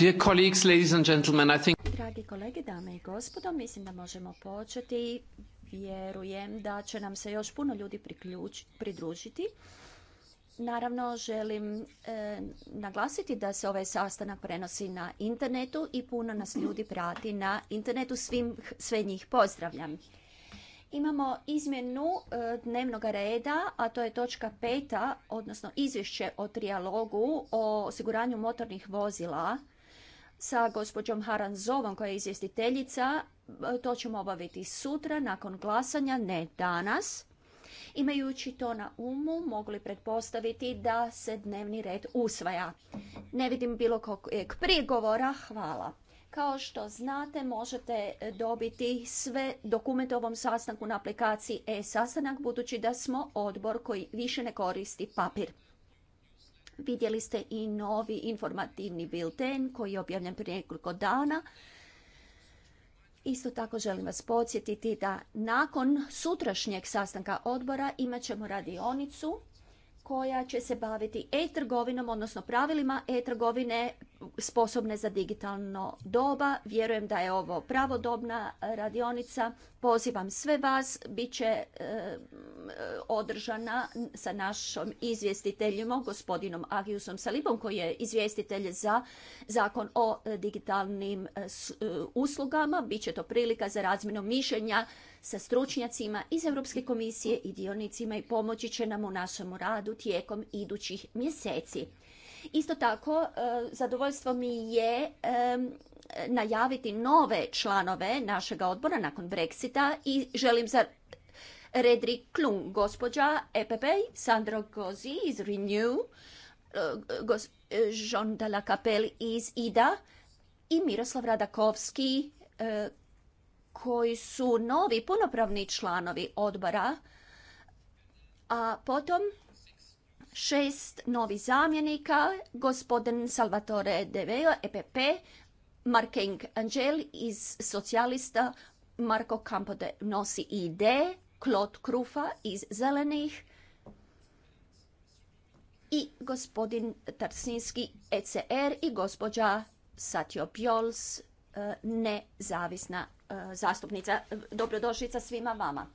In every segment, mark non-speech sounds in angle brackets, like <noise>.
Dear Dragi kolege, dame i gospodo, mislim da možemo početi. Vjerujem da će nam se još puno ljudi pridružiti. Naravno, želim e, naglasiti da se ovaj sastanak prenosi na internetu i puno nas ljudi prati na internetu. Svim, sve njih pozdravljam. Imamo izmjenu e, dnevnog reda, a to je točka peta, odnosno izvješće o trijalogu o osiguranju motornih vozila sa gospođom Haranzovom koja je izvjestiteljica. E, to ćemo obaviti sutra nakon glasanja, ne danas. Imajući to na umu, mogli pretpostaviti da se dnevni red usvaja. Ne vidim bilo kakvog prigovora, hvala. Kao što znate, možete dobiti sve dokumente ovom sastanku na aplikaciji e-sastanak, budući da smo odbor koji više ne koristi papir. Vidjeli ste i novi informativni bilten koji je objavljen prije nekoliko dana. Isto tako želim vas podsjetiti da nakon sutrašnjeg sastanka odbora imat ćemo radionicu koja će se baviti e-trgovinom, odnosno pravilima e-trgovine sposobne za digitalno doba. Vjerujem da je ovo pravodobna radionica Pozivam sve vas, bit će eh, održana sa našom izvjestiteljima, gospodinom Agiusom Salibom, koji je izvjestitelj za zakon o digitalnim eh, eh, uslugama. Biće to prilika za razmjenu mišljenja sa stručnjacima iz Europske komisije i dionicima i pomoći će nam u našem radu tijekom idućih mjeseci. Isto tako, zadovoljstvo mi je najaviti nove članove našega odbora nakon Brexita i želim za Redri Klung, gospođa EPP, Sandro Gozi iz Renew, eh, eh, Jean de la Capelle iz IDA i Miroslav Radakovski eh, koji su novi punopravni članovi odbora, a potom šest novih zamjenika, gospodin Salvatore Deveo, EPP, Marking Angel iz socijalista, Marko Kampode nosi ID, Klot Krufa iz zelenih i gospodin Tarsinski ECR i gospođa Satio Pjols, e, nezavisna e, zastupnica. Dobrodošlica svima vama.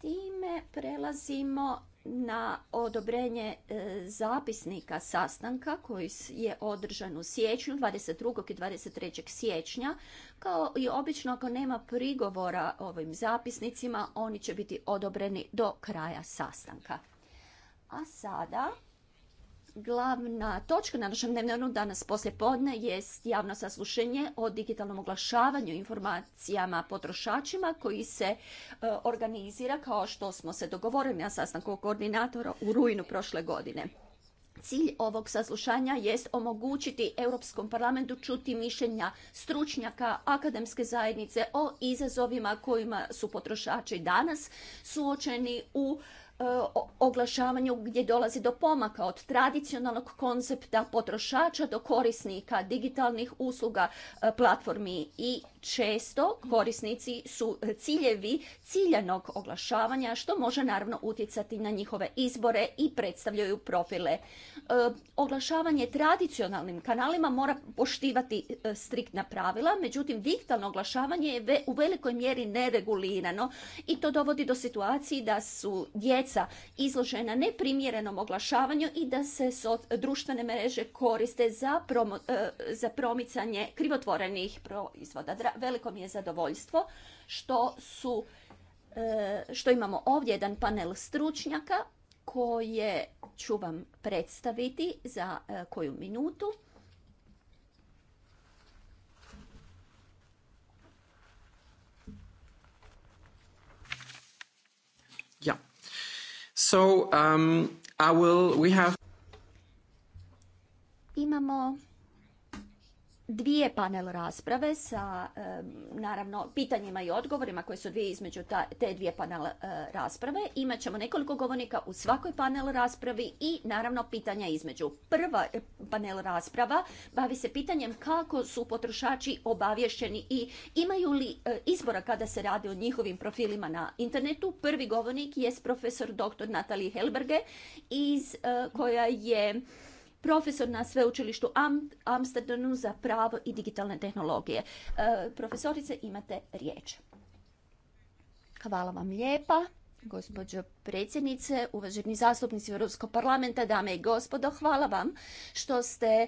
Time prelazimo na odobrenje e, zapisnika sastanka koji je održan u siječnju 22. i 23. siječnja. Kao i obično ako nema prigovora ovim zapisnicima, oni će biti odobreni do kraja sastanka. A sada Glavna točka na našem dnevnom danas poslje podne jest javno saslušenje o digitalnom oglašavanju informacijama potrošačima koji se e, organizira kao što smo se dogovorili na sastanku koordinatora u rujnu prošle godine. Cilj ovog saslušanja jest omogućiti Europskom parlamentu čuti mišljenja stručnjaka akademske zajednice o izazovima kojima su potrošači danas suočeni u E, oglašavanju gdje dolazi do pomaka od tradicionalnog koncepta potrošača do korisnika digitalnih usluga e, platformi i često korisnici su ciljevi ciljanog oglašavanja što može naravno utjecati na njihove izbore i predstavljaju profile. E, oglašavanje tradicionalnim kanalima mora poštivati e, striktna pravila, međutim digitalno oglašavanje je u velikoj mjeri neregulirano i to dovodi do situaciji da su djeca izložena neprimjerenom oglašavanju i da se društvene mreže koriste za, e, za promicanje krivotvorenih proizvoda veliko mi je zadovoljstvo što su e, što imamo ovdje jedan panel stručnjaka koje ću vam predstaviti za e, koju minutu. Um, imamo dvije panel rasprave sa naravno pitanjima i odgovorima koje su dvije između ta, te dvije panel e, rasprave. Imaćemo ćemo nekoliko govornika u svakoj panel raspravi i naravno pitanja između. Prva e, panel rasprava bavi se pitanjem kako su potrošači obavješćeni i imaju li e, izbora kada se radi o njihovim profilima na internetu. Prvi govornik je profesor dr. Natalie Helberge iz koja je profesor na sveučilištu Am Amsterdamu za pravo i digitalne tehnologije. E, profesorice, imate riječ. Hvala vam lijepa. Gospođo predsjednice, uvaženi zastupnici Europskog parlamenta, dame i gospodo, hvala vam što ste e,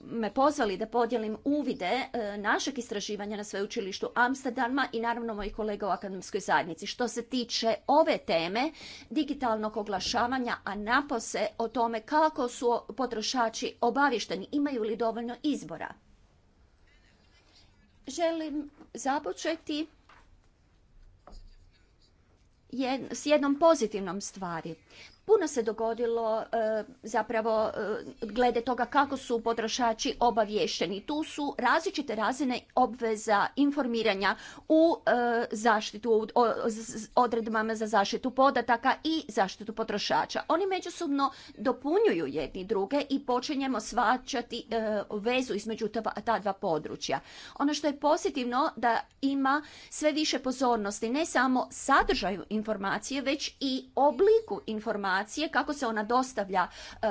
me pozvali da podijelim uvide e, našeg istraživanja na sveučilištu Amsterdama i naravno mojih kolega u akademskoj zajednici. Što se tiče ove teme digitalnog oglašavanja, a napose o tome kako su potrošači obavješteni, imaju li dovoljno izbora. Želim započeti s jednom pozitivnom stvari. Puno se dogodilo e, zapravo e, glede toga kako su potrošači obavješteni. Tu su različite razine obveza informiranja u e, zaštitu, odredbama za zaštitu podataka i zaštitu potrošača. Oni međusobno dopunjuju jedni druge i počinjemo svačati vezu između ta dva područja. Ono što je pozitivno da ima sve više pozornosti ne samo sadržaju informacije, već i obliku informacije informacije, kako se ona dostavlja e,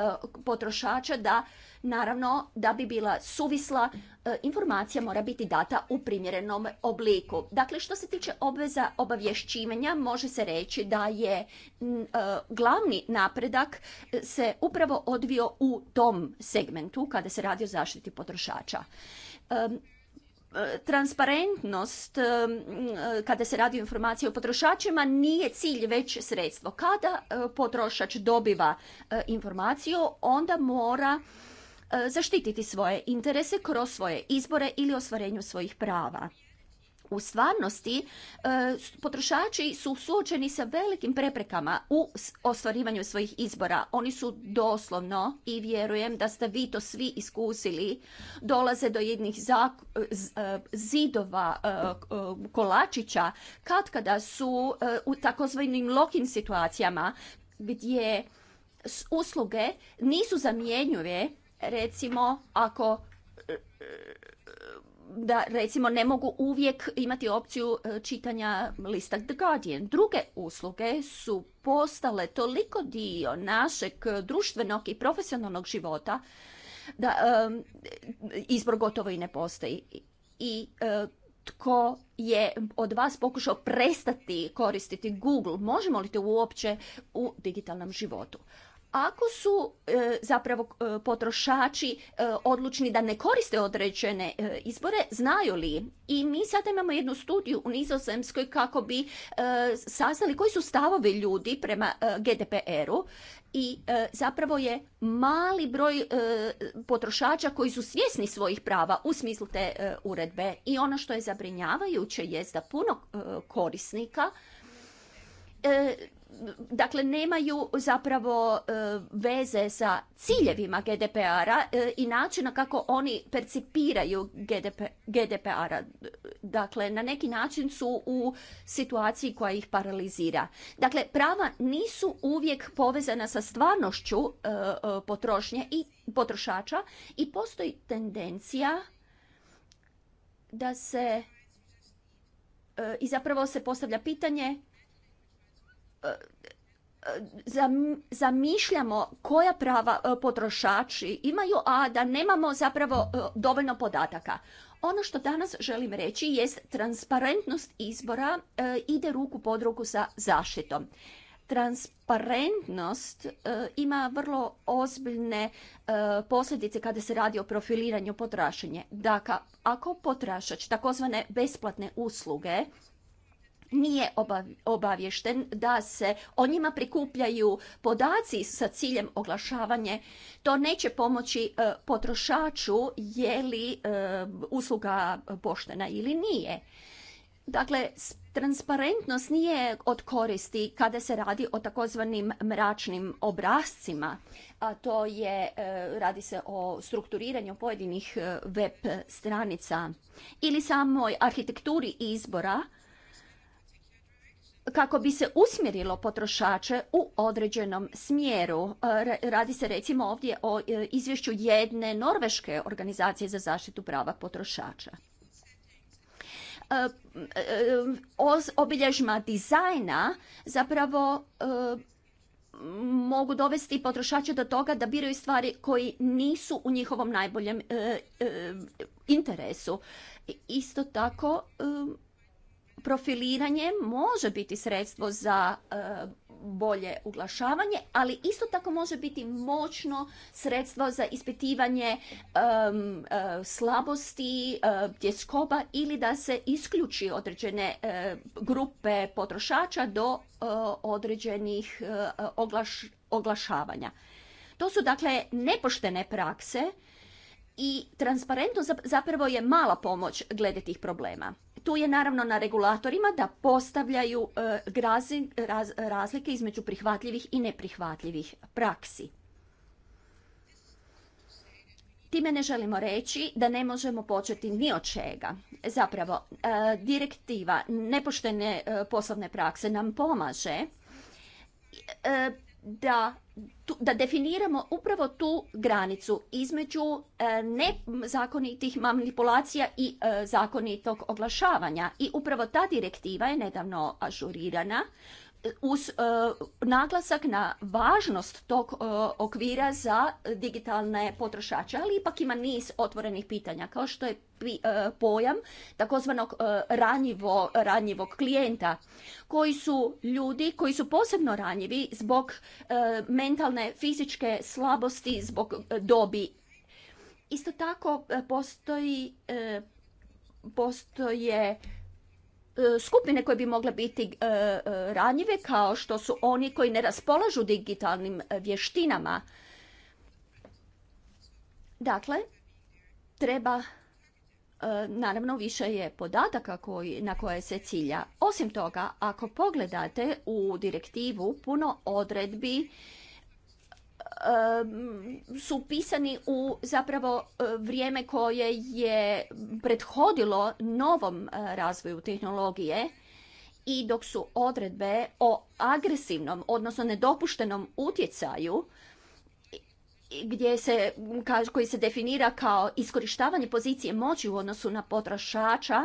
potrošača da naravno da bi bila suvisla e, informacija mora biti data u primjerenom obliku. Dakle, što se tiče obveza obavješćivanja, može se reći da je e, glavni napredak se upravo odvio u tom segmentu kada se radi o zaštiti potrošača transparentnost um, uh, kada se radi o informaciji o potrošačima nije cilj već sredstvo. Kada uh, potrošač dobiva uh, informaciju onda mora zaštititi svoje interese kroz svoje izbore ili ostvarenju svojih prava u stvarnosti e, potrošači su suočeni sa velikim preprekama u ostvarivanju svojih izbora. Oni su doslovno i vjerujem da ste vi to svi iskusili, dolaze do jednih e, e, zidova kolačića kad kada su u takozvanim lokim situacijama gdje usluge nisu zamjenjive recimo ako da recimo ne mogu uvijek imati opciju e, čitanja lista The Guardian. Druge usluge su postale toliko dio našeg društvenog i profesionalnog života da e, izbor gotovo i ne postoji. I e, tko je od vas pokušao prestati koristiti Google, možemo li to uopće u digitalnom životu? ako su e, zapravo e, potrošači e, odlučni da ne koriste određene izbore, znaju li? I mi sada imamo jednu studiju u Nizozemskoj kako bi saznali koji su stavovi ljudi prema GDPR-u i zapravo je mali broj potrošača koji su svjesni svojih prava u smislu te uredbe. I ono što je zabrinjavajuće je da puno korisnika dakle nemaju zapravo e, veze sa ciljevima GDPR-a e, i načina kako oni percipiraju GDP, GDPR-a. Dakle, na neki način su u situaciji koja ih paralizira. Dakle, prava nisu uvijek povezana sa stvarnošću e, potrošnje i potrošača i postoji tendencija da se i zapravo se postavlja pitanje zamišljamo koja prava e, potrošači imaju, a da nemamo zapravo e, dovoljno podataka. Ono što danas želim reći jest transparentnost izbora e, ide ruku pod ruku sa zaštitom. Transparentnost ima vrlo ozbiljne posljedice kada se radi o profiliranju potrašenje. Dakle, ako potrašač takozvane besplatne usluge nije obavješten da se o njima prikupljaju podaci sa ciljem oglašavanje, to neće pomoći e, potrošaču je li e, usluga poštena ili nije. Dakle, transparentnost nije od koristi kada se radi o takozvanim mračnim obrascima, a to je, e, radi se o strukturiranju pojedinih web stranica ili samoj arhitekturi izbora kako bi se usmjerilo potrošače u određenom smjeru. E, radi se recimo ovdje o e, izvješću jedne norveške organizacije za zaštitu prava potrošača e, obilježma dizajna zapravo mogu dovesti potrošače do toga da biraju stvari koji nisu u njihovom najboljem interesu. Isto tako profiliranje može biti sredstvo za e, bolje uglašavanje, ali isto tako može biti moćno sredstvo za ispitivanje e, slabosti, e, tjeskoba ili da se isključi određene grupe potrošača do određenih oglašavanja. To su dakle nepoštene prakse i transparentnost zapravo je mala pomoć glede tih problema. Tu je naravno na regulatorima da postavljaju e, razlike između prihvatljivih i neprihvatljivih praksi. Time ne želimo reći da ne možemo početi ni od čega. Zapravo, e, direktiva nepoštene e, poslovne prakse nam pomaže da da definiramo upravo tu granicu između e, nezakonitih manipulacija i e, zakonitog oglašavanja. I upravo ta direktiva je nedavno ažurirana uz e, naglasak na važnost tog e, okvira za digitalne potrošače, ali ipak ima niz otvorenih pitanja, kao što je e, pojam takozvanog ranjivo, ranjivog klijenta, koji su ljudi koji su posebno ranjivi zbog mentalne, fizičke slabosti, zbog dobi. Isto tako postoji, postoje E, skupine koje bi mogle biti e, e, ranjive kao što su oni koji ne raspolažu digitalnim vještinama. Dakle, treba naravno više je podataka koji, na koje se cilja. Osim toga, ako pogledate u direktivu puno odredbi su pisani u zapravo e, vrijeme koje je prethodilo novom e, razvoju tehnologije i dok su odredbe o agresivnom, odnosno nedopuštenom utjecaju gdje se, koji se definira kao iskorištavanje pozicije moći u odnosu na potrošača,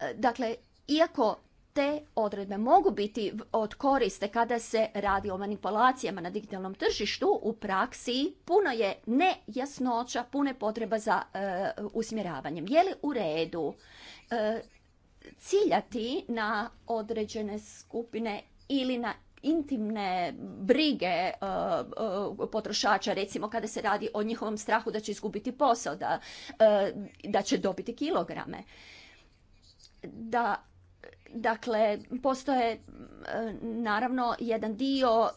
e, dakle, iako te odredbe mogu biti od koriste kada se radi o manipulacijama na digitalnom tržištu, u praksi puno je nejasnoća, pune potreba za e, usmjeravanjem. Je li u redu e, ciljati na određene skupine ili na intimne brige e, potrošača, recimo kada se radi o njihovom strahu da će izgubiti posao, da, da će dobiti kilograme? Da Dakle, postoje e, naravno jedan dio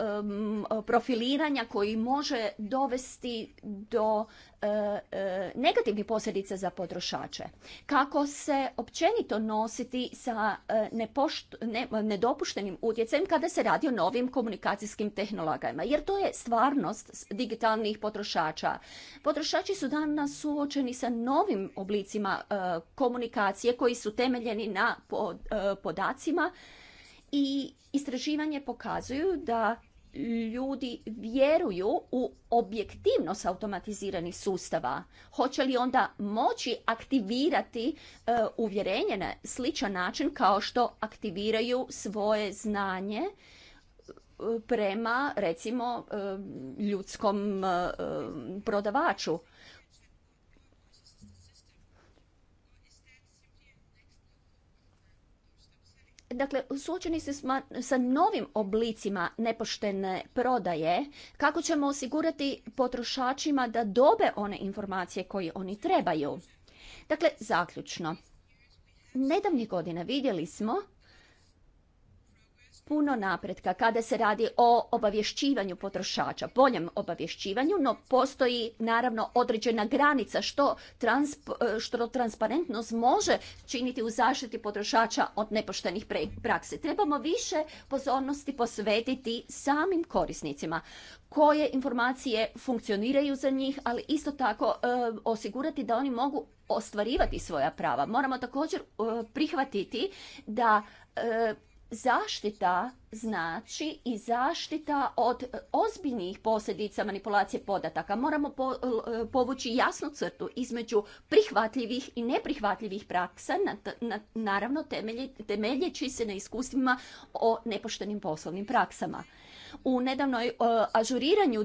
profiliranja koji može dovesti do E, e, negativnih posljedice za potrošače. Kako se općenito nositi sa e, nedopuštenim utjecajem kada se radi o novim komunikacijskim tehnologijama. Jer to je stvarnost digitalnih potrošača. Potrošači su danas suočeni sa novim oblicima komunikacije koji su temeljeni na podacima i istraživanje pokazuju da ljudi vjeruju u objektivnost automatiziranih sustava? Hoće li onda moći aktivirati e, uvjerenje na sličan način kao što aktiviraju svoje znanje e, prema recimo e, ljudskom e, prodavaču? dakle, suočeni se sa novim oblicima nepoštene prodaje, kako ćemo osigurati potrošačima da dobe one informacije koje oni trebaju. Dakle, zaključno. Nedavnih godine vidjeli smo puno napretka kada se radi o obavješćivanju potrošača, boljem obavješćivanju, no postoji naravno određena granica što, e, što transparentnost može činiti u zaštiti potrošača od nepoštenih prakse. Trebamo više pozornosti posvetiti samim korisnicima koje informacije funkcioniraju za njih, ali isto tako e, osigurati da oni mogu ostvarivati svoja prava. Moramo također e, prihvatiti da Zaštita znači i zaštita od e, ozbiljnih posljedica manipulacije podataka. Moramo e, povući jasnu crtu između prihvatljivih i neprihvatljivih praksa, naravno temeljeći se na iskustvima o nepoštenim poslovnim praksama u nedavnoj ažuriranju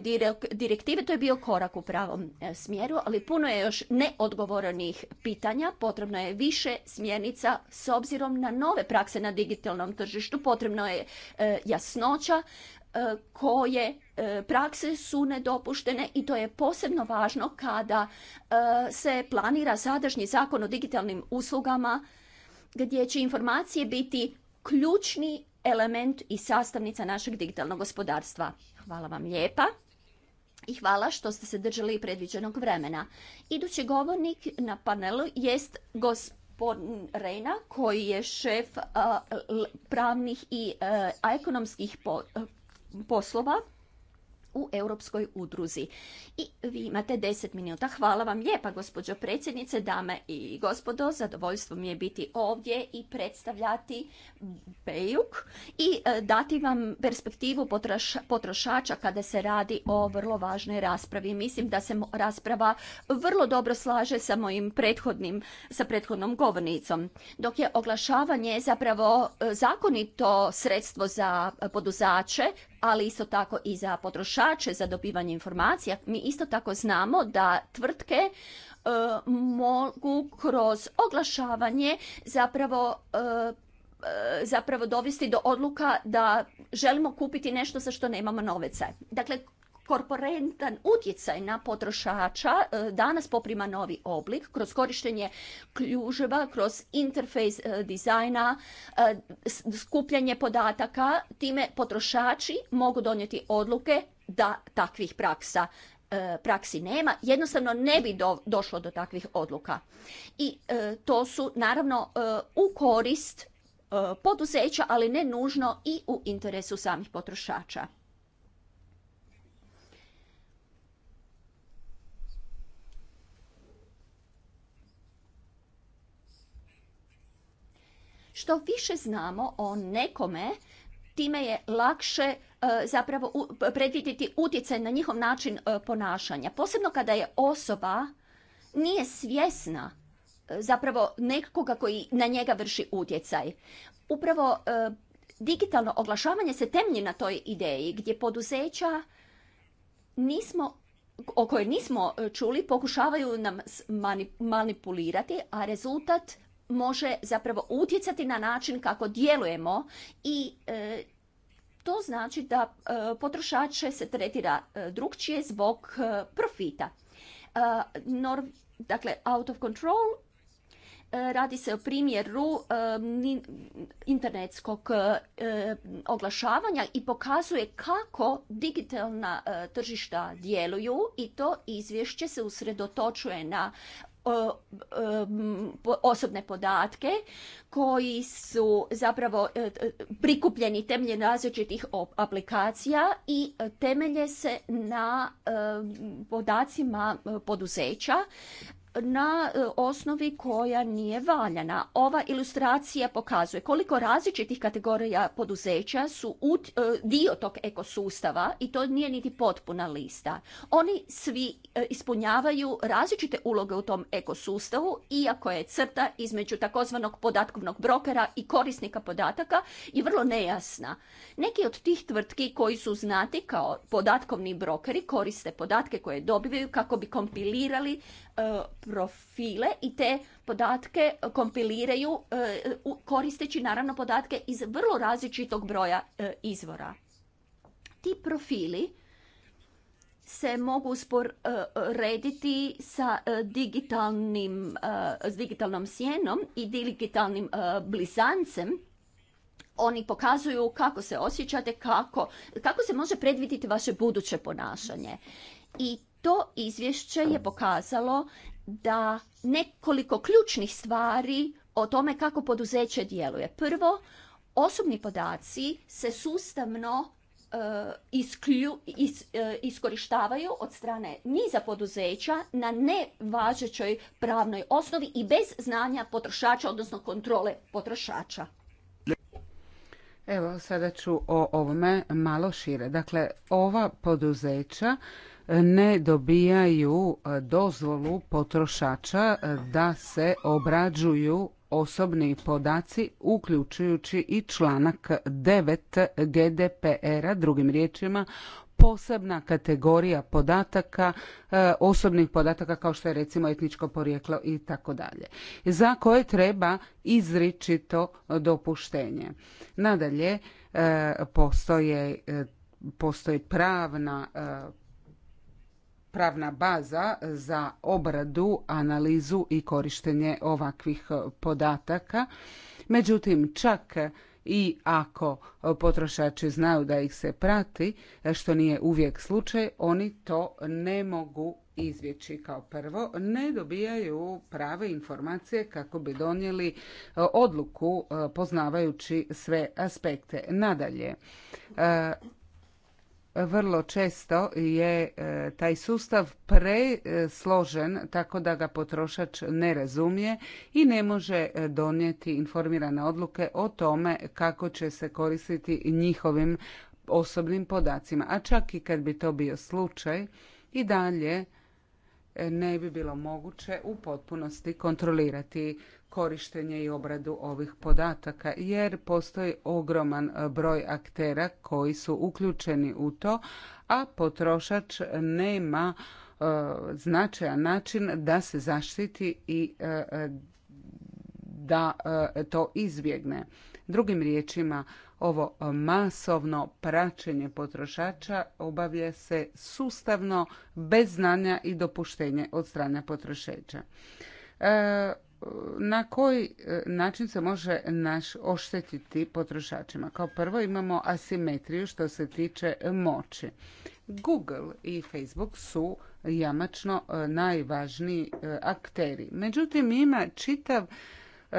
direktive to je bio korak u pravom e, smjeru, ali puno je još neodgovorenih pitanja. Potrebno je više smjernica s obzirom na nove prakse na digitalnom tržištu. Potrebno je e, jasnoća e, koje prakse su nedopuštene i to je posebno važno kada se planira sadašnji zakon o digitalnim uslugama gdje će informacije biti ključni element i sastavnica našeg digitalnog gospodarstva. Hvala vam lijepa i hvala što ste se držali predviđenog vremena. Idući govornik na panelu jest gospodin Rejna koji je šef pravnih i e, ekonomskih e, poslova u Europskoj udruzi. I vi imate deset minuta. Hvala vam lijepa, gospođo predsjednice, dame i gospodo. Zadovoljstvo mi je biti ovdje i predstavljati Bejuk i e, dati vam perspektivu potrošača kada se radi o vrlo važnoj raspravi. Mislim da se rasprava vrlo dobro slaže sa mojim prethodnim, sa prethodnom govornicom. Dok je oglašavanje zapravo e, zakonito sredstvo za e, poduzače, ali isto tako i za potrošače za dobivanje informacija. Mi isto tako znamo da tvrtke e, mogu kroz oglašavanje zapravo e, e, zapravo dovesti do odluka da želimo kupiti nešto za što nemamo novaca. Dakle, korporentan utjecaj na potrošača e, danas poprima novi oblik kroz korištenje kljuževa, kroz interfejs e, dizajna, e, skupljanje podataka. Time potrošači mogu donijeti odluke da takvih praksa praksi nema, jednostavno ne bi došlo do takvih odluka. I to su naravno u korist poduzeća, ali ne nužno i u interesu samih potrošača. Što više znamo o nekome, time je lakše e, zapravo predvidjeti utjecaj na njihov način e, ponašanja. Posebno kada je osoba nije svjesna e, zapravo nekoga koji na njega vrši utjecaj. Upravo digitalno oglašavanje se temlji na toj ideji gdje poduzeća nismo o kojoj nismo čuli, pokušavaju nam manipulirati, a rezultat može zapravo utjecati na način kako djelujemo i e, to znači da e, potrošače se tretira e, zbog e, profita. dakle, out of control radi se o primjeru internetskog oglašavanja i pokazuje kako digitalna tržišta djeluju i to izvješće se usredotočuje na osobne podatke koji su zapravo e, prikupljeni temeljem različitih aplikacija i e, temelje se na podacima e, poduzeća na e, osnovi koja nije valjana. Ova ilustracija pokazuje koliko različitih kategorija poduzeća su e, dio tog ekosustava i to nije niti potpuna lista. Oni svi e, ispunjavaju različite uloge u tom ekosustavu, iako je crta između takozvanog podatkovnog brokera i korisnika podataka i vrlo nejasna. Neki od tih tvrtki koji su znati kao podatkovni brokeri koriste podatke koje dobivaju kako bi kompilirali profile i te podatke kompiliraju e, koristeći naravno podatke iz vrlo različitog broja e, izvora. Ti profili se mogu usporediti e, sa digitalnim, s digitalnom sjenom i digitalnim blizancem. Oni pokazuju kako se osjećate, kako, kako se može predvidjeti vaše buduće ponašanje. I to izvješće je pokazalo da nekoliko ključnih stvari o tome kako poduzeće djeluje. Prvo, osobni podaci se sustavno eh, iskoristavaju eh, iskorištavaju od strane niza poduzeća na nevažećoj pravnoj osnovi i bez znanja potrošača, odnosno kontrole potrošača. Evo, sada ću o ovome malo šire. Dakle, ova poduzeća ne dobijaju e, dozvolu potrošača e, da se obrađuju osobni podaci uključujući i članak 9 GDPR-a, drugim riječima posebna kategorija podataka, e, osobnih podataka kao što je recimo etničko porijeklo i tako dalje, za koje treba izričito dopuštenje. Nadalje, postoje postoji pravna pravna baza za obradu, analizu i korištenje ovakvih e, podataka. Međutim, čak i ako potrošači znaju da ih se prati, e, što nije uvijek slučaj, oni to ne mogu izvjeći kao prvo, ne dobijaju prave informacije kako bi donijeli e, odluku poznavajući sve aspekte. Nadalje, vrlo često je e, taj sustav presložen tako da ga potrošač ne razumije i ne može e, donijeti informirane odluke o tome kako će se koristiti njihovim osobnim podacima. A čak i kad bi to bio slučaj i dalje ne bi bilo moguće u potpunosti kontrolirati korištenje i obradu ovih podataka jer postoji ogroman e, broj aktera koji su uključeni u to, a potrošač nema e, značajan način da se zaštiti i e, da to izbjegne. Drugim riječima, ovo masovno praćenje potrošača obavlja se sustavno bez znanja i dopuštenje od strane potrošača. E, na koji e, način se može naš oštetiti potrošačima? Kao prvo imamo asimetriju što se tiče moći. Google i Facebook su jamačno e, najvažniji akteri. Međutim, ima čitav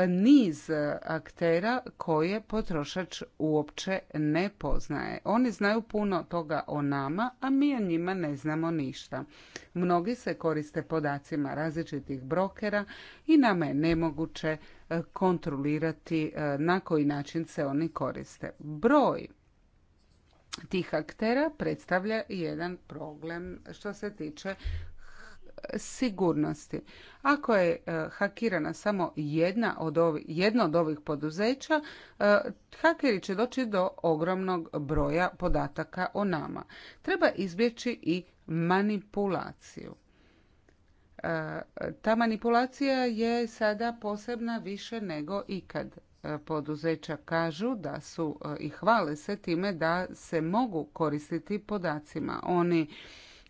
niz aktera koje potrošač uopće ne poznaje. Oni znaju puno toga o nama, a mi o njima ne znamo ništa. Mnogi se koriste podacima različitih brokera i nama je nemoguće e, kontrolirati e, na koji način se oni koriste. Broj tih aktera predstavlja jedan problem što se tiče sigurnosti. Ako je e, hakirana samo jedna od ovih, jedno od ovih poduzeća, e, hakeri će doći do ogromnog broja podataka o nama. Treba izbjeći i manipulaciju. E, ta manipulacija je sada posebna više nego ikad poduzeća kažu da su i hvale se time da se mogu koristiti podacima. Oni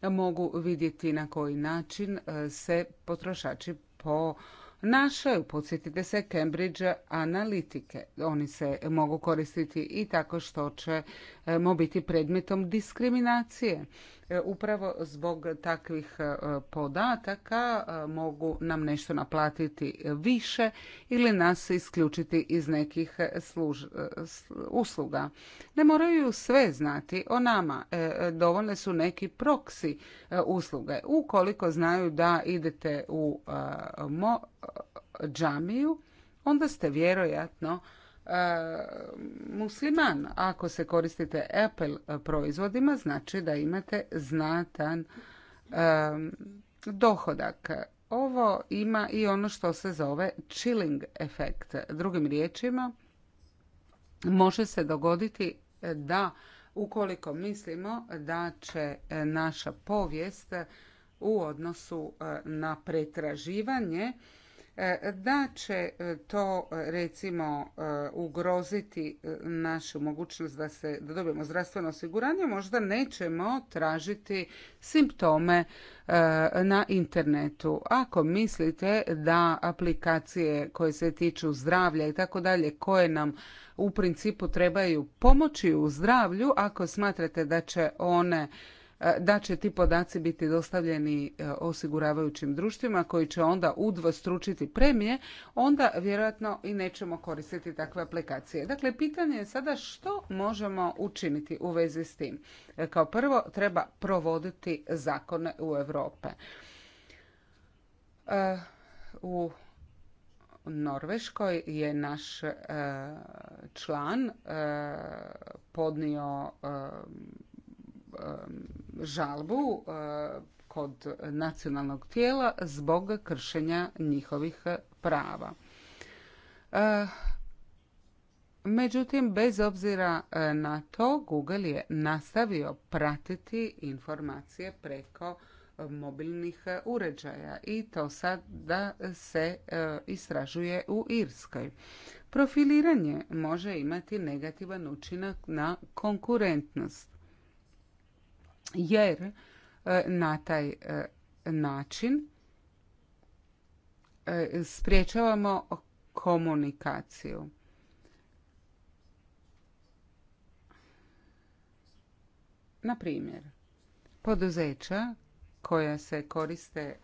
mogu vidjeti na koji način e, se potrošači po našaju. Podsjetite se Cambridge analitike. Oni se mogu koristiti i tako što će e, biti predmetom diskriminacije. E, upravo zbog takvih e, podataka e, mogu nam nešto naplatiti više ili nas isključiti iz nekih usluga. Ne moraju sve znati o nama. Dovoljne su neki proksi usluge. Ukoliko znaju da idete u džamiju, onda ste vjerojatno E, musliman. Ako se koristite Apple e, proizvodima, znači da imate znatan e, dohodak. Ovo ima i ono što se zove chilling efekt. Drugim riječima, može se dogoditi da ukoliko mislimo da će naša povijest u odnosu na pretraživanje E, da će e, to e, recimo ugroziti našu mogućnost da se da dobijemo zdravstveno osiguranje, možda nećemo tražiti simptome na internetu. Ako mislite da aplikacije koje se tiču zdravlja i tako dalje koje nam u principu trebaju pomoći u zdravlju, ako smatrate da će one E, da će ti podaci biti dostavljeni e, osiguravajućim društvima koji će onda udvostručiti premije, onda vjerojatno i nećemo koristiti takve aplikacije. Dakle, pitanje je sada što možemo učiniti u vezi s tim. E, kao prvo, treba provoditi zakone u Europe. U Norveškoj je naš član podnio žalbu e, kod nacionalnog tijela zbog kršenja njihovih prava. E, međutim, bez obzira e, na to, Google je nastavio pratiti informacije preko mobilnih uređaja i to sada se istražuje u Irskoj. Profiliranje može imati negativan učinak na konkurentnost jer e, na taj e, način e, spriječavamo komunikaciju. Na primjer, poduzeća koja se koriste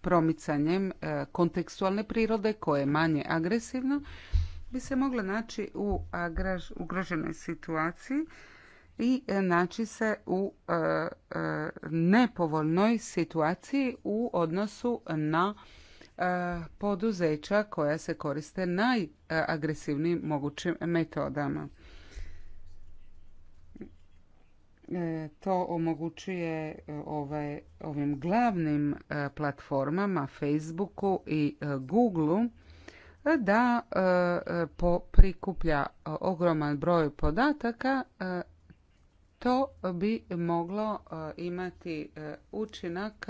promicanjem kontekstualne prirode koje je manje agresivno bi se mogla naći u ugroženoj situaciji i e, naći se u e, e, nepovoljnoj situaciji u odnosu na poduzeća koja se koriste najagresivnijim mogućim metodama. To omogućuje ovaj, ovim glavnim platformama Facebooku i Googleu da prikuplja ogroman broj podataka to bi moglo e, imati e, učinak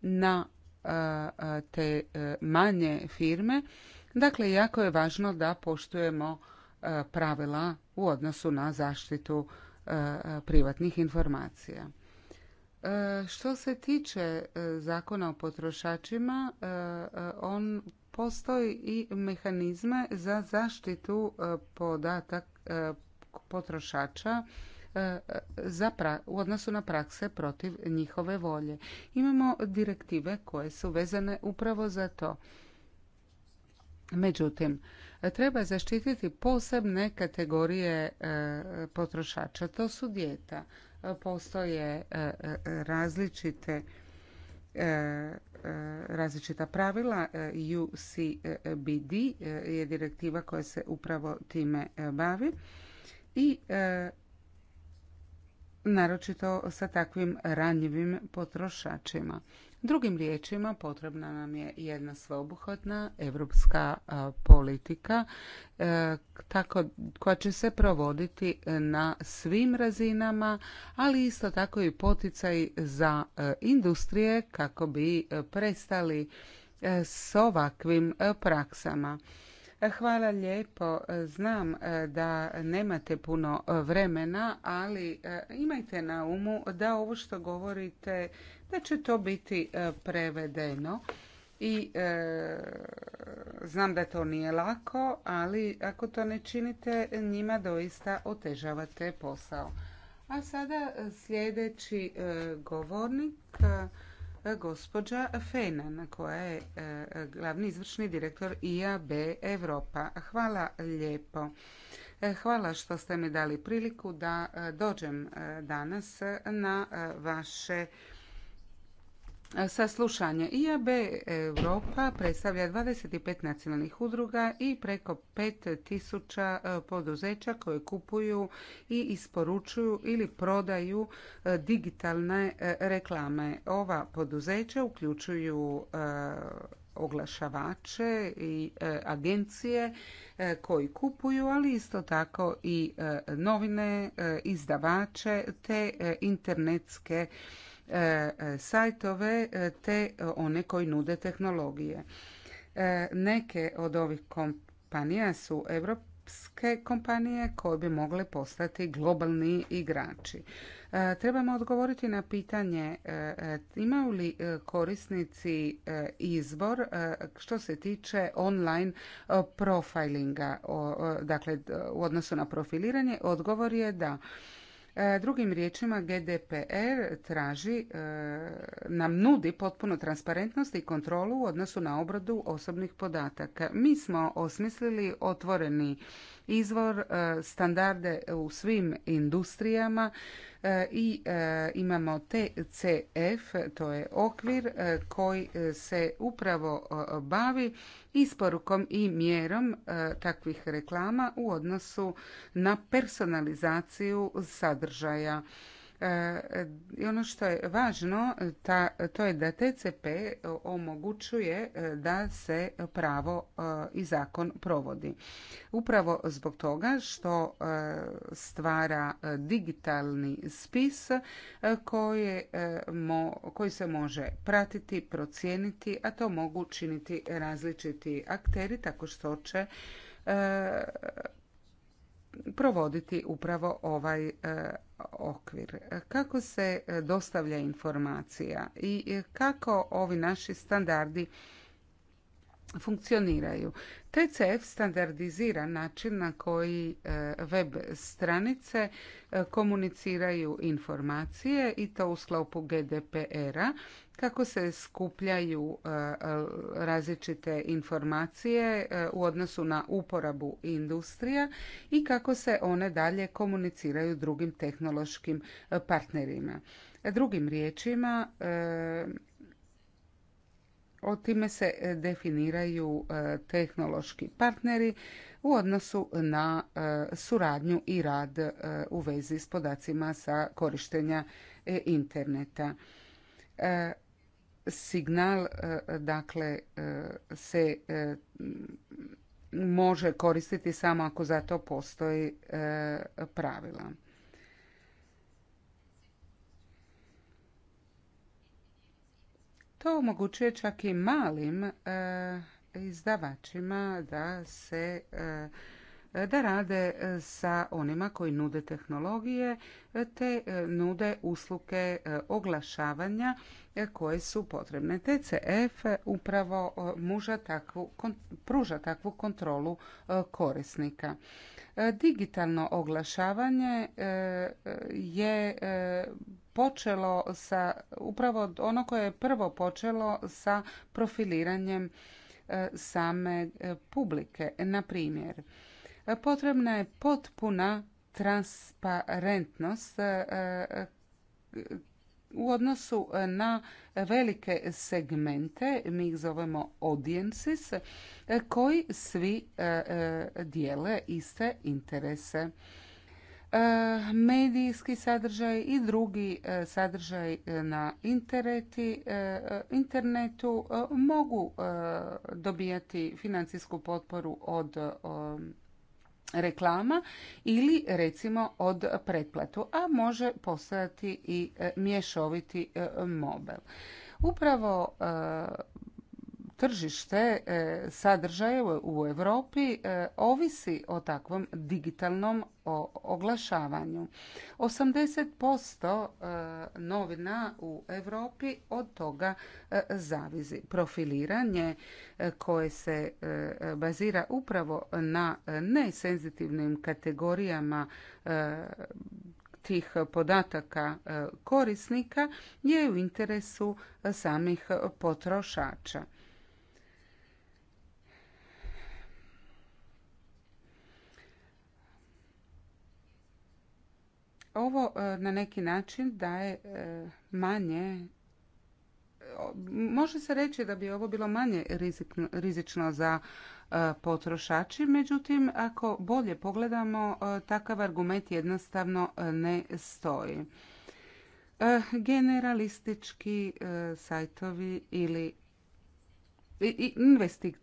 na e, te manje firme. Dakle, jako je važno da poštujemo pravila u odnosu na zaštitu privatnih informacija. Što se tiče zakona o potrošačima, on postoji i mehanizme za zaštitu podatak potrošača E, za u odnosu na prakse protiv njihove volje. Imamo direktive koje su vezane upravo za to. Međutim, treba zaštititi posebne kategorije e, potrošača. To su dijeta. Postoje e, različite različita pravila. UCBD je direktiva koja se upravo time bavi. I naročito sa takvim ranjivim potrošačima. Drugim riječima potrebna nam je jedna sveobuhvatna europska politika e, tako, koja će se provoditi na svim razinama, ali isto tako i poticaj za e, industrije kako bi e, prestali s ovakvim praksama. Hvala lijepo. Znam e, da nemate puno e, vremena, ali e, imajte na umu da ovo što govorite, da će to biti prevedeno. I znam da to nije lako, ali ako to ne činite, njima doista otežavate posao. A sada sljedeći govornik gospođa Fenan, koja je e, glavni izvršni direktor IAB Europa. Hvala lijepo. E, hvala što ste mi dali priliku da e, dođem danas na vaše saslušanje. IAB Europa predstavlja 25 nacionalnih udruga i preko 5000 e, poduzeća koje kupuju i isporučuju ili prodaju e, digitalne e, reklame. Ova poduzeća uključuju oglašavače i agencije koji kupuju, ali isto tako i novine, izdavače te internetske E, e, sajtove e, te one koji nude tehnologije. Neke od ovih kompanija su europske kompanije koje bi mogle postati globalni igrači. Trebamo odgovoriti na pitanje imaju li korisnici izbor što se tiče online profilinga, dakle u odnosu na profiliranje, odgovor je da. E, drugim riječima GDPR traži, e, nam nudi potpuno transparentnost i kontrolu u odnosu na obradu osobnih podataka. Mi smo osmislili otvoreni izvor e, standarde u svim industrijama E, i e, imamo TCF, to je okvir e, koji se upravo bavi isporukom i mjerom takvih reklama u odnosu na personalizaciju sadržaja E, e, I ono što je važno, to je da TCP omogućuje e, da se pravo i zakon provodi. Upravo zbog toga što stvara digitalni spis koji se može pratiti, procijeniti, a to mogu činiti različiti akteri tako što će provoditi upravo ovaj e, okvir. Kako se e, dostavlja informacija i e, kako ovi naši standardi funkcioniraju. TCF standardizira način na koji e, web stranice e, komuniciraju informacije i to u sklopu GDPR-a kako se skupljaju e, različite informacije u odnosu na uporabu industrija i kako se one dalje komuniciraju drugim tehnološkim partnerima. Drugim riječima, o time se e, definiraju e, tehnološki partneri u odnosu na e, suradnju i rad u vezi s podacima sa korištenja interneta. Signal dakle se može koristiti samo ako za to postoji pravila. To omogućuje čak i malim e, izdavačima da se e, da rade e, sa onima koji nude tehnologije te nude usluge oglašavanja koje su potrebne. TCF upravo muža takvu, pruža takvu kontrolu korisnika. E, digitalno oglašavanje e, e, je počelo sa, upravo ono koje je prvo počelo sa profiliranjem same publike. Na primjer, potrebna je potpuna transparentnost u odnosu e, na velike segmente, mi ih zovemo audiences, e, koji svi e, dijele iste interese. Medijski sadržaj i drugi sadržaj na internetu mogu dobijati financijsku potporu od reklama ili recimo od pretplatu, a može postojati i e, mješoviti e, mobil. Upravo e, tržište e, sadržaja u Europi e, ovisi o takvom digitalnom oglašavanju. 80% e, novina u Europi od toga zavizi. Profiliranje koje se bazira upravo na nesenzitivnim kategorijama tih podataka korisnika je u interesu samih potrošača. Ovo e, na neki način daje e, manje Može se reći da bi ovo bilo manje rizično za e, potrošači, međutim, ako bolje pogledamo, takav argument jednostavno ne stoji. Generalistički sajtovi ili investi...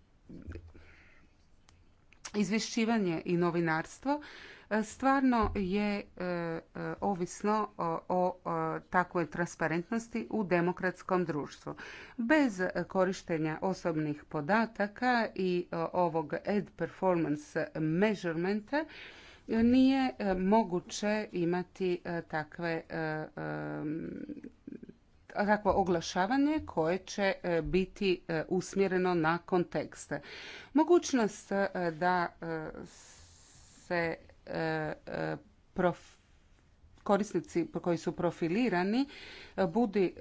izvješćivanje i novinarstvo stvarno je e, e, ovisno o takvoj transparentnosti u demokratskom društvu. Bez korištenja osobnih podataka i e, ovog ad performance measurementa nije moguće imati takve takvo oglašavanje koje će biti usmjereno na kontekst. Mogućnost da se E, e, prof, korisnici koji su profilirani e, budi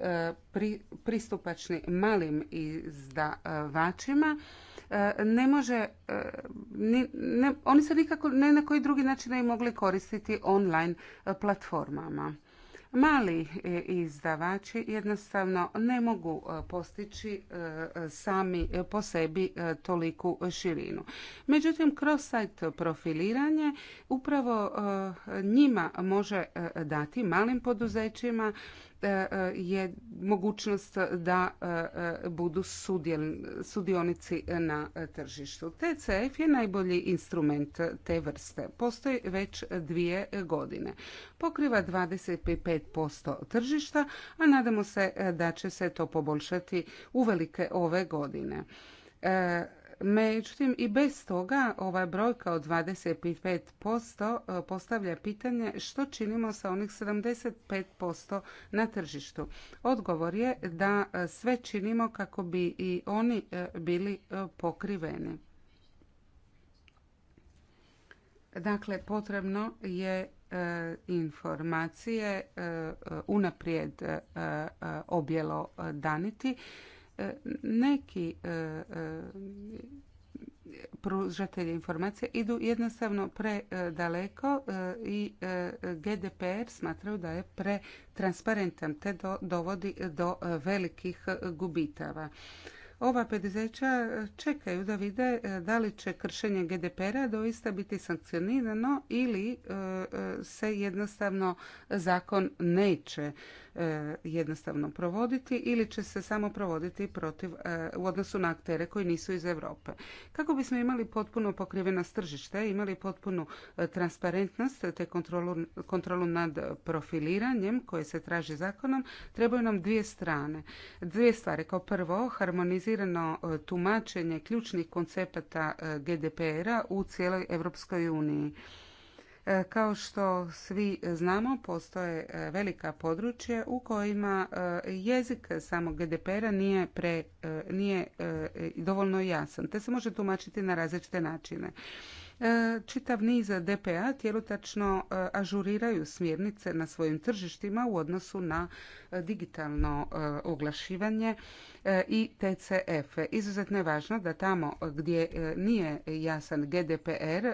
pristupačni malim izdavačima ne može, oni se nikako ne na koji drugi način ne mogli koristiti online platformama. Mali e, izdavači jednostavno ne mogu e, postići e, sami po sebi toliku širinu. Međutim, kroz sajt profiliranje upravo njima može dati malim poduzećima E, je mogućnost da e, e, budu sudionici na tržištu. TCF je najbolji instrument te vrste. Postoji već dvije godine. Pokriva 25% tržišta, a nadamo se da će se to poboljšati u velike ove godine Međutim, i bez toga ova brojka od 25% e, postavlja pitanje što činimo sa onih 75% na tržištu. Odgovor je da e, sve činimo kako bi i oni e, bili pokriveni. Dakle, potrebno je informacije unaprijed objelo daniti neki e, e, pružatelji informacija idu jednostavno predaleko e, i GDPR smatraju da je pretransparentan te dovodi do velikih gubitava. Ova poduzeća čekaju da vide da li će kršenje GDPR-a doista biti sankcionirano ili se jednostavno zakon neće E, jednostavno provoditi ili će se samo provoditi protiv, e, u odnosu na aktere koji nisu iz Europe. Kako bismo imali potpuno pokrivena tržišta, imali potpunu e, transparentnost te kontrolu, nad profiliranjem koje se traži zakonom, trebaju nam dvije strane. Dvije stvari. Kao prvo, harmonizirano tumačenje ključnih koncepata GDPR-a u cijeloj Europskoj uniji. Kao što svi znamo, postoje e, velika područja u kojima e, jezik samog GDPR-a nije, e, nije dovoljno jasan, te se može tumačiti na različite načine. Čitav niz DPA tjelutačno ažuriraju smjernice na svojim tržištima u odnosu na digitalno oglašivanje i TCF. Izuzetno je važno da tamo gdje nije jasan GDPR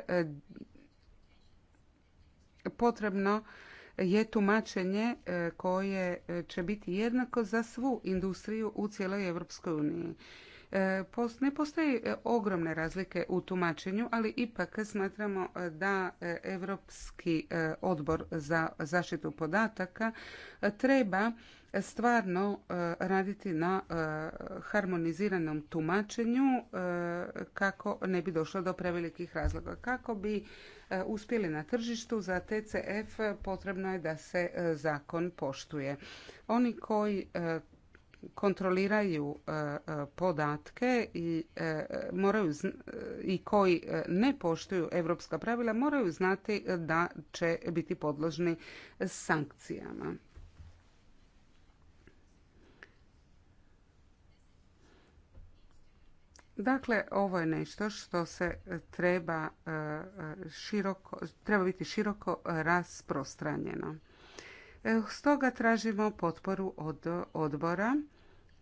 potrebno je tumačenje e, koje e, će biti jednako za svu industriju u cijeloj Europskoj uniji. E, ne postoji ogromne razlike u tumačenju, ali ipak smatramo da Europski odbor za zaštitu podataka treba stvarno raditi na harmoniziranom tumačenju kako ne bi došlo do prevelikih razloga. Kako bi E, uspjeli na tržištu, za TCF potrebno je da se e, zakon poštuje. Oni koji e, kontroliraju podatke i moraju i koji ne poštuju europska pravila moraju znati da će biti podložni sankcijama. Dakle, ovo je nešto što se treba, e, široko, treba biti široko rasprostranjeno. E, stoga tražimo potporu od odbora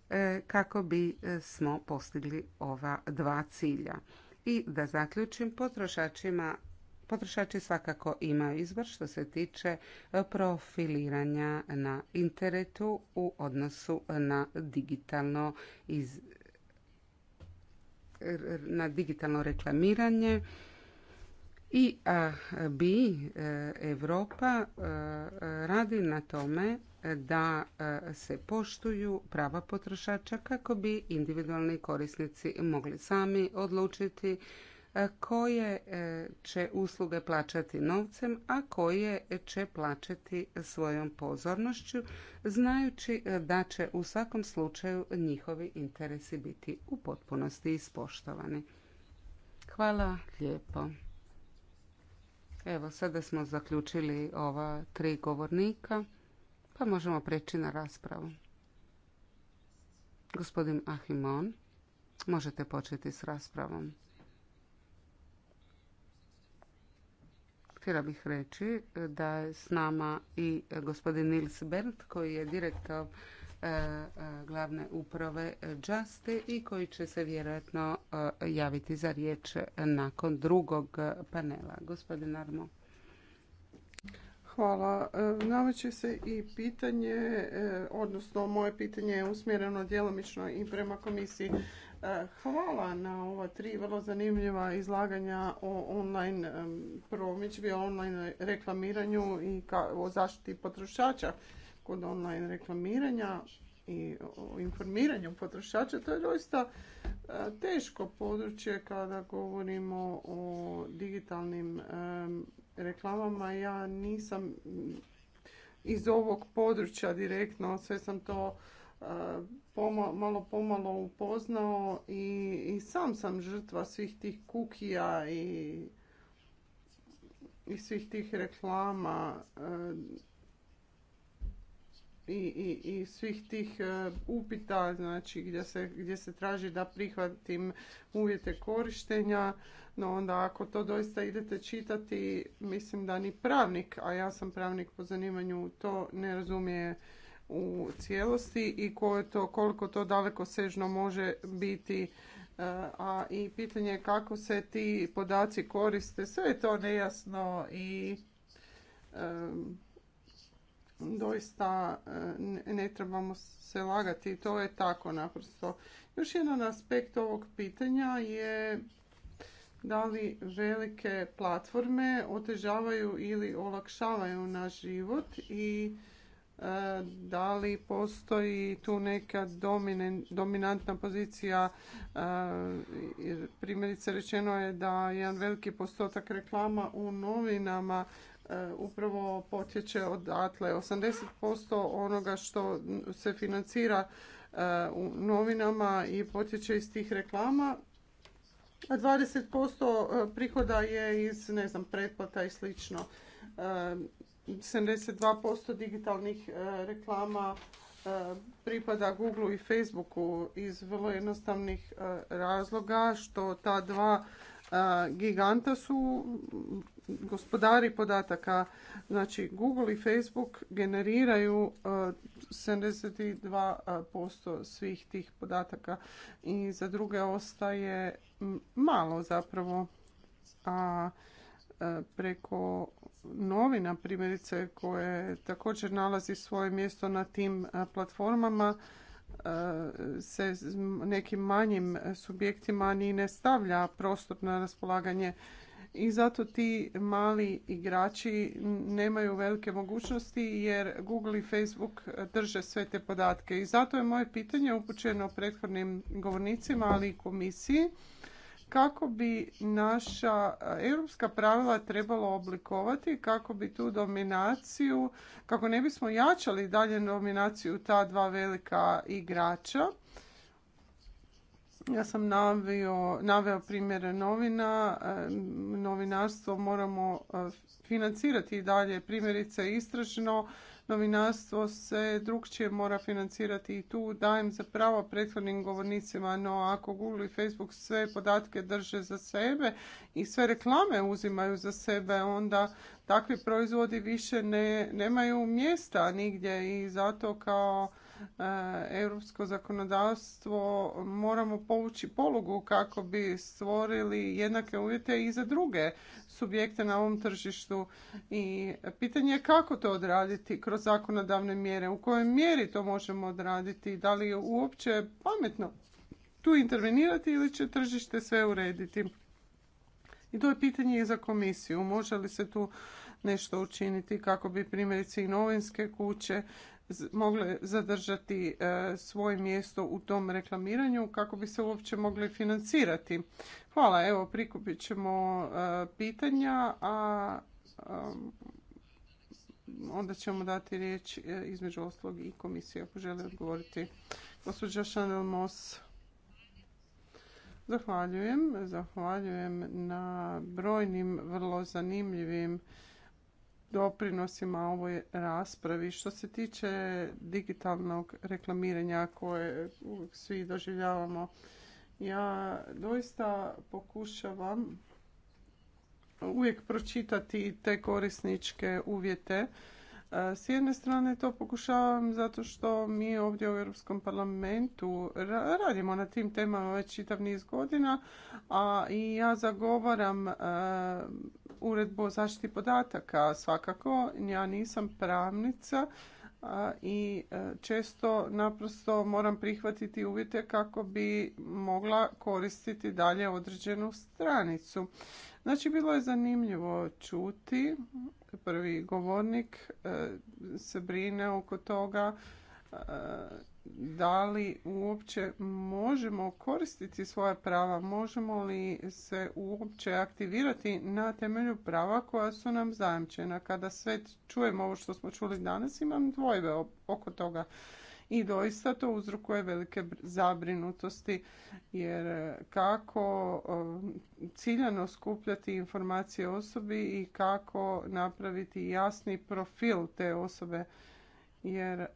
e, kako bi smo postigli ova dva cilja. I da zaključim, potrošačima Potrošači svakako imaju izbor što se tiče profiliranja na internetu u odnosu na digitalno iz, na digitalno reklamiranje i bi Europa e, radi na tome da e, se poštuju prava potrošača kako bi individualni korisnici mogli sami odlučiti E, koje e, će usluge plaćati novcem, a koje će plaćati svojom pozornošću, znajući e, da će u svakom slučaju njihovi interesi biti u potpunosti ispoštovani. Hvala lijepo. Evo, sada smo zaključili ova tri govornika, pa možemo preći na raspravu. Gospodin Ahimon, možete početi s raspravom. Htjela bih reći da je s nama i gospodin Nils Berndt koji je direktor e, e, glavne uprave Juste i koji će se vjerojatno e, javiti za riječ nakon drugog panela. Gospodin Armo. Hvala. Naveće se i pitanje, odnosno moje pitanje je usmjereno djelomično i prema komisiji. E, hvala na ova tri vrlo zanimljiva izlaganja o online promičbi, o online reklamiranju i o zaštiti potrošača kod online reklamiranja i o informiranju potrošača. To je doista e, teško područje kada govorimo o digitalnim reklamama. Ja nisam iz ovog područja direktno, sve sam to malo pomalo upoznao i, sam sam žrtva svih tih kukija i, svih tih reklama e, i, svih tih e, upita znači gdje se, gdje se traži da prihvatim uvjete korištenja no onda ako to doista idete čitati mislim da ni pravnik a ja sam pravnik po zanimanju to ne razumije u cijelosti i to, koliko to daleko sežno može biti e, a i pitanje je kako se ti podaci koriste, sve je to nejasno i e, doista e, ne trebamo se lagati, to je tako naprosto. Još jedan aspekt ovog pitanja je da li velike platforme otežavaju ili olakšavaju naš život i E, da li postoji tu neka dominantna pozicija e, primjerice rečeno je da jedan veliki postotak reklama u novinama e, upravo potječe odatle 80% onoga što se financira u novinama i potječe iz tih reklama a 20% prihoda je iz ne znam pretplata i slično 72% digitalnih e, reklama e, pripada Google i Facebooku iz vrlo jednostavnih e, razloga što ta dva giganta su gospodari podataka. Znači Google i Facebook generiraju 72% svih tih podataka i za druge ostaje malo zapravo. A preko novina primjerice koje također nalazi svoje mjesto na tim platformama se nekim manjim subjektima ni ne stavlja prostor na raspolaganje i zato ti mali igrači nemaju velike mogućnosti jer Google i Facebook drže sve te podatke. I zato je moje pitanje upućeno prethodnim govornicima, ali i komisiji kako bi naša eh, europska pravila trebalo oblikovati, kako bi tu dominaciju, kako ne bismo jačali dalje dominaciju ta dva velika igrača. Ja sam navio, naveo primjere novina, eh, novinarstvo moramo eh, financirati i dalje, primjerice istražno novinarstvo se drugčije mora financirati i tu dajem za pravo prethodnim govornicima, no ako Google i Facebook sve podatke drže za sebe i sve reklame uzimaju za sebe, onda takvi proizvodi više ne, nemaju mjesta nigdje i zato kao E, europsko zakonodavstvo moramo povući polugu kako bi stvorili jednake uvjete i za druge subjekte na ovom tržištu. I pitanje je kako to odraditi kroz zakonodavne mjere, u kojoj mjeri to možemo odraditi, da li je uopće pametno tu intervenirati ili će tržište sve urediti. I to je pitanje i za komisiju. Može li se tu nešto učiniti kako bi primjerice i novinske kuće mogle zadržati e, svoje mjesto u tom reklamiranju kako bi se uopće mogli financirati. Hvala, evo prikupit ćemo e, pitanja, a e, onda ćemo dati riječ između ostalog i komisije ako žele odgovoriti. Gospođa Zahvaljujem, zahvaljujem na brojnim vrlo zanimljivim doprinosima ovoj raspravi. Što se tiče digitalnog reklamiranja koje uvijek svi doživljavamo, ja doista pokušavam uvijek pročitati te korisničke uvjete. E, s jedne strane to pokušavam zato što mi ovdje u Europskom parlamentu radimo na tim temama već čitav niz godina, a i ja zagovaram e, uredbu o zaštiti podataka. Svakako, ja nisam pravnica i e, često naprosto moram prihvatiti uvjete kako bi mogla koristiti dalje određenu stranicu. Znači, bilo je zanimljivo čuti. Prvi govornik e, se brine oko toga e, da li uopće možemo koristiti svoja prava, možemo li se uopće aktivirati na temelju prava koja su nam zajamčena. Kada sve čujemo ovo što smo čuli danas, imam dvojbe oko toga. I doista to uzrokuje velike zabrinutosti jer e, kako e, ciljano skupljati informacije osobi i kako napraviti jasni profil te osobe jer e,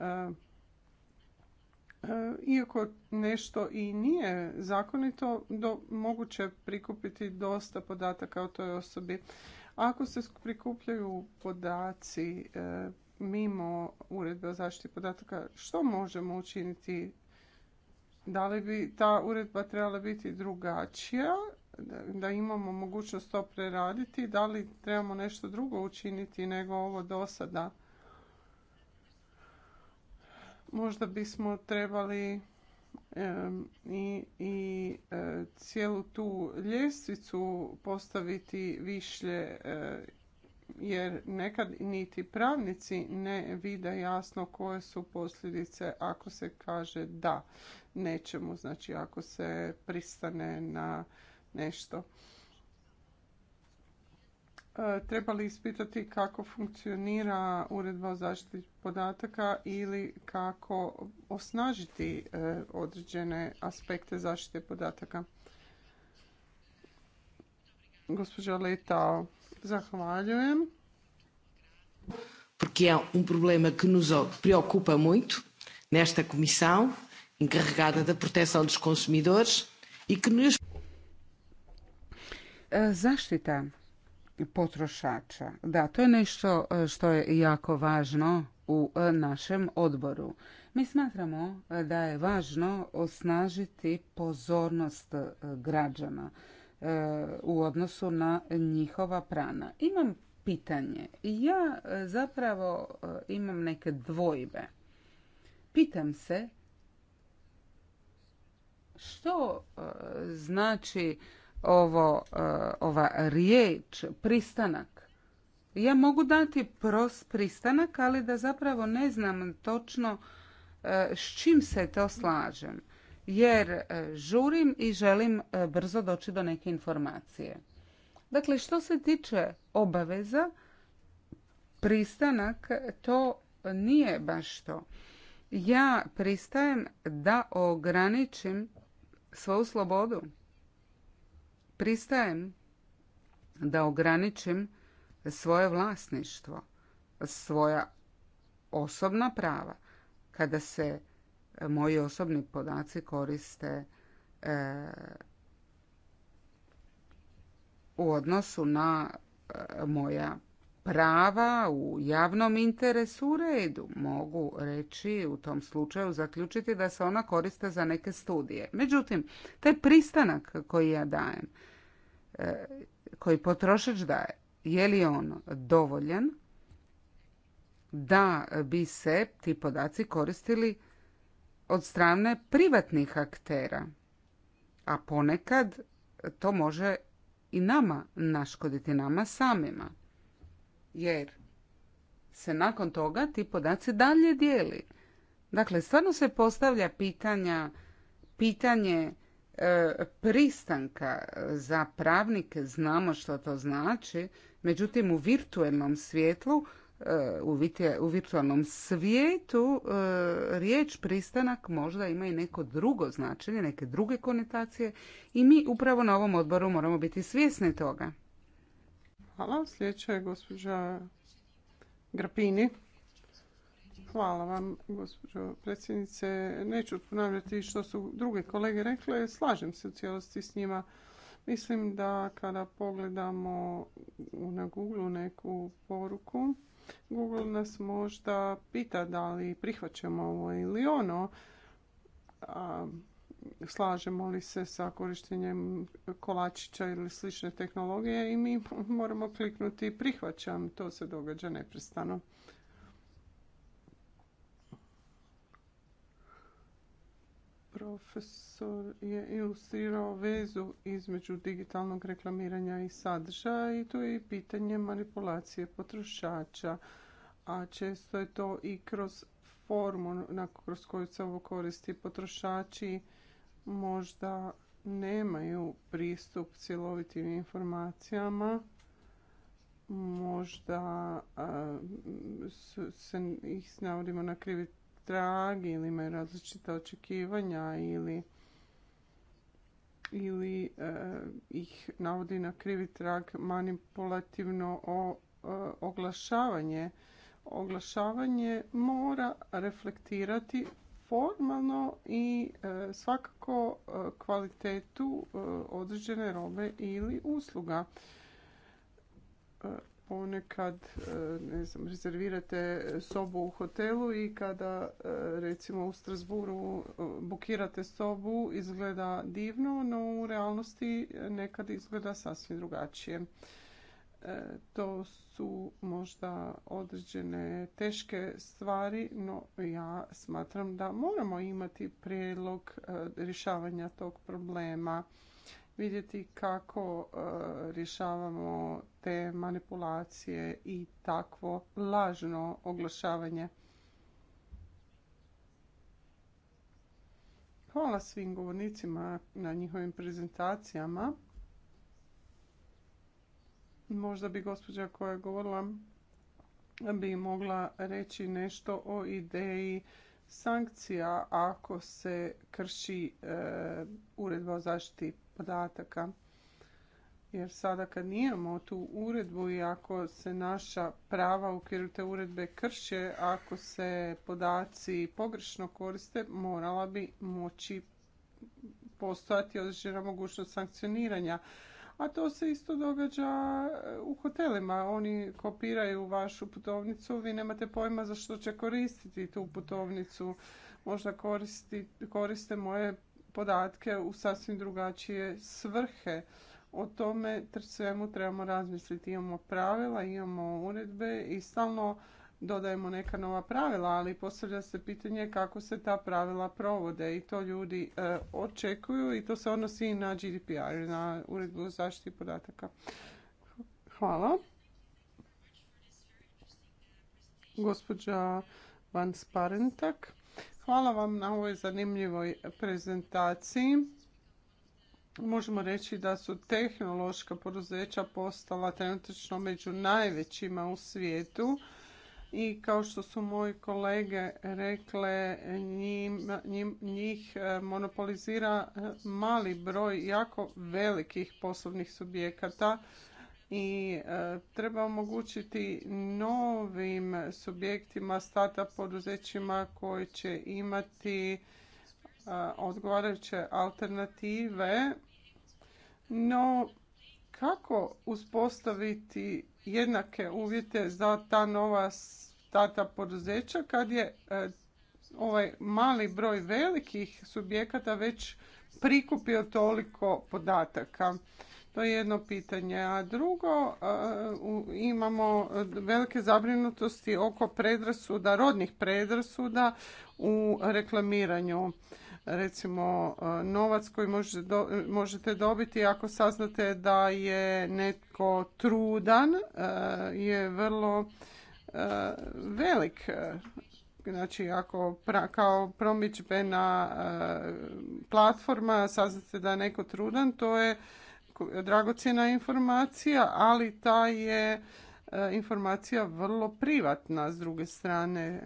E, iako nešto i nije zakonito, do, moguće prikupiti dosta podataka o toj osobi. Ako se prikupljaju podaci e, mimo uredbe o zaštiti podataka, što možemo učiniti? Da li bi ta uredba trebala biti drugačija, da imamo mogućnost to preraditi? Da li trebamo nešto drugo učiniti nego ovo do sada? Možda bismo trebali i, i e, cijelu tu ljestvicu postaviti višlje e, jer nekad niti pravnici ne vide jasno koje su posljedice ako se kaže da nećemo, znači ako se pristane na nešto. E, trebali ispitati kako funkcionira uredba o zaštiti podataka ili kako osnažiti e, određene aspekte zaštite podataka. Gospođa Letao, zahvaljujem. Porque je un um problema que nos preocupa muito nesta comissão encarregada da proteção dos consumidores i e que nos... Zaštita potrošača. Da, to je nešto e, što je jako važno u e, našem odboru. Mi smatramo e, da je važno osnažiti pozornost građana u odnosu na njihova prana. Imam pitanje. Ja zapravo imam neke dvojbe. Pitam se što znači ovo, e, ova riječ pristanak. Ja mogu dati pros pristanak, ali da zapravo ne znam točno e, s čim se to slažem. Jer e, žurim i želim brzo doći do neke informacije. Dakle, što se tiče obaveza, pristanak to nije baš to. Ja pristajem da ograničim svoju slobodu Pristajem da ograničim svoje vlasništvo, svoja osobna prava kada se e, moji osobni podaci koriste e, u odnosu na e, moja prava u javnom interesu u redu. Mogu reći u tom slučaju zaključiti da se ona koriste za neke studije. Međutim, taj pristanak koji ja dajem E, koji potrošač daje, je li on dovoljan da bi se ti podaci koristili od strane privatnih aktera. A ponekad to može i nama naškoditi, nama samima. Jer se nakon toga ti podaci dalje dijeli. Dakle, stvarno se postavlja pitanja, pitanje E, pristanka za pravnike, znamo što to znači, međutim u virtualnom svijetu e, u virtualnom svijetu e, riječ pristanak možda ima i neko drugo značenje, neke druge konotacije i mi upravo na ovom odboru moramo biti svjesni toga. Hvala. Sljedeća je gospođa Grapini. Hvala vam, gospođo predsjednice. Neću ponavljati što su druge kolege rekle, slažem se u cijelosti s njima. Mislim da kada pogledamo na Google neku poruku, Google nas možda pita da li prihvaćamo ovo ili ono, a slažemo li se sa korištenjem kolačića ili slične tehnologije i mi moramo kliknuti prihvaćam, to se događa neprestano. profesor je ilustrirao vezu između digitalnog reklamiranja i sadržaja i tu je i pitanje manipulacije potrošača, a često je to i kroz formu kroz koju se ovo koristi potrošači možda nemaju pristup cjelovitim informacijama možda se ih navodimo na krivi trag ili imaju različita očekivanja ili ili e, ih navodi na krivi trag manipulativno o, e, oglašavanje. Oglašavanje mora reflektirati formalno i e, svakako kvalitetu određene robe ili usluga ponekad e, ne znam, rezervirate sobu u hotelu i kada e, recimo u Strasburu e, bukirate sobu izgleda divno, no u realnosti nekad izgleda sasvim drugačije. To su možda određene teške stvari, no ja smatram da moramo imati prijedlog rješavanja tog problema vidjeti kako e, rješavamo te manipulacije i takvo lažno oglašavanje. Hvala svim govornicima na njihovim prezentacijama. Možda bi gospođa koja je govorila bi mogla reći nešto o ideji sankcija ako se krši e, uredba o zaštiti podataka. Jer sada kad nijemo tu uredbu i ako se naša prava u okviru te uredbe krše, ako se podaci pogrešno koriste, morala bi moći postojati određena mogućnost sankcioniranja. A to se isto događa e, u hotelima. Oni kopiraju vašu putovnicu, vi nemate pojma za što će koristiti tu putovnicu. Možda koriste moje podatke u sasvim drugačije svrhe. O tome svemu trebamo razmisliti. Imamo pravila, imamo uredbe i stalno dodajemo neka nova pravila, ali postavlja se pitanje kako se ta pravila provode i to ljudi e, očekuju i to se odnosi i na GDPR, na uredbu o zaštiti podataka. Hvala. Gospođa Van Sparentak. Hvala vam na ovoj zanimljivoj prezentaciji. Možemo reći da su tehnološka poduzeća postala trenutno među najvećima u svijetu i kao što su moji kolege rekle, njih e, monopolizira mali broj jako velikih poslovnih subjekata i e, treba omogućiti novim subjektima, startup poduzećima koji će imati e, odgovarajuće alternative. No, kako uspostaviti jednake uvjete za ta nova startup poduzeća kad je e, ovaj mali broj velikih subjekata već prikupio toliko podataka? To je jedno pitanje. A drugo, e, imamo velike zabrinutosti oko predrasuda, rodnih predrasuda u reklamiranju. Recimo, e, novac koji možete dobiti ako saznate da je netko trudan e, je vrlo velik znači ako kao promidžbena platforma saznate da je neko trudan, to je dragocjena informacija, ali ta je e, informacija vrlo privatna s druge strane.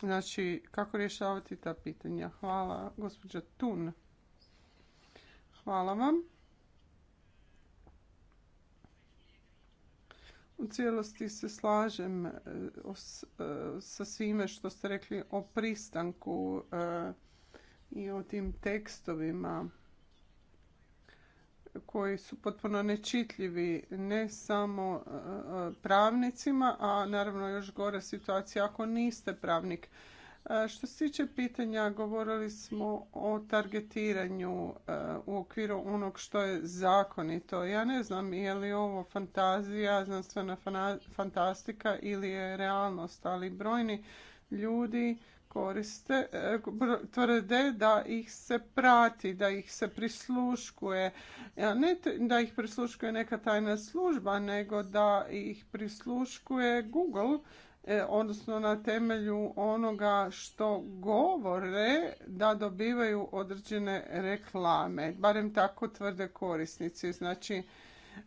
Znači, kako rješavati ta pitanja? Hvala, gospođa Tun. Hvala vam. U cijelosti se slažem e, e, sa svime što ste rekli o pristanku i o tim tekstovima koji su potpuno nečitljivi ne samo e, pravnicima, a naravno još gora situacija ako niste pravnik. E, što se tiče pitanja, govorili smo o targetiranju e, u okviru onog što je zakonito. Ja ne znam je li ovo fantazija, znanstvena fantastika ili je realnost, ali brojni ljudi koriste, e, tvrde da ih se prati, da ih se prisluškuje. Ne da ih prisluškuje neka tajna služba, nego da ih prisluškuje Google, e, odnosno na temelju onoga što govore da dobivaju određene reklame. Barem tako tvrde korisnici. Znači,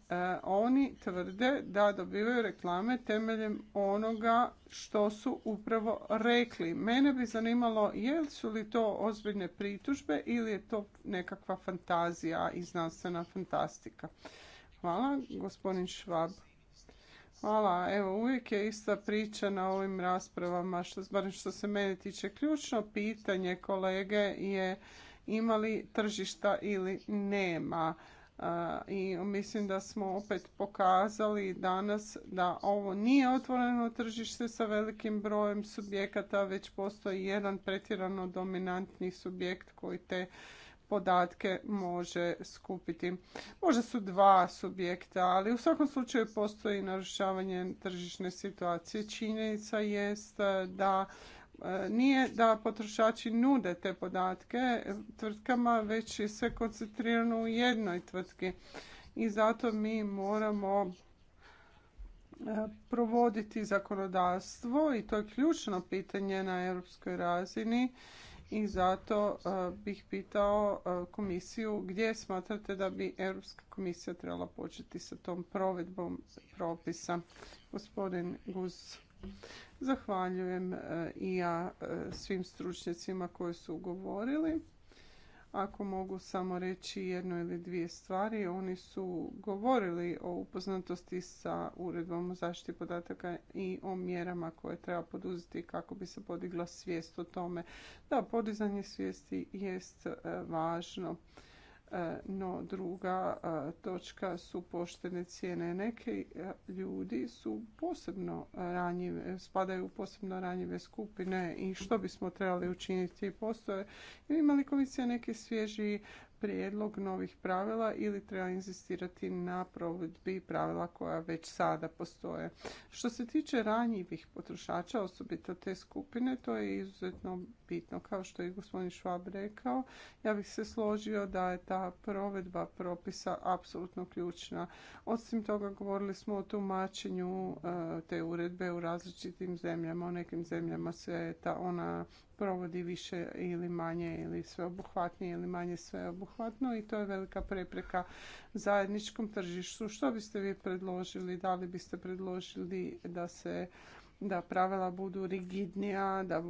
E, oni tvrde da dobivaju reklame temeljem onoga što su upravo rekli. Mene bi zanimalo jel su li to ozbiljne pritužbe ili je to nekakva fantazija i znanstvena fantastika. Hvala, gospodin Švab. Hvala. Evo, uvijek je ista priča na ovim raspravama, što, barem što se mene tiče. Ključno pitanje kolege je imali tržišta ili nema i mislim da smo opet pokazali danas da ovo nije otvoreno tržište sa velikim brojem subjekata, već postoji jedan pretjerano dominantni subjekt koji te podatke može skupiti. Možda su dva subjekta, ali u svakom slučaju postoji narušavanje tržišne situacije. Činjenica jest da E, nije da potrošači nude te podatke tvrtkama, već je sve koncentrirano u jednoj tvrtki. I zato mi moramo e, provoditi zakonodavstvo i to je ključno pitanje na europskoj razini i zato e, bih pitao komisiju gdje smatrate da bi Europska komisija trebala početi sa tom provedbom propisa. Gospodin Guz. Zahvaljujem e, i ja e, svim stručnjacima koji su govorili. Ako mogu samo reći jednu ili dvije stvari, oni su govorili o upoznatosti sa uredbom o zaštiti podataka i o mjerama koje treba poduzeti kako bi se podigla svijest o tome. Da, podizanje svijesti jest e, važno E, no druga e, točka su poštene cijene. Neke ljudi su posebno ranjive, spadaju u posebno ranjive skupine i što bismo trebali učiniti postoje. Imali li komisija neki svježi prijedlog novih pravila ili treba inzistirati na provedbi pravila koja već sada postoje. Što se tiče ranjivih potrošača, osobito te skupine, to je izuzetno bitno. Kao što je gospodin Švab rekao, ja bih se složio da je ta provedba propisa apsolutno ključna. Osim toga, govorili smo o tumačenju e, te uredbe u različitim zemljama. U nekim zemljama se ta ona provodi više ili manje ili sveobuhvatnije ili manje sveobuhvatno i to je velika prepreka zajedničkom tržištu. Što biste vi predložili? Da li biste predložili da se da pravila budu rigidnija, da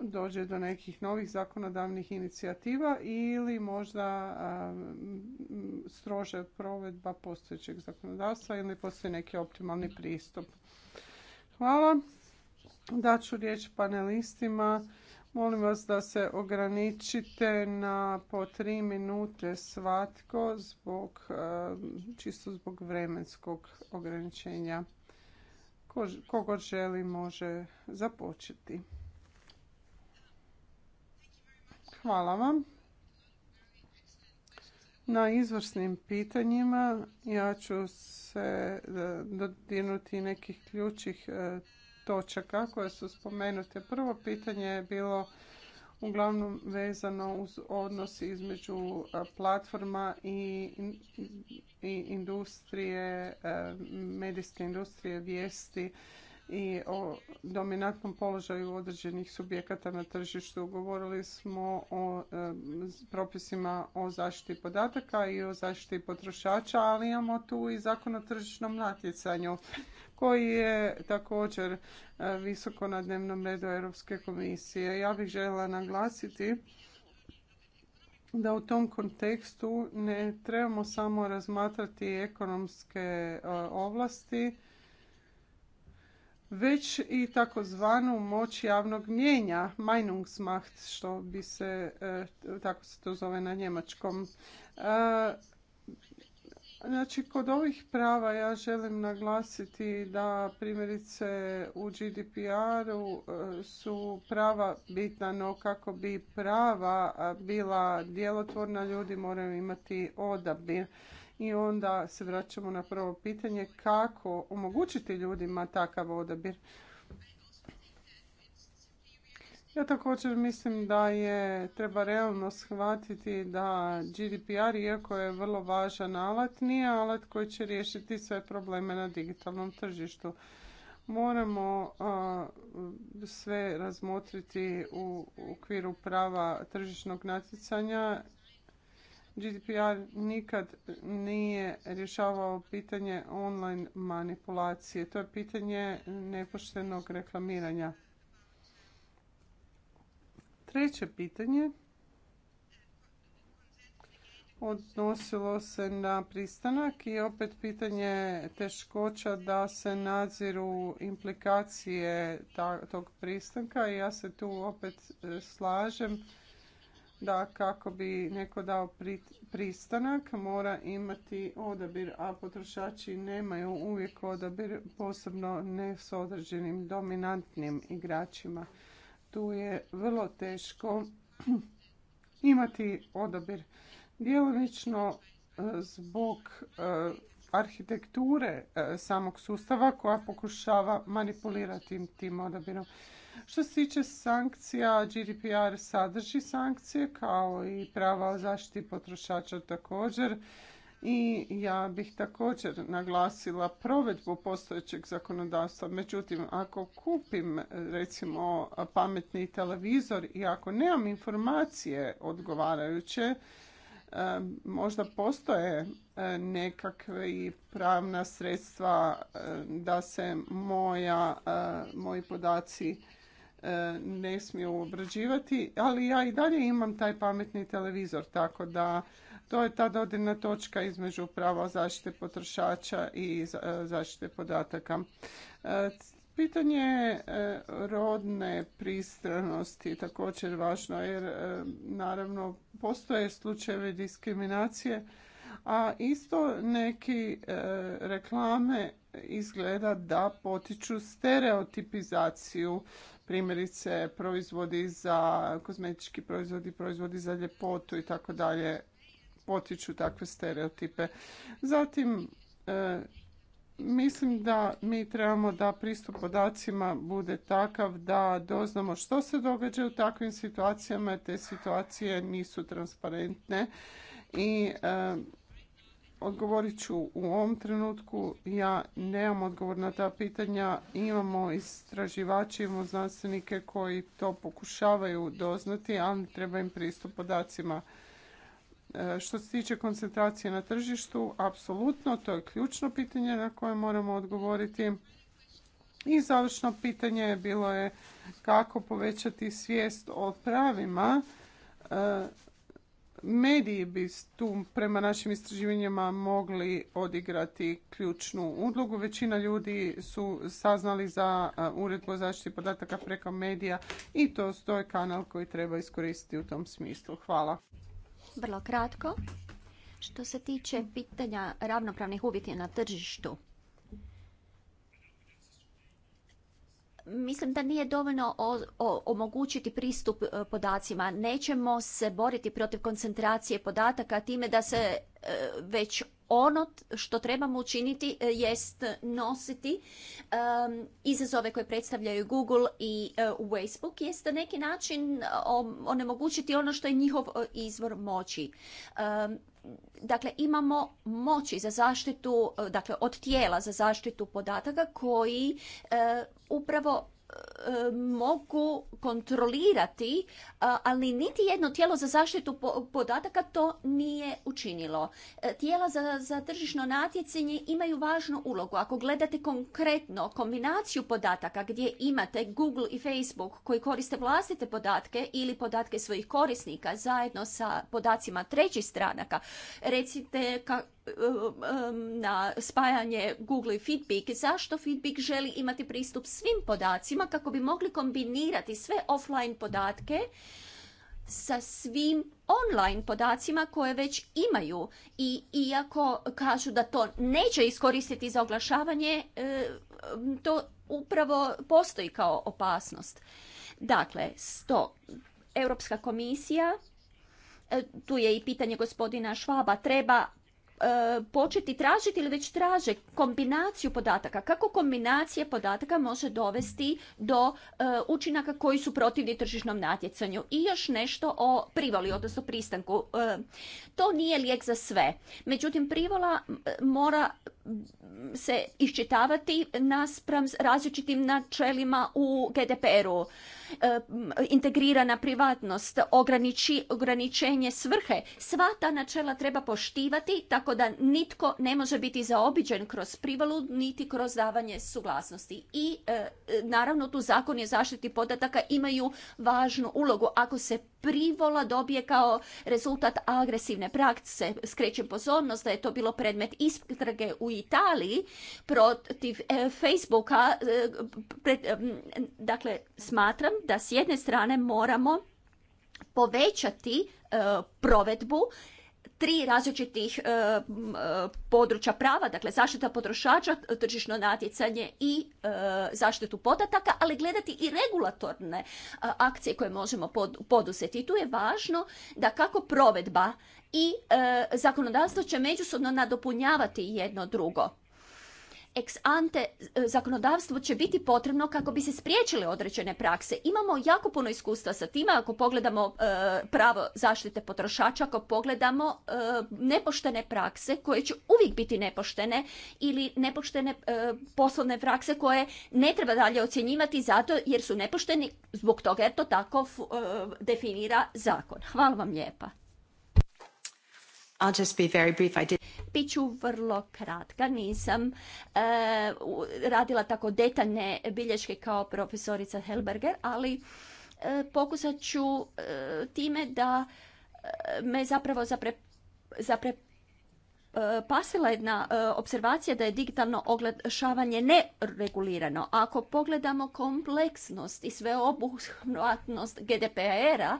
dođe do nekih novih zakonodavnih inicijativa ili možda strože provedba postojećeg zakonodavstva ili postoji neki optimalni pristup. Hvala. Daću riječ panelistima Molim vas da se ograničite na po tri minute svatko zbog, e, čisto zbog vremenskog ograničenja. Kogo želi može započeti. Hvala vam. Na izvrsnim pitanjima ja ću se e, dodirnuti nekih ključih e, točaka koje su spomenute. Prvo pitanje je bilo uglavnom vezano uz odnos između platforma i industrije, e, medijske industrije, vijesti i o dominantnom položaju određenih subjekata na tržištu. Govorili smo o e, propisima o zaštiti podataka i o zaštiti potrošača, ali imamo tu i zakon o tržišnom natjecanju koji je također e, visoko na dnevnom redu Europske komisije. Ja bih željela naglasiti da u tom kontekstu ne trebamo samo razmatrati ekonomske e, ovlasti, već i takozvanu moć javnog mjenja, Meinungsmacht, što bi se, e, tako se to zove na njemačkom. Znači, kod ovih prava ja želim naglasiti da primjerice u GDPR-u e, su prava bitna, no kako bi prava bila djelotvorna, ljudi moraju imati odabir. I onda se vraćamo na prvo pitanje kako omogućiti ljudima takav odabir. Ja također mislim da je treba realno shvatiti da GDPR, iako je vrlo važan alat, nije alat koji će riješiti sve probleme na digitalnom tržištu. Moramo sve razmotriti u okviru prava tržišnog natjecanja. GDPR nikad nije rješavao pitanje online manipulacije. To je pitanje nepoštenog reklamiranja. Treće pitanje odnosilo se na pristanak i opet pitanje teškoća da se nadziru implikacije tog pristanka i ja se tu opet e, slažem da kako bi neko dao pristanak mora imati odabir, a potrošači nemaju uvijek odabir, posebno ne s određenim dominantnim igračima tu je vrlo teško <clears throat> imati odabir. Djelomično e, zbog e, arhitekture e, samog sustava koja pokušava manipulirati tim odabirom. Što se tiče sankcija, GDPR sadrži sankcije kao i prava o zaštiti potrošača također i ja bih također naglasila provedbu postojećeg zakonodavstva. Međutim, ako kupim recimo pametni televizor i ako nemam informacije odgovarajuće, e, možda postoje e, nekakve i pravna sredstva e, da se moja, moji podaci ne smiju obrađivati, ali ja i dalje imam taj pametni televizor, tako da to je ta dodirna točka između prava zaštite potrošača i e, zaštite podataka. E, pitanje e, rodne pristranosti je također važno jer naravno postoje slučajevi diskriminacije, a isto neki reklame izgleda da potiču stereotipizaciju primjerice proizvodi za kozmetički proizvodi, proizvodi za ljepotu i tako dalje potiču takve stereotipe. Zatim, e, mislim da mi trebamo da pristup podacima bude takav da doznamo što se događa u takvim situacijama. Te situacije nisu transparentne i e, odgovorit ću u ovom trenutku. Ja nemam odgovor na ta pitanja. Imamo istraživače, imamo znanstvenike koji to pokušavaju doznati, ali treba im pristup podacima. E, što se tiče koncentracije na tržištu, apsolutno, to je ključno pitanje na koje moramo odgovoriti. I završno pitanje bilo je kako povećati svijest o pravima. E, mediji bi tu prema našim istraživanjima mogli odigrati ključnu ulogu Većina ljudi su saznali za e, uredbu o zaštiti podataka preko medija i to je kanal koji treba iskoristiti u tom smislu. Hvala vrlo kratko. Što se tiče pitanja ravnopravnih uvjeta na tržištu, Mislim da nije dovoljno omogućiti pristup e, podacima. Nećemo se boriti protiv koncentracije podataka time da se e, već ono što trebamo učiniti e, jest nositi izazove koje predstavljaju Google i Facebook, jest na neki način onemogućiti ono što je njihov izvor moći dakle imamo moći za zaštitu, e, dakle od tijela za zaštitu podataka koji e, upravo E, mogu kontrolirati, ali niti jedno tijelo za zaštitu podataka to nije učinilo. E, tijela za, za tržišno natjecanje imaju važnu ulogu. Ako gledate konkretno kombinaciju podataka gdje imate Google i Facebook koji koriste vlastite podatke ili podatke svojih korisnika zajedno sa podacima trećih stranaka, recite Um, um, na spajanje Google i Feedback. zašto Feedback želi imati pristup svim podacima kako bi mogli kombinirati sve offline podatke sa svim online podacima koje već imaju i iako kažu da to neće iskoristiti za oglašavanje, um, to upravo postoji kao opasnost. Dakle, sto, Europska komisija e, tu je i pitanje gospodina Švaba, treba E, početi tražiti ili već traže kombinaciju podataka. Kako kombinacija podataka može dovesti do e, učinaka koji su protivni tržišnom natjecanju? I još nešto o privoli, odnosno pristanku. E, to nije lijek za sve. Međutim, privola mora se iščitavati naspram različitim načelima u GDPR-u. E, integrirana privatnost, ograniči, ograničenje svrhe. Sva ta načela treba poštivati tako da nitko ne može biti zaobiđen kroz privalu niti kroz davanje suglasnosti. I e, naravno tu zakon je zaštiti podataka imaju važnu ulogu. Ako se privola dobije kao rezultat agresivne prakse. Skrećem pozornost da je to bilo predmet istrage u Italiji protiv e, Facebooka. dakle, smatram da s jedne strane moramo povećati e, provedbu tri različitih e, e, područja prava, dakle zaštita potrošača, tržišno natjecanje i zaštitu podataka, ali gledati i regulatorne akcije koje možemo poduzeti. I tu je važno da kako provedba i zakonodavstvo će međusobno nadopunjavati jedno drugo ex ante e, zakonodavstvo će biti potrebno kako bi se spriječile određene prakse. Imamo jako puno iskustva sa time, ako pogledamo e, pravo zaštite potrošača, ako pogledamo e, nepoštene prakse koje će uvijek biti nepoštene ili nepoštene poslovne prakse koje ne treba dalje ocjenjivati zato jer su nepošteni zbog toga jer to tako definira zakon. Hvala vam lijepa. I'll just be very brief. I Biću vrlo kratka, nisam e, radila tako detaljne bilješke kao profesorica Helberger, ali e, pokusat ću e, time da e, me zapravo zapre, pasila jedna observacija da je digitalno oglašavanje neregulirano. Ako pogledamo kompleksnost i sveobuhvatnost GDPR-a,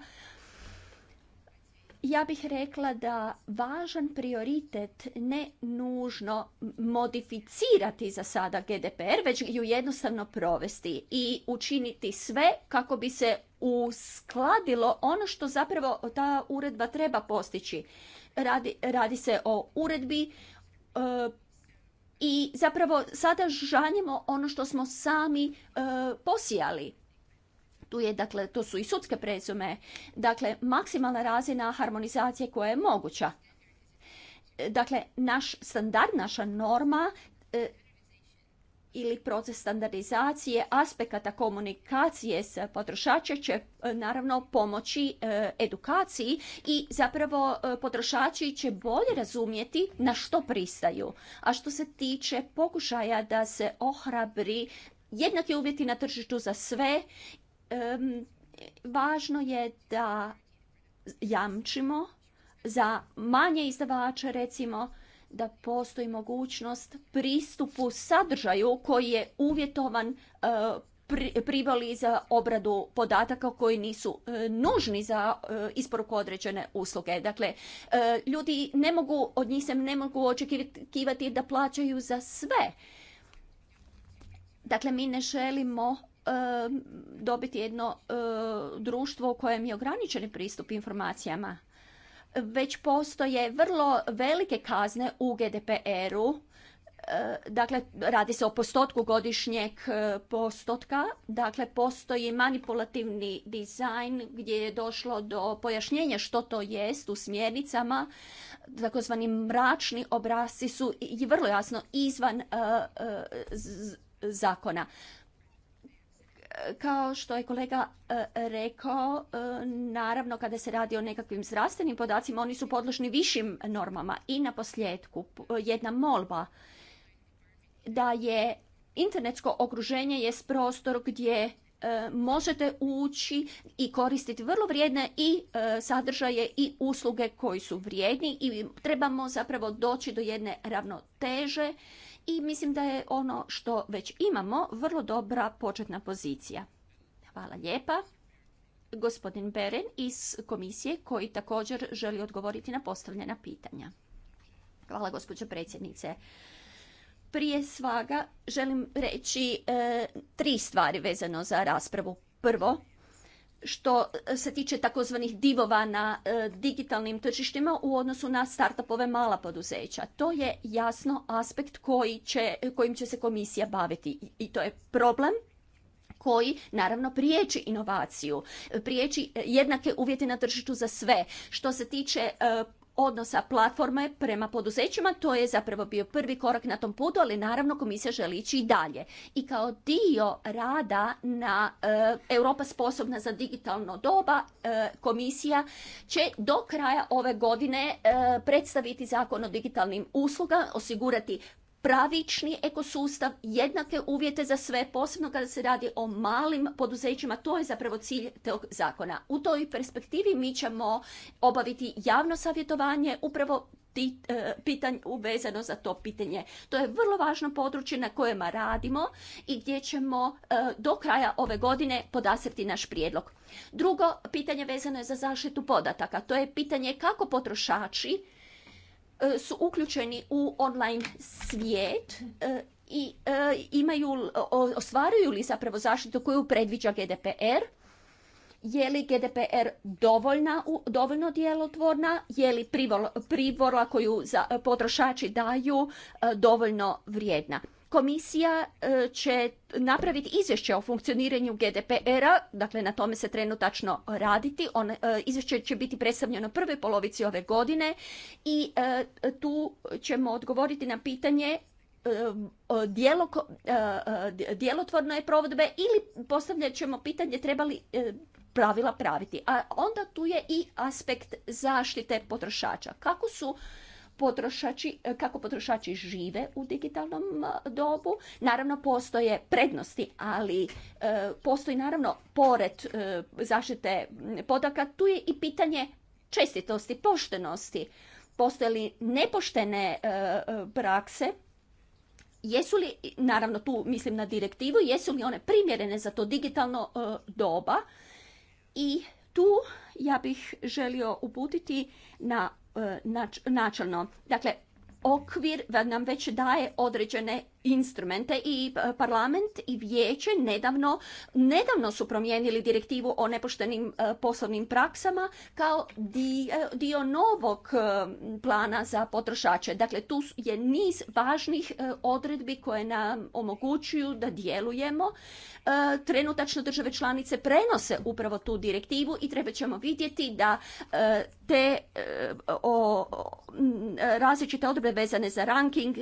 ja bih rekla da važan prioritet ne nužno modificirati za sada GDPR, već ju jednostavno provesti i učiniti sve kako bi se uskladilo ono što zapravo ta uredba treba postići. Radi, radi se o uredbi e, i zapravo sada žanjemo ono što smo sami e, posijali tu je, dakle, to su i sudske prezume, dakle, maksimalna razina harmonizacije koja je moguća. Dakle, naš standard, naša norma e, ili proces standardizacije aspekata komunikacije s potrošače će e, naravno pomoći e, edukaciji i zapravo potrošači će bolje razumjeti na što pristaju. A što se tiče pokušaja da se ohrabri jednaki uvjeti na tržištu za sve važno je da jamčimo za manje izdavače recimo da postoji mogućnost pristupu sadržaju koji je uvjetovan e, privoli za obradu podataka koji nisu e, nužni za e, isporuku određene usluge. Dakle, ljudi ne mogu, od njih se ne mogu očekivati da plaćaju za sve. Dakle, mi ne želimo dobiti jedno društvo u kojem je ograničen pristup informacijama. Već postoje vrlo velike kazne u GDPR-u, dakle radi se o postotku godišnjeg postotka, dakle postoji manipulativni dizajn gdje je došlo do pojašnjenja što to jest u smjernicama, takozvani mračni obrasci su i vrlo jasno izvan zakona. Kao što je kolega e, rekao, e, naravno kada se radi o nekakvim zdravstvenim podacima, oni su podložni višim normama. I na posljedku jedna molba da je internetsko okruženje je prostor gdje e, možete ući i koristiti vrlo vrijedne i sadržaje i usluge koji su vrijedni i trebamo zapravo doći do jedne ravnoteže i mislim da je ono što već imamo vrlo dobra početna pozicija. Hvala lijepa. Gospodin Beren iz komisije koji također želi odgovoriti na postavljena pitanja. Hvala gospođo predsjednice. Prije svaga želim reći e, tri stvari vezano za raspravu. Prvo, što se tiče takozvanih divova na e, digitalnim tržištima u odnosu na startupove mala poduzeća. To je jasno aspekt koji će, kojim će se komisija baviti i to je problem koji naravno priječi inovaciju, priječi jednake uvjete na tržištu za sve. Što se tiče e, odnosa platforme prema poduzećima. To je zapravo bio prvi korak na tom putu, ali naravno komisija želi ići i dalje. I kao dio rada na e, Europa sposobna za digitalno doba, e, komisija će do kraja ove godine e, predstaviti zakon o digitalnim uslugama, osigurati pravični ekosustav, jednake uvjete za sve, posebno kada se radi o malim poduzećima, to je zapravo cilj tog zakona. U toj perspektivi mi ćemo obaviti javno savjetovanje upravo e, pitanje uvezano za to pitanje. To je vrlo važno područje na kojima radimo i gdje ćemo e, do kraja ove godine podasrti naš prijedlog. Drugo pitanje vezano je za zaštitu podataka. To je pitanje kako potrošači E, su uključeni u online svijet e, i e, imaju, ostvaruju li zapravo zaštitu koju predviđa GDPR, je li GDPR dovoljna, dovoljno djelotvorna, je li privola koju potrošači daju dovoljno vrijedna komisija e, će napraviti izvješće o funkcioniranju GDPR-a, dakle na tome se trenutačno raditi. On, e, izvješće će biti predstavljeno prve polovici ove godine i e, tu ćemo odgovoriti na pitanje djelotvorno je provodbe ili postavljat ćemo pitanje treba li pravila praviti. A onda tu je i aspekt zaštite potrošača. Kako su potrošači, e, kako potrošači žive u digitalnom e, dobu. Naravno, postoje prednosti, ali e, postoji naravno pored zaštite podaka, tu je i pitanje čestitosti, poštenosti. Postoje li nepoštene prakse, jesu li, naravno tu mislim na direktivu, jesu li one primjerene za to digitalno doba i tu ja bih želio uputiti na E, načelno. Dakle, okvir nam već daje određene instrumente i e, parlament i vijeće nedavno, nedavno su promijenili direktivu o nepoštenim e, poslovnim praksama kao e, dio novog plana za potrošače. Dakle, tu je niz važnih odredbi koje nam omogućuju da djelujemo. Trenutačno države članice prenose upravo tu direktivu i treba ćemo vidjeti da te o, različite odredbe vezane za ranking,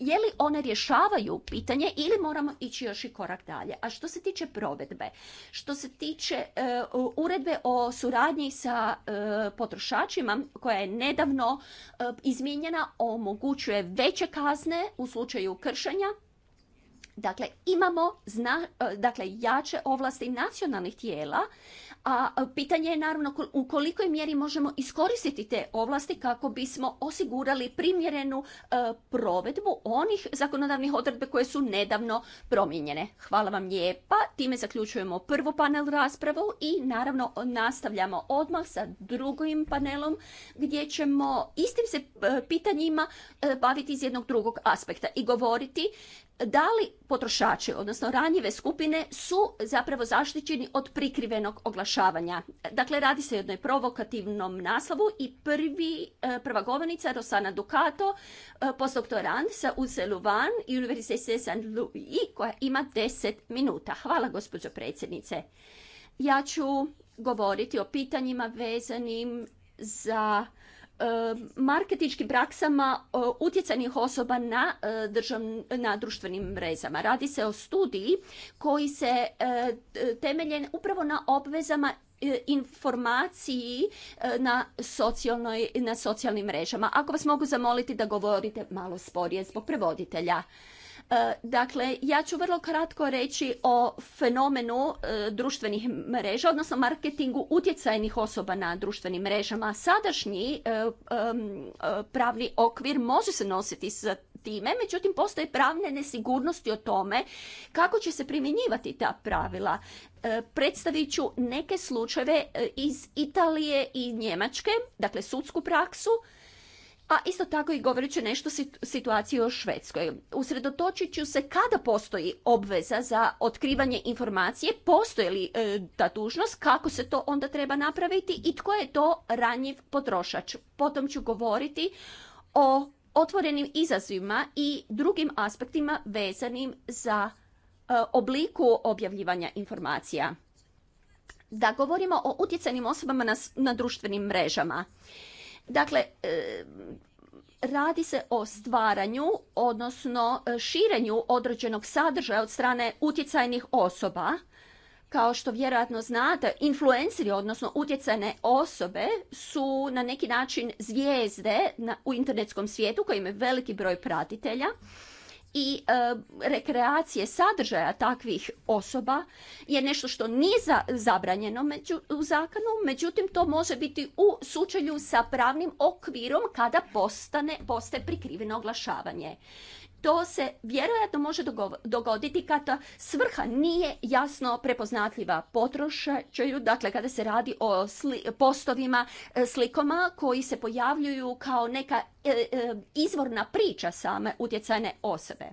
je li one rješavaju pitanje ili moramo ići još i korak dalje. A što se tiče provedbe, što se tiče e, uredbe o suradnji sa e, potrošačima koja je nedavno e, izmijenjena, omogućuje veće kazne u slučaju kršenja Dakle, imamo dakle, jače ovlasti nacionalnih tijela, a pitanje je naravno u kolikoj mjeri možemo iskoristiti te ovlasti kako bismo osigurali primjerenu e, provedbu onih zakonodavnih odredbe koje su nedavno promijenjene. Hvala vam lijepa. Time zaključujemo prvu panel raspravu i naravno nastavljamo odmah sa drugim panelom gdje ćemo istim se e, pitanjima e, baviti iz jednog drugog aspekta i govoriti da li potrošači, odnosno ranjive skupine, su zapravo zaštićeni od prikrivenog oglašavanja. Dakle, radi se o jednoj provokativnom naslovu i prvi, e, prva govornica Rosana Ducato, e, postdoktorant sa UCLU Van i Univerzite San Louis, koja ima 10 minuta. Hvala, gospođo predsjednice. Ja ću govoriti o pitanjima vezanim za E, marketičkim praksama e, utjecajnih osoba na, e, na društvenim mrezama. Radi se o studiji koji se temeljen upravo na obvezama informaciji na, socijalnoj, na socijalnim mrežama. Ako vas mogu zamoliti da govorite malo sporije zbog prevoditelja. E, dakle, ja ću vrlo kratko reći o fenomenu e, društvenih mreža, odnosno marketingu utjecajnih osoba na društvenim mrežama. Sadašnji e, pravni okvir može se nositi sa time, međutim postoje pravne nesigurnosti o tome kako će se primjenjivati ta pravila. Predstavit ću neke slučajeve iz Italije i Njemačke, dakle sudsku praksu, a isto tako i govorit ću nešto o situaciji o Švedskoj. Usredotočit ću se kada postoji obveza za otkrivanje informacije, postoji li e, ta dužnost, kako se to onda treba napraviti i tko je to ranjiv potrošač. Potom ću govoriti o otvorenim izazivima i drugim aspektima vezanim za e, obliku objavljivanja informacija. Da govorimo o utjecanim osobama na društvenim mrežama. Dakle, e, radi se o stvaranju, odnosno e, širenju određenog sadržaja od strane utjecajnih osoba. Kao što vjerojatno znate, influenceri, odnosno utjecajne osobe, su na neki način zvijezde u internetskom svijetu koji imaju veliki broj pratitelja i e, rekreacije sadržaja takvih osoba je nešto što nije zabranjeno među, u zakonu, međutim to može biti u sučelju sa pravnim okvirom kada postane, postaje prikriveno oglašavanje to se vjerojatno može dogoditi kada svrha nije jasno prepoznatljiva potrošaju, dakle kada se radi o sli postovima, e, slikoma koji se pojavljuju kao neka e, e, izvorna priča same utjecajne osobe.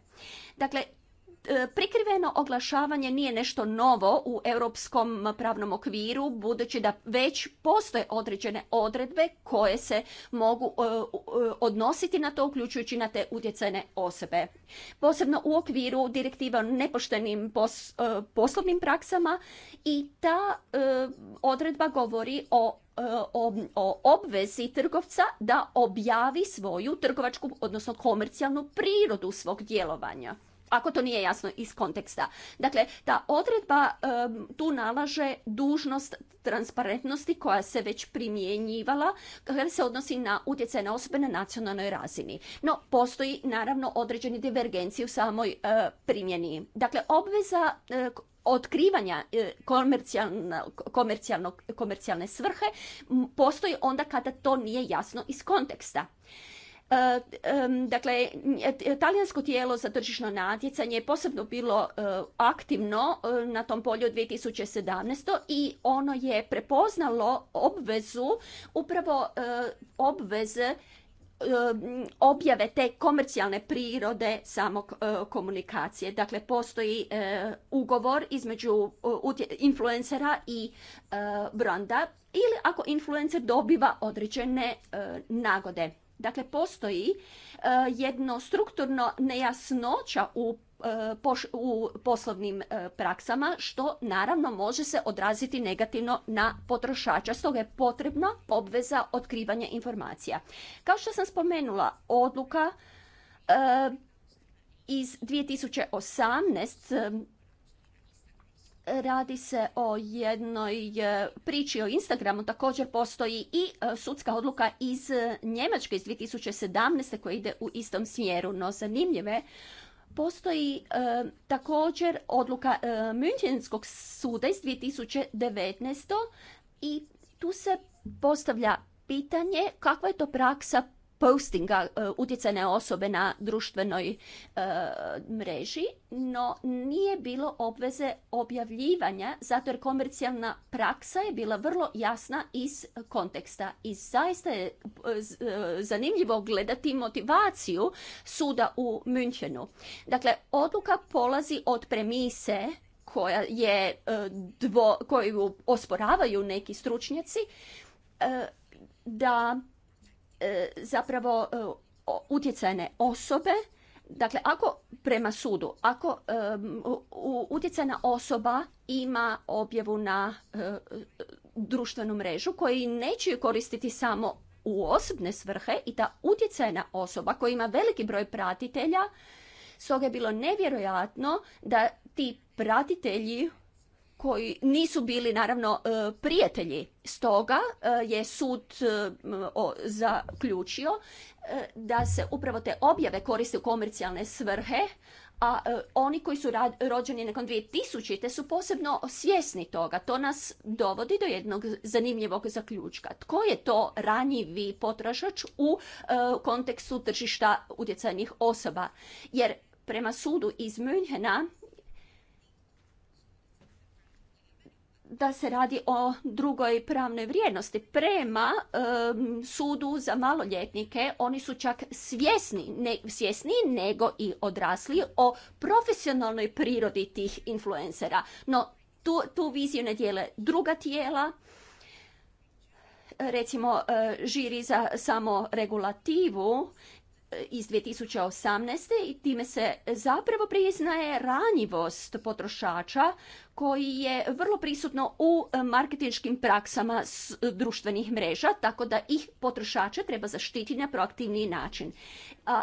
Dakle, E, prikriveno oglašavanje nije nešto novo u europskom pravnom okviru, budući da već postoje određene odredbe koje se mogu e, e, odnositi na to, uključujući na te utjecajne osobe. Posebno u okviru direktiva o nepoštenim poslovnim praksama i ta odredba govori o o obvezi trgovca da objavi svoju trgovačku, odnosno komercijalnu prirodu svog djelovanja ako to nije jasno iz konteksta. Dakle, ta odredba tu nalaže dužnost transparentnosti koja se već primjenjivala kada se odnosi na utjecaj na osobe na nacionalnoj razini. No, postoji naravno određeni divergenciji u samoj e, primjeni. Dakle, obveza e, otkrivanja e, komercijalne svrhe postoji onda kada to nije jasno iz konteksta. E, dakle, talijansko tijelo za tržišno natjecanje je posebno bilo e, aktivno e, na tom polju 2017. i ono je prepoznalo obvezu, upravo obveze objave te komercijalne prirode samog komunikacije. Dakle, postoji ugovor između influencera i branda ili ako influencer dobiva određene nagode. Dakle, postoji e, jedno strukturno nejasnoća u e, u poslovnim e, praksama, što naravno može se odraziti negativno na potrošača. Stoga je potrebna obveza otkrivanja informacija. Kao što sam spomenula, odluka iz 2018 Radi se o jednoj e, priči o Instagramu, također postoji i e, sudska odluka iz e, Njemačke iz 2017. koja ide u istom smjeru, no zanimljive postoji također odluka e, Münchenskog suda iz 2019. i tu se postavlja pitanje kakva je to praksa postinga e, utjecajne osobe na društvenoj e, mreži, no nije bilo obveze objavljivanja zato jer komercijalna praksa je bila vrlo jasna iz konteksta. I zaista je e, zanimljivo gledati motivaciju suda u Münchenu. Dakle, odluka polazi od premise koja je koju osporavaju neki stručnjaci da E, zapravo e, utjecajne osobe Dakle, ako prema sudu, ako e, utjecajna osoba ima objavu na društvenu mrežu koji neće koristiti samo u osobne svrhe i ta utjecajna osoba koja ima veliki broj pratitelja, stoga je bilo nevjerojatno da ti pratitelji koji nisu bili naravno e, prijatelji. Stoga e, je sud e, zaključio da se upravo te objave koriste u komercijalne svrhe, a oni koji su rođeni nakon 2000. su posebno svjesni toga. To nas dovodi do jednog zanimljivog zaključka. Tko je to ranjivi potrošač u kontekstu tržišta utjecajnih osoba? Jer prema sudu iz Münchena da se radi o drugoj pravnoj vrijednosti. Prema sudu za maloljetnike oni su čak svjesni, ne, svjesni nego i odrasli o profesionalnoj prirodi tih influencera. No, tu, tu viziju ne dijele druga tijela, recimo e, žiri za samo regulativu iz 2018. i time se zapravo priznaje ranjivost potrošača koji je vrlo prisutno u marketinškim praksama društvenih mreža, tako da ih potrošače treba zaštiti na proaktivniji način.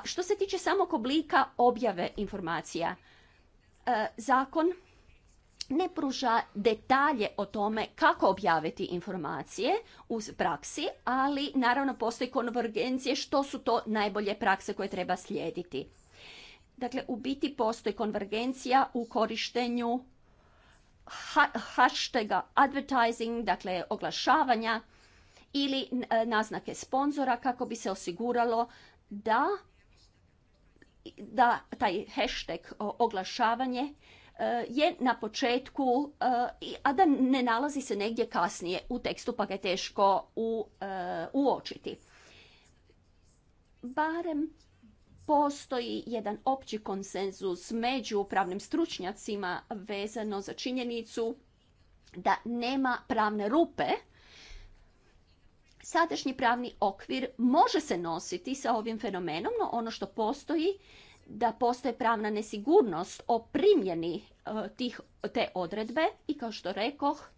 Što se tiče samog oblika objave informacija, e, zakon ne pruža detalje o tome kako objaviti informacije u praksi, ali naravno postoji konvergencije što su to najbolje prakse koje treba slijediti. Dakle, u biti postoji konvergencija u korištenju hashtaga advertising, dakle oglašavanja ili e, naznake sponzora kako bi se osiguralo da, da taj hashtag oglašavanje je na početku, e, a da ne nalazi se negdje kasnije u tekstu pa ga je teško e, uočiti. Barem postoji jedan opći konsenzus među pravnim stručnjacima vezano za činjenicu da nema pravne rupe, sadašnji pravni okvir može se nositi sa ovim fenomenom, no ono što postoji da postoje pravna nesigurnost o primjeni e, tih, te odredbe i kao što rekoh,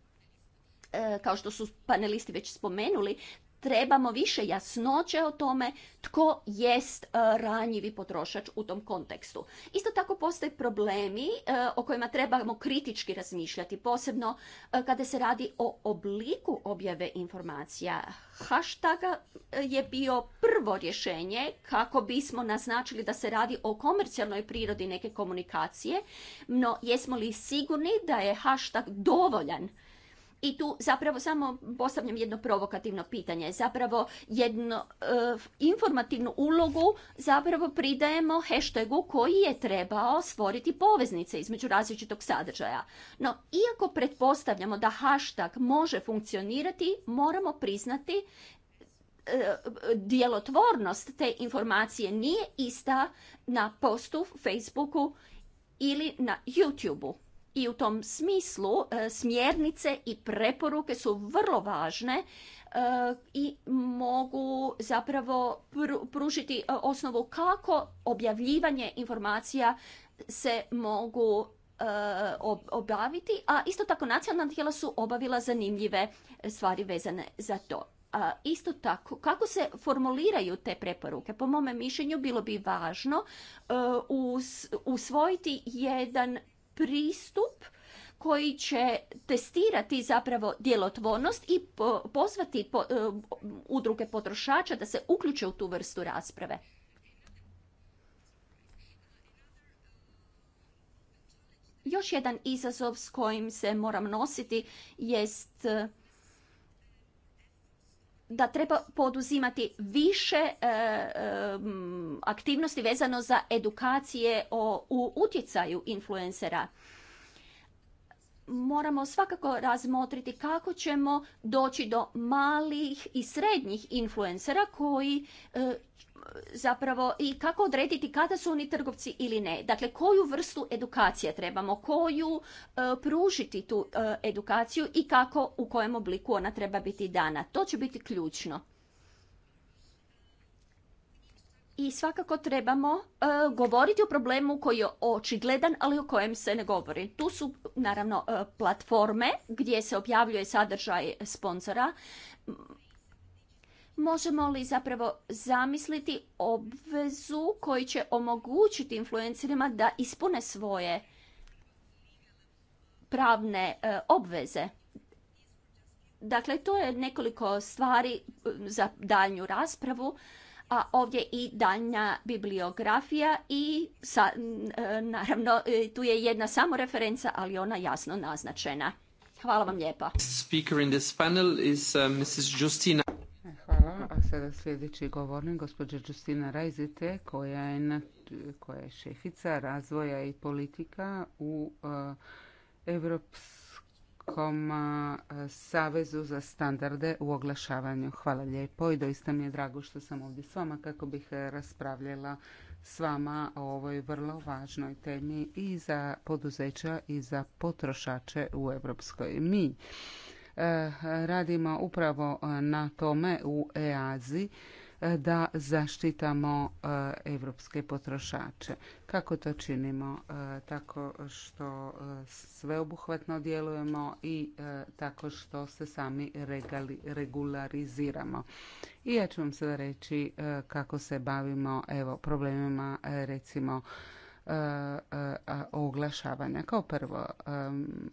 e, kao što su panelisti već spomenuli, trebamo više jasnoće o tome tko jest e, ranjivi potrošač u tom kontekstu. Isto tako postoje problemi e, o kojima trebamo kritički razmišljati, posebno e, kada se radi o obliku objave informacija. Hashtag je bio prvo rješenje kako bismo naznačili da se radi o komercijalnoj prirodi neke komunikacije, no jesmo li sigurni da je hashtag dovoljan i tu zapravo samo postavljam jedno provokativno pitanje. Zapravo jednu e, informativnu ulogu zapravo pridajemo hashtagu koji je trebao stvoriti poveznice između različitog sadržaja. No, iako pretpostavljamo da hashtag može funkcionirati, moramo priznati e, djelotvornost te informacije nije ista na postu, Facebooku ili na YouTubeu i u tom smislu e, smjernice i preporuke su vrlo važne e, i mogu zapravo pružiti e, osnovu kako objavljivanje informacija se mogu obaviti, a isto tako nacionalna tijela su obavila zanimljive stvari vezane za to. A isto tako, kako se formuliraju te preporuke? Po mome mišljenju bilo bi važno usvojiti jedan pristup koji će testirati zapravo djelotvornost i pozvati e, udruge potrošača da se uključe u tu vrstu rasprave. Još jedan izazov s kojim se moram nositi jest da treba poduzimati više e, e, aktivnosti vezano za edukacije o, u utjecaju influencera moramo svakako razmotriti kako ćemo doći do malih i srednjih influencera koji e, zapravo i kako odrediti kada su oni trgovci ili ne. Dakle, koju vrstu edukacije trebamo, koju e, pružiti tu e, edukaciju i kako u kojem obliku ona treba biti dana. To će biti ključno i svakako trebamo e, govoriti o problemu koji je očigledan, ali o kojem se ne govori. Tu su naravno e, platforme gdje se objavljuje sadržaj sponzora. Možemo li zapravo zamisliti obvezu koji će omogućiti influencerima da ispune svoje pravne e, obveze? Dakle, to je nekoliko stvari za daljnju raspravu a ovdje i daljnja bibliografija i sa, e, naravno e, tu je jedna samo referenca, ali ona jasno naznačena. Hvala vam lijepa. in panel uh, e, Hvala. A sada sljedeći govornik, gospođa Justina Rajzite, koja je, koja je šefica razvoja i politika u uh, Hrvatskom savezu za standarde u oglašavanju. Hvala lijepo i doista mi je drago što sam ovdje s vama kako bih e, raspravljala s vama o ovoj vrlo važnoj temi i za poduzeća i za potrošače u Europskoj. Mi e, radimo upravo e, na tome u EAZI E, da zaštitamo e, evropske potrošače. Kako to činimo? E, tako što sveobuhvatno djelujemo i tako što se sami regulariziramo. I ja ću vam sada reći kako se bavimo evo, problemima recimo E, e, oglašavanja. Kao prvo, e,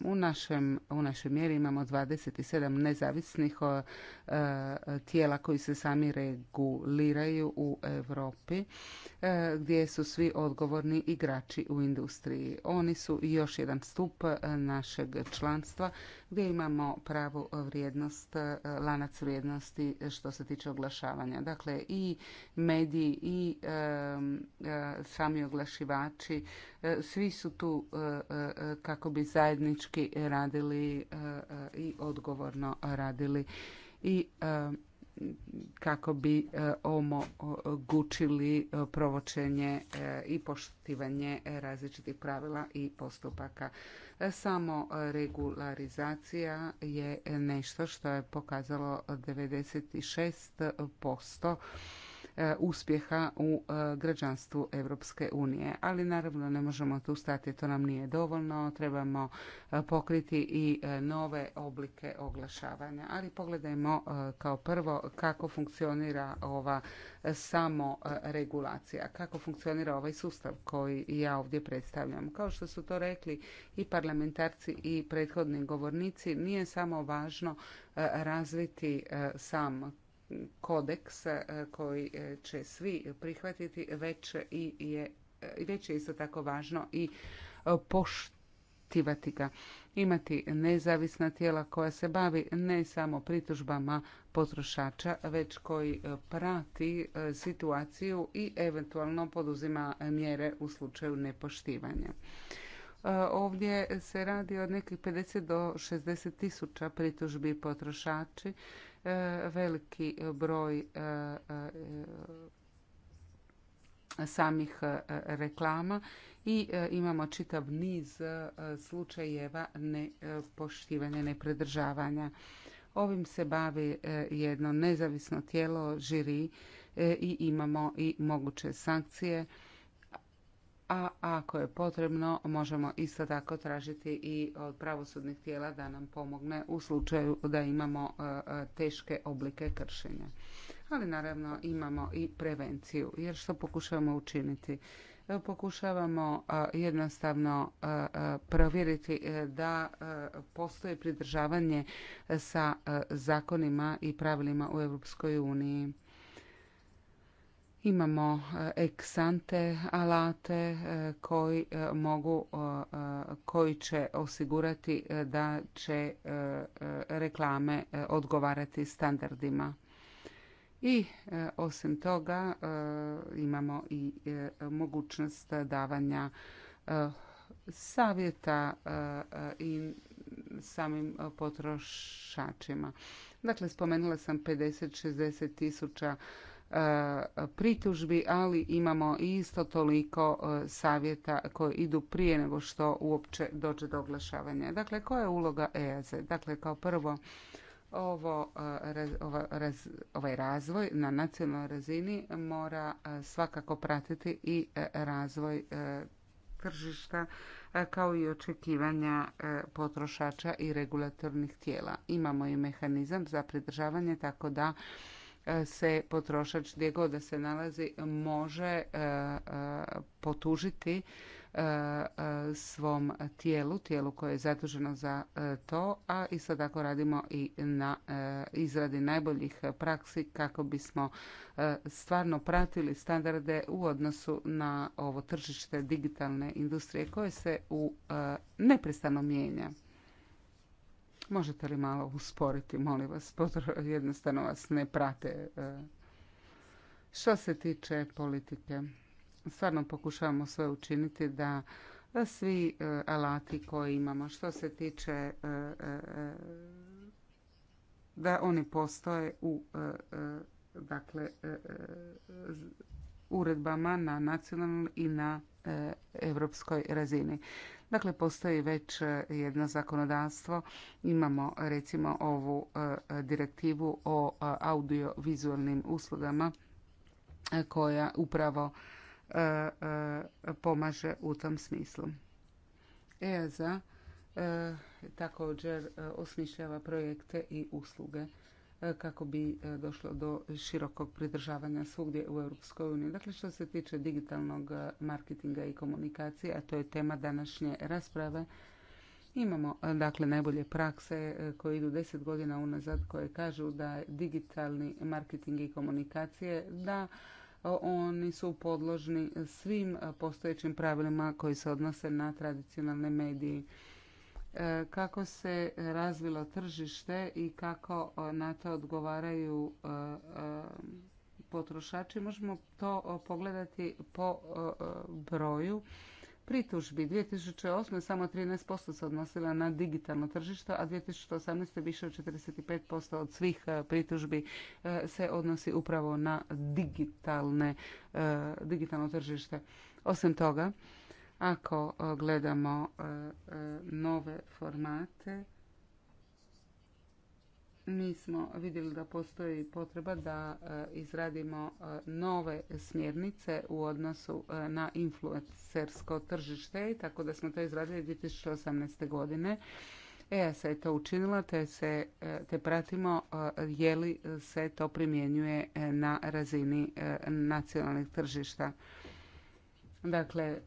u, našem, u našoj mjeri imamo 27 nezavisnih tijela koji se sami reguliraju u Europi E, gdje su svi odgovorni igrači u industriji. Oni su još jedan stup e, našeg članstva gdje imamo pravu vrijednost, e, lanac vrijednosti što se tiče oglašavanja. Dakle, i mediji i sami oglašivači, svi su tu kako bi zajednički radili i odgovorno radili i kako bi e, omogućili e, provočenje e, i poštivanje različitih pravila i postupaka. Samo regularizacija je nešto što je pokazalo 96% E, uspjeha u e, građanstvu Europske unije. Ali naravno ne možemo tu stati, to nam nije dovoljno, trebamo e, pokriti i nove oblike oglašavanja. Ali pogledajmo kao prvo kako funkcionira ova samoregulacija, kako funkcionira ovaj sustav koji ja ovdje predstavljam. Kao što su to rekli i parlamentarci i prethodni govornici, nije samo važno razviti sam kodeks e, koji e, će svi prihvatiti, već i je e, već je isto tako važno i poštivati ga. Imati nezavisna tijela koja se bavi ne samo pritužbama potrošača, već koji prati situaciju i eventualno poduzima mjere u slučaju nepoštivanja. Ovdje se radi o nekih 50 do 60 tisuća pritužbi potrošači E, veliki broj e, e, samih reklama i imamo čitav niz slučajeva nepoštivanja, nepredržavanja. Ovim se bavi jedno nezavisno tijelo, žiri i imamo i moguće sankcije a ako je potrebno možemo isto tako tražiti i od pravosudnih tijela da nam pomogne u slučaju da imamo e, e, teške oblike kršenja. Ali naravno imamo i prevenciju jer što pokušavamo učiniti? E, pokušavamo jednostavno provjeriti da postoji pridržavanje sa zakonima i pravilima u Europskoj uniji Imamo e, eksante alate e, koji e, mogu, koji će osigurati da će reklame odgovarati standardima. I osim toga imamo i mogućnost davanja savjeta i samim potrošačima. Dakle, spomenula sam 50-60 tisuća E, pritužbi, ali imamo isto toliko e, savjeta koji idu prije nego što uopće dođe do oglašavanja. Dakle, koja je uloga EAZ? Dakle, kao prvo, ovo, e, ovaj razvoj na nacionalnoj razini mora svakako pratiti i razvoj tržišta kao i očekivanja potrošača i regulatornih tijela. Imamo i mehanizam za pridržavanje tako da se potrošač gdje god da se nalazi može e, e, potužiti e, svom tijelu, tijelu koje je zaduženo za to, a isto tako radimo i na izradi najboljih praksi kako bismo stvarno pratili standarde u odnosu na ovo tržište digitalne industrije koje se u neprestano mijenja. Možete li malo usporiti, molim vas, jednostavno vas ne prate. E, što se tiče politike, stvarno pokušavamo sve učiniti da svi e, alati koje imamo, što se tiče e, da oni postoje u dakle uredbama na nacionalnoj i na europskoj razini. Dakle, postoji već e, jedno zakonodavstvo. Imamo recimo ovu e, direktivu o e, audiovizualnim uslugama koja upravo pomaže u tom smislu. EASA također osmišljava projekte i usluge E, kako bi e, došlo do širokog pridržavanja svugdje u Europskoj uniji. Dakle, što se tiče digitalnog e, marketinga i komunikacije, a to je tema današnje rasprave, Imamo dakle najbolje prakse koje idu deset godina unazad koje kažu da digitalni marketing i komunikacije da oni su podložni svim postojećim pravilima koji se odnose na tradicionalne medije kako se razvilo tržište i kako e, na to odgovaraju e, e, potrošači. Možemo to pogledati po broju pritužbi. 2008. samo 13% se odnosila na digitalno tržište, a 2018. više od 45% od svih pritužbi se odnosi upravo na digitalne, digitalno tržište. Osim toga, ako e, gledamo e, e, nove formate, mi smo vidjeli da postoji potreba da izradimo nove smjernice u odnosu na influencersko tržište, tako da smo to izradili 2018. godine. EASA je to učinila te, se, te pratimo je li se to primjenjuje na razini nacionalnih tržišta. Dakle,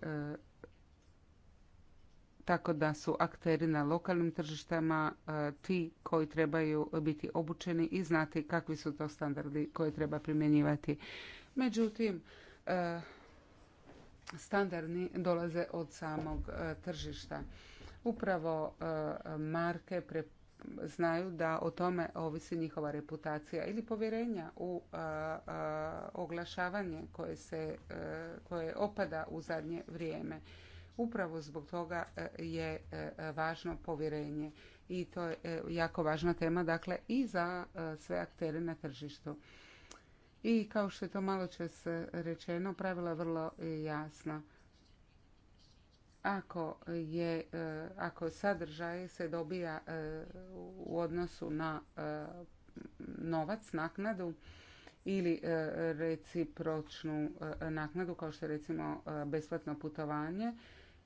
tako da su akteri na lokalnim tržištama e, ti koji trebaju biti obučeni i znati kakvi su to standardi koje treba primjenjivati. Međutim, e, standardni dolaze od samog e, tržišta. Upravo marke znaju da o tome ovisi njihova reputacija ili povjerenja u oglašavanje koje, se, koje opada u zadnje vrijeme Upravo zbog toga e, je e, važno povjerenje i to je e, jako važna tema dakle i za sve aktere na tržištu. I kao što je to malo čas rečeno, pravila je vrlo jasna. Ako, je, ako sadržaj se dobija u odnosu na novac, naknadu ili recipročnu naknadu, kao što je recimo besplatno putovanje,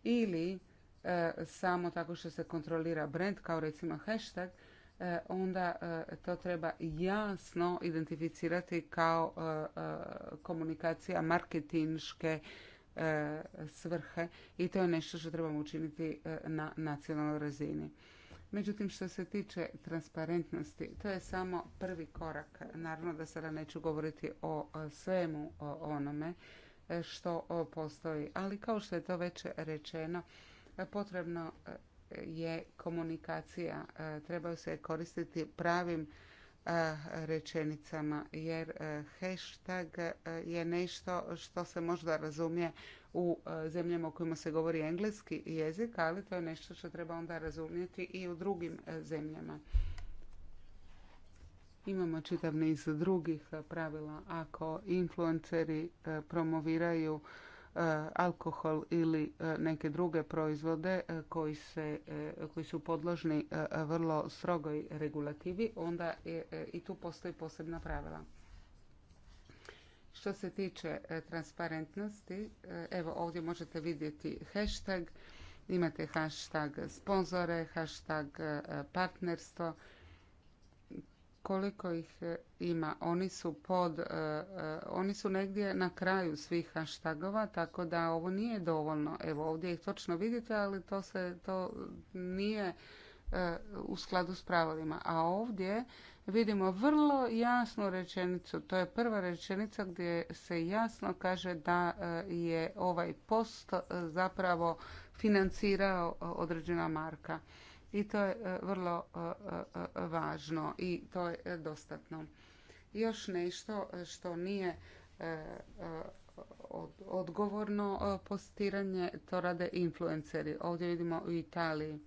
ili e, samo tako što se kontrolira brand kao recimo hashtag e, onda e, to treba jasno identificirati kao komunikacija marketinške svrhe i to je nešto što trebamo učiniti na nacionalnoj razini. Međutim, što se tiče transparentnosti, to je samo prvi korak. Naravno da sada neću govoriti o svemu o onome što postoji. Ali kao što je to već rečeno, potrebno e, je komunikacija. E, trebaju se koristiti pravim e, rečenicama jer hashtag je nešto što se možda razumije u zemljama u kojima se govori engleski jezik, ali to je nešto što treba onda razumjeti i u drugim zemljama. Imamo čitav niz drugih e, pravila. Ako influenceri e, promoviraju e, alkohol ili neke druge proizvode koji, se, koji su podložni vrlo strogoj regulativi, onda i tu postoji posebna pravila. Što se tiče transparentnosti, evo ovdje možete vidjeti hashtag, imate hashtag sponzore, hashtag partnerstvo, koliko ih e, ima. Oni su pod, e, e, oni su negdje na kraju svih haštagova, tako da ovo nije dovoljno. Evo ovdje ih točno vidite, ali to se, to nije u skladu s pravilima. A ovdje vidimo vrlo jasnu rečenicu. To je prva rečenica gdje se jasno kaže da je ovaj post zapravo financirao određena marka i to je e, vrlo e, e, važno i to je dostatno. Još nešto što nije odgovorno postiranje, to rade influenceri. Ovdje vidimo u Italiji.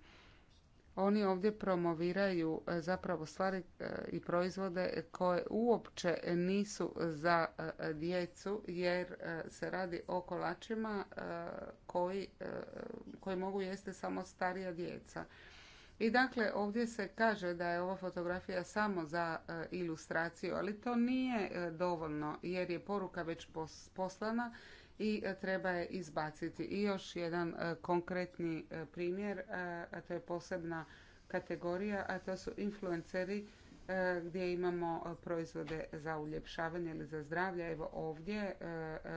Oni ovdje promoviraju zapravo stvari i proizvode koje uopće nisu za djecu jer se radi o kolačima koji, mogu jesti samo starija djeca. I dakle, ovdje se kaže da je ova fotografija samo za e, ilustraciju, ali to nije e, dovoljno jer je poruka već poslana i e, treba je izbaciti. I još jedan konkretni primjer, a to je posebna kategorija, a to su influenceri gdje imamo proizvode za uljepšavanje ili za zdravlje. Evo ovdje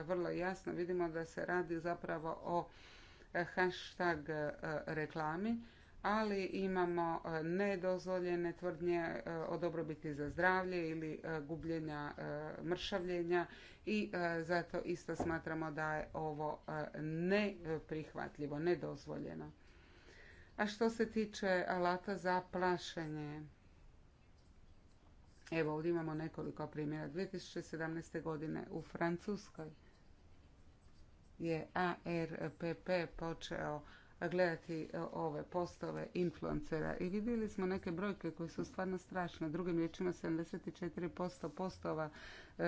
vrlo jasno vidimo da se radi zapravo o hashtag reklami ali imamo e, nedozvoljene tvrdnje e, o dobrobiti za zdravlje ili e, gubljenja mršavljenja i zato isto smatramo da je ovo neprihvatljivo, nedozvoljeno. A što se tiče alata za plašenje, evo ovdje imamo nekoliko primjera. 2017. godine u Francuskoj je ARPP počeo gledati e, ove postove influencera i vidjeli smo neke brojke koje su stvarno strašne. Drugim riječima 74% postova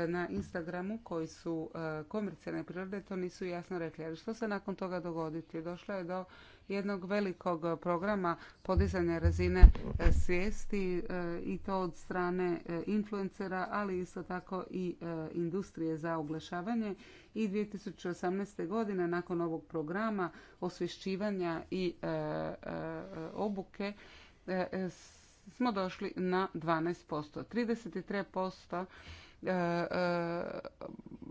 na Instagramu koji su e, komercijalne prirode, to nisu jasno rekli. Ali što se nakon toga dogoditi? Došlo je do jednog velikog programa podizanja razine e, svijesti e, i to od strane influencera, ali isto tako i industrije za oglašavanje. I 2018. godine nakon ovog programa osvješćivanja i obuke smo došli na 12%. 33% E, e,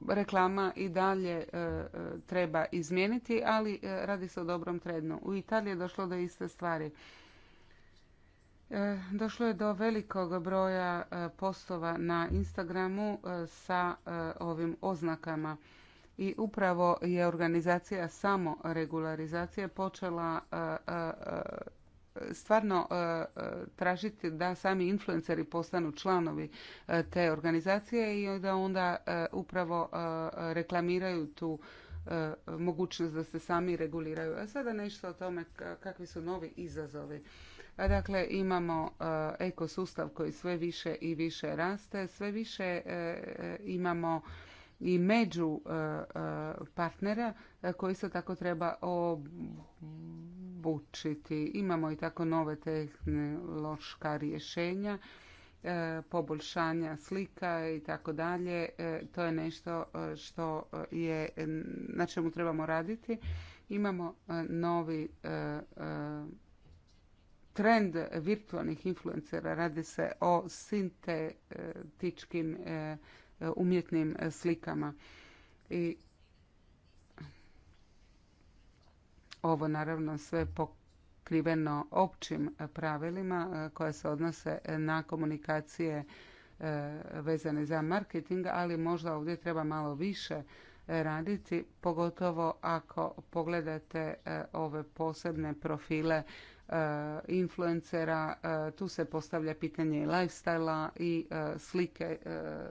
reklama i dalje e, treba izmijeniti, ali radi se o dobrom trendu U Italiji je došlo do iste stvari. Došlo je do velikog broja postova na Instagramu sa ovim oznakama i upravo je organizacija samo regularizacije počela stvarno e, e, tražiti da sami influenceri postanu članovi e, te organizacije i da onda upravo reklamiraju tu mogućnost da se sami reguliraju. A sada nešto o tome kakvi su novi izazovi. Dakle, imamo ekosustav koji sve više i više raste, sve više imamo i među partnera koji se tako treba obučiti. Imamo i tako nove tehnološka rješenja, e, poboljšanja slika i tako dalje. E, to je nešto e, što je, na čemu trebamo raditi. Imamo novi trend virtualnih influencera. Radi se o sintetičkim umjetnim slikama. I Ovo naravno sve pokriveno općim e, pravilima e, koja se odnose e, na komunikacije vezane za marketing, ali možda ovdje treba malo više raditi, pogotovo ako pogledate ove posebne profile influencera, tu se postavlja pitanje i lifestyle i slike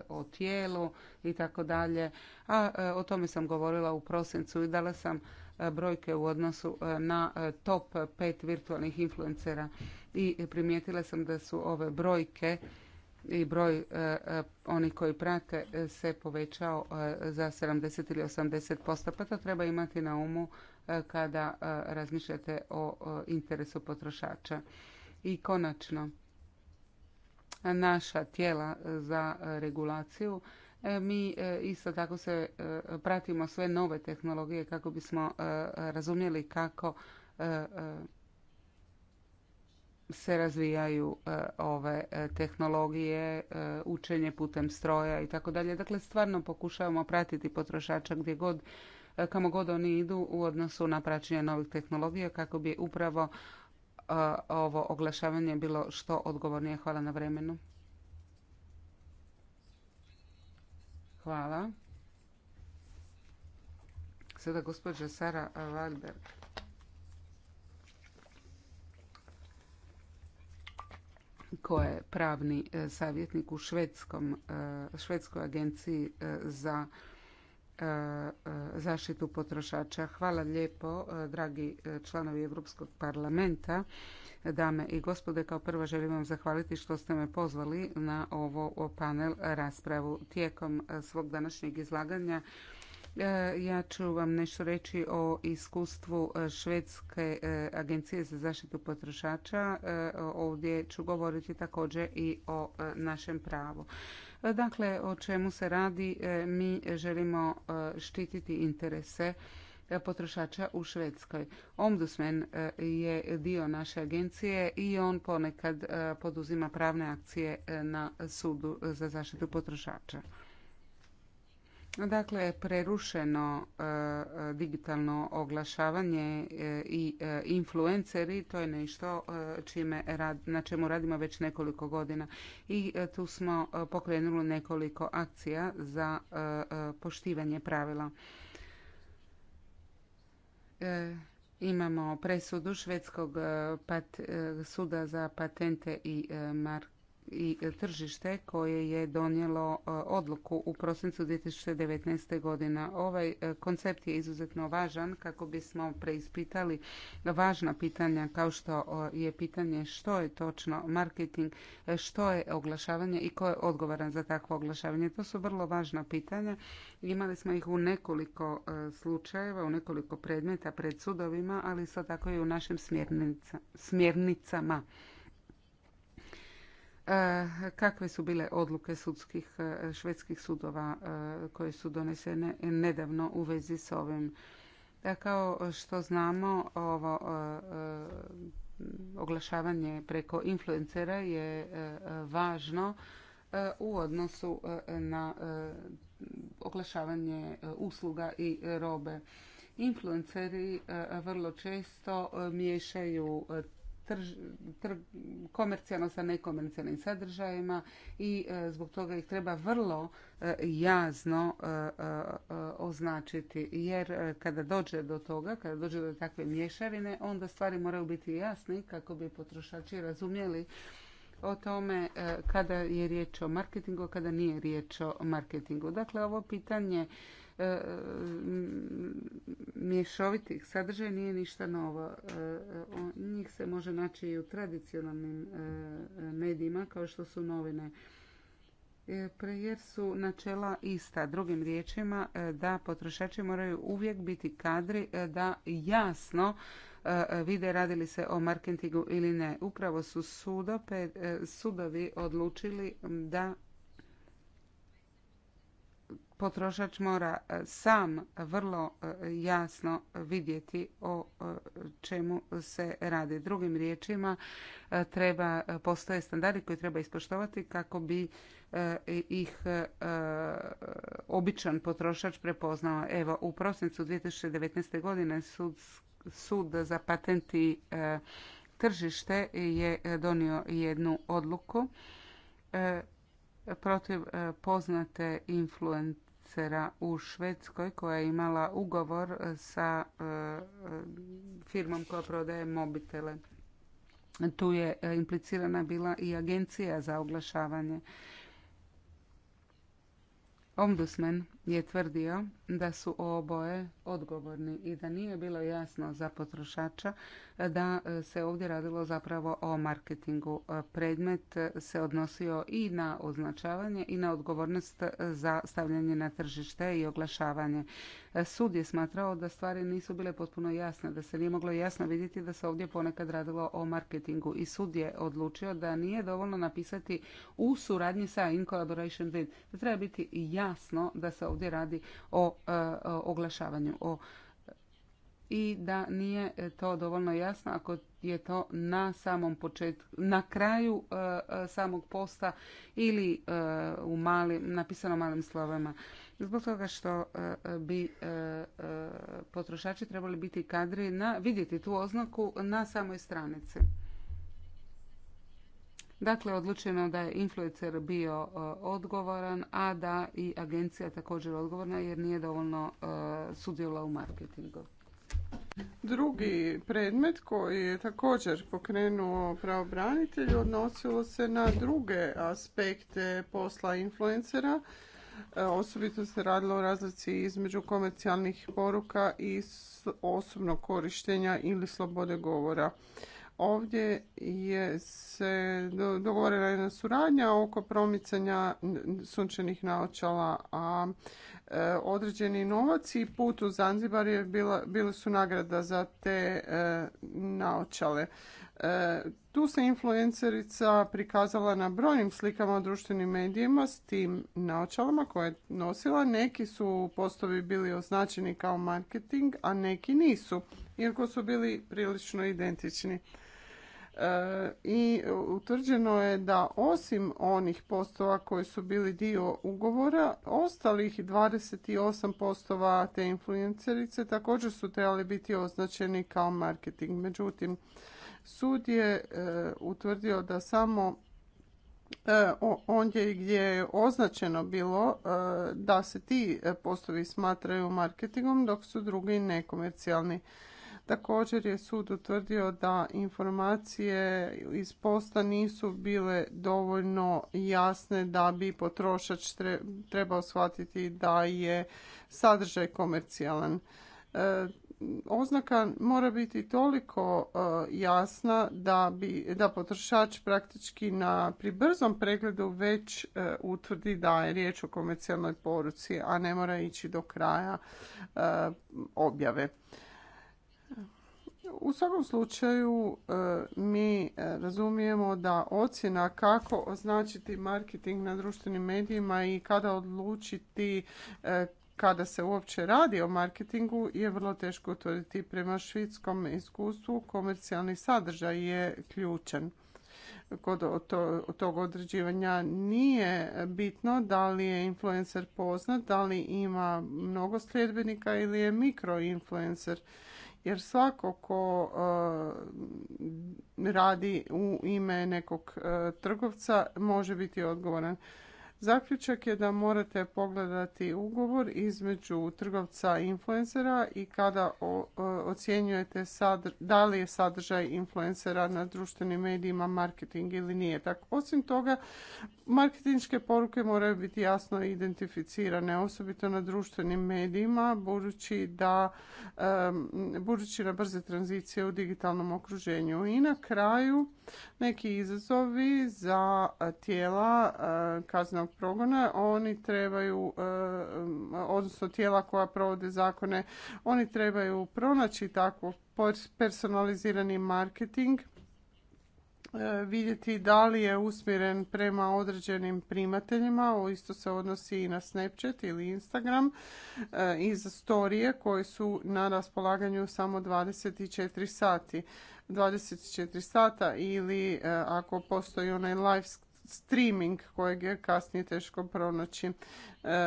o tijelu i tako dalje. A o tome sam govorila u prosincu i dala sam E, brojke u odnosu e, na e, top pet virtualnih influencera i primijetila sam da su ove brojke i broj onih koji prate se povećao za 70 ili 80%, pa to treba imati na umu kada razmišljate o interesu potrošača. I konačno, naša tijela za regulaciju E, mi e, isto tako se e, pratimo sve nove tehnologije kako bismo razumjeli kako se razvijaju ove tehnologije, učenje putem stroja i tako dalje. Dakle, stvarno pokušavamo pratiti potrošača gdje god, kamo god oni idu u odnosu na praćenje novih tehnologija kako bi upravo ovo oglašavanje bilo što odgovornije. Hvala na vremenu. Hvala. Sada gospođa Sara Valberg. koja je pravni eh, savjetnik u eh, Švedskoj agenciji eh, za E, e, zaštitu potrošača. Hvala lijepo, e, dragi članovi Europskog parlamenta. Dame i gospode, kao prvo želim vam zahvaliti što ste me pozvali na ovo panel raspravu. Tijekom svog današnjeg izlaganja ja ću vam nešto reći o iskustvu Švedske agencije za zaštitu potrošača. Ovdje ću govoriti također i o našem pravu. Dakle, o čemu se radi? E, mi želimo e, štititi interese e, potrošača u Švedskoj. Ombudsman je dio naše agencije i on ponekad poduzima pravne akcije na sudu za zaštitu potrošača. Dakle, prerušeno e, e, digitalno oglašavanje e, i influenceri, to je nešto čime rad, na čemu radimo već nekoliko godina. I tu smo pokrenuli nekoliko akcija za poštivanje pravila. Imamo presudu Švedskog suda za patente i mark i tržište koje je donijelo e, odluku u prosincu 2019. godina. Ovaj e, koncept je izuzetno važan kako bismo preispitali važna pitanja kao što e, je pitanje što je točno marketing, što je oglašavanje i ko je odgovoran za takvo oglašavanje. To su vrlo važna pitanja. Imali smo ih u nekoliko slučajeva, u nekoliko predmeta pred sudovima, ali isto tako i u našim smjernicama. E, kakve su bile odluke sudskih, e, švedskih sudova e, koje su donesene nedavno u vezi s ovim. Da kao što znamo, ovo oglašavanje preko influencera je važno u odnosu na oglašavanje usluga i robe. Influenceri vrlo često miješaju komercijalno sa nekomercijalnim sadržajima i e, zbog toga ih treba vrlo e, jasno e, označiti jer kada dođe do toga, kada dođe do takve mješavine, onda stvari moraju biti jasni kako bi potrošači razumjeli o tome kada je riječ o marketingu, kada nije riječ o marketingu. Dakle, ovo pitanje E, mješovitih sadržaja nije ništa novo. E, e, njih se može naći i u tradicionalnim medijima kao što su novine jer su načela ista. Drugim riječima da potrošači moraju uvijek biti kadri da jasno vide radili se o marketingu ili ne. Upravo su sudovi odlučili da potrošač mora e, sam e, vrlo e, jasno vidjeti o čemu se radi. Drugim riječima treba, postoje standardi koji treba ispoštovati kako bi ih običan potrošač prepoznao. Evo, u prosincu 2019. godine sud, sud za patenti tržište je donio jednu odluku protiv poznate influent u Švedskoj koja je imala ugovor sa e, firmom koja prodaje mobitele. Tu je e, implicirana bila i agencija za oglašavanje. Ombudsman je tvrdio da su oboje odgovorni i da nije bilo jasno za potrošača da se ovdje radilo zapravo o marketingu. Predmet se odnosio i na označavanje i na odgovornost za stavljanje na tržište i oglašavanje. Sud je smatrao da stvari nisu bile potpuno jasne, da se nije moglo jasno vidjeti da se ovdje ponekad radilo o marketingu i sud je odlučio da nije dovoljno napisati u suradnji sa in collaboration with. Da treba biti jasno da se ovdje radi e, o oglašavanju o i da nije to dovoljno jasno ako je to na samom početku, na kraju e, e, samog posta ili u malim, napisano malim slovima. Zbog toga što bi potrošači trebali biti kadri na vidjeti tu oznaku na samoj stranici. Dakle, odlučeno da je influencer bio e, odgovoran, a da i agencija također odgovorna jer nije dovoljno e, sudjela u marketingu. Drugi predmet koji je također pokrenuo pravobranitelj odnosilo se na druge aspekte posla influencera. E, osobito se radilo o razlici između komercijalnih poruka i osobnog korištenja ili slobode govora ovdje je se dogovorila jedna suradnja oko promicanja sunčanih naočala, a e, određeni novac i put u Zanzibar je bila, bili su nagrada za te e, naočale. E, tu se influencerica prikazala na brojnim slikama u društvenim medijima s tim naočalama koje je nosila. Neki su postovi bili označeni kao marketing, a neki nisu, iako su bili prilično identični. E, i utvrđeno je da osim onih postova koji su bili dio ugovora, ostalih 28 postova te influencerice također su trebali biti označeni kao marketing. Međutim, sud je e, utvrdio da samo e, ondje gdje je označeno bilo da se ti postovi smatraju marketingom, dok su drugi nekomercijalni. Također je sud utvrdio da informacije iz posta nisu bile dovoljno jasne da bi potrošač trebao shvatiti da je sadržaj komercijalan e, oznaka mora biti toliko e, jasna da, potrošač praktički na pribrzom pregledu već e, utvrdi da je riječ o komercijalnoj poruci, a ne mora ići do kraja objave. U svakom slučaju e, mi e, razumijemo da ocjena kako označiti marketing na društvenim medijima i kada odlučiti e, kada se uopće radi o marketingu je vrlo teško utvrditi. Prema švidskom iskustvu komercijalni sadržaj je ključan kod tog određivanja nije bitno da li je influencer poznat, da li ima mnogo sljedbenika ili je mikroinfluencer jer svako ko eh, radi u ime nekog eh, trgovca može biti odgovoran. Zaključak je da morate pogledati ugovor između trgovca i influencera i kada ocjenjujete da li je sadržaj influencera na društvenim medijima marketing ili nije. osim toga, marketinške poruke moraju biti jasno identificirane, osobito na društvenim medijima, budući da budući na brze tranzicije u digitalnom okruženju. I na kraju neki izazovi za tijela kaznog progona, oni trebaju, e, odnosno tijela koja provode zakone, oni trebaju pronaći tako personalizirani marketing e, vidjeti da li je usmjeren prema određenim primateljima. Ovo isto se odnosi i na Snapchat ili Instagram e, iz storije koje su na raspolaganju samo 24 sati. 24 sata ili ako postoji onaj live streaming kojeg je kasnije teško pronaći. E,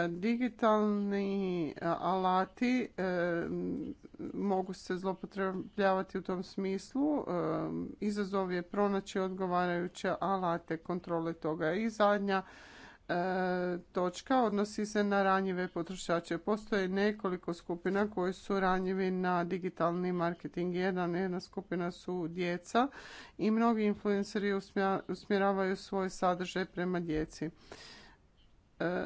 digitalni e, alati e, mogu se zlopotrebljavati u tom smislu. Izazov je pronaći odgovarajuće alate kontrole toga. I zadnja E, točka odnosi se na ranjive potrošače. Postoje nekoliko skupina koji su ranjivi na digitalni marketing. Jedan, jedna skupina su djeca i mnogi influenceri usmjeravaju svoj sadržaj prema djeci e,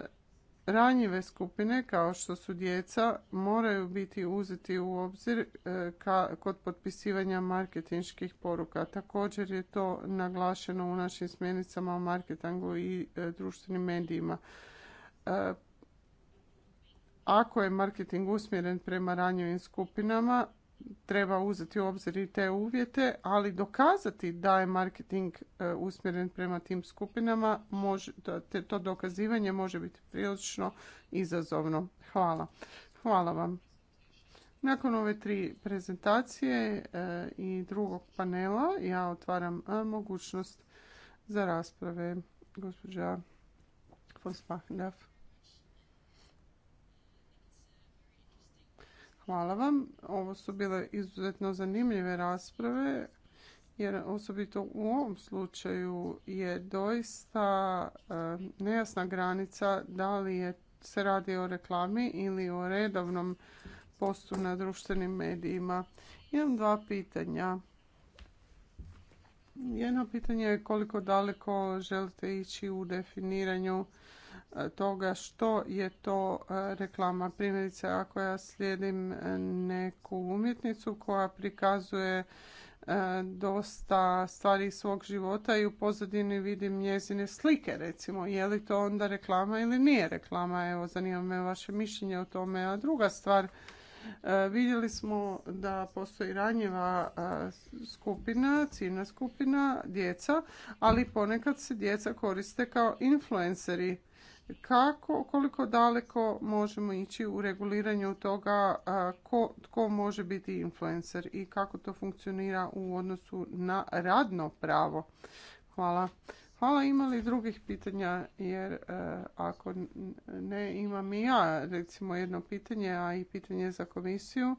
ranjive skupine kao što su djeca moraju biti uzeti u obzir e, kod potpisivanja marketinških poruka. Također je to naglašeno u našim smjernicama o marketingu i e, društvenim medijima. E, ako je marketing usmjeren prema ranjivim skupinama, treba uzeti u obzir i te uvjete, ali dokazati da je marketing e, usmjeren prema tim skupinama, može, to dokazivanje može biti prilično izazovno. Hvala. Hvala vam. Nakon ove tri prezentacije e, i drugog panela ja otvaram e, mogućnost za rasprave. Gospođa von Hvala vam. Ovo su bile izuzetno zanimljive rasprave jer osobito u ovom slučaju je doista e, nejasna granica da li je, se radi o reklami ili o redovnom postu na društvenim medijima. Imam dva pitanja. Jedno pitanje je koliko daleko želite ići u definiranju toga što je to e, reklama. Primjerice, ako ja slijedim neku umjetnicu koja prikazuje e, dosta stvari svog života i u pozadini vidim njezine slike recimo. Je li to onda reklama ili nije reklama? Evo, zanima me vaše mišljenje o tome. A druga stvar, e, vidjeli smo da postoji ranjiva skupina, ciljna skupina, djeca, ali ponekad se djeca koriste kao influenceri kako, koliko daleko možemo ići u reguliranju toga ko, tko može biti influencer i kako to funkcionira u odnosu na radno pravo. Hvala. Hvala, ima drugih pitanja? Jer e, ako ne, imam i ja recimo jedno pitanje, a i pitanje za komisiju.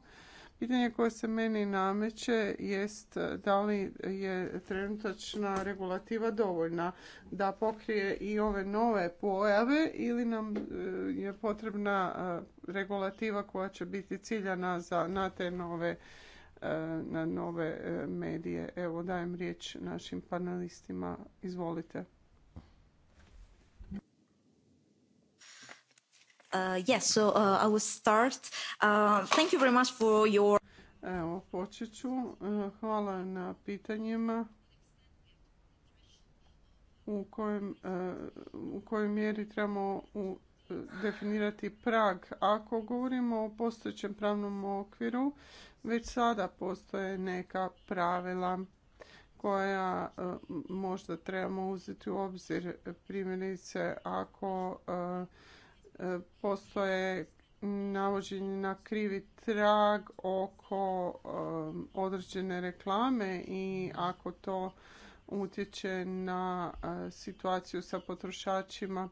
Pitanje koje se meni nameće jest da li je trenutačna regulativa dovoljna da pokrije i ove nove pojave ili nam e, je potrebna e, regulativa koja će biti ciljana za, na te nove e, na nove medije. Evo dajem riječ našim panelistima. Izvolite. Uh, yes, so Evo, Hvala na pitanjima u uh, kojoj mjeri trebamo uh, definirati prag. Ako govorimo o postojećem pravnom okviru, već sada postoje neka pravila koja možda trebamo uzeti u obzir. Primjerice, ako postoje navođenje na krivi trag oko um, određene reklame i ako to utječe na uh, situaciju sa potrošačima.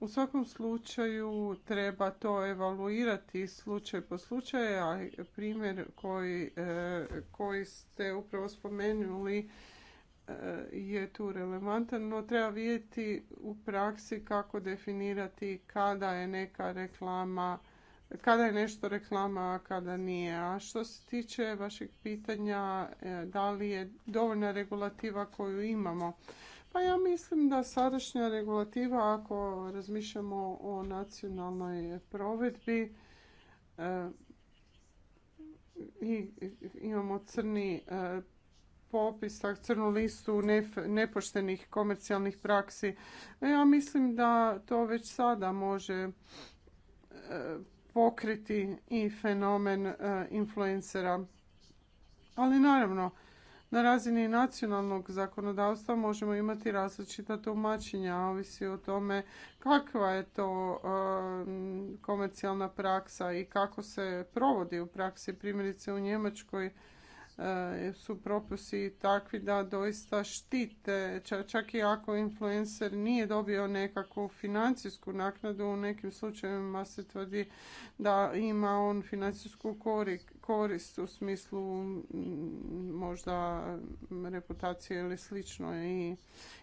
U svakom slučaju treba to evaluirati slučaj po slučaju, a primjer koji, uh, koji ste upravo spomenuli je tu relevantan, no treba vidjeti u praksi kako definirati kada je neka reklama, kada je nešto reklama, a kada nije. A što se tiče vašeg pitanja, e, da li je dovoljna regulativa koju imamo? Pa ja mislim da sadašnja regulativa, ako razmišljamo o nacionalnoj provedbi, e, i imamo crni e, popisak, crnu listu nepoštenih komercijalnih praksi. E, ja mislim da to već sada može e, pokriti i fenomen e, influencera. Ali naravno, na razini nacionalnog zakonodavstva možemo imati različita tumačenja, ovisi o tome kakva je to komercijalna praksa i kako se provodi u praksi. Primjerice u Njemačkoj E, su propusi takvi da doista štite. Čak i ako influencer nije dobio nekakvu financijsku naknadu, u nekim slučajevima se tvrdi da ima on financijsku korist u smislu možda reputacije ili slično i,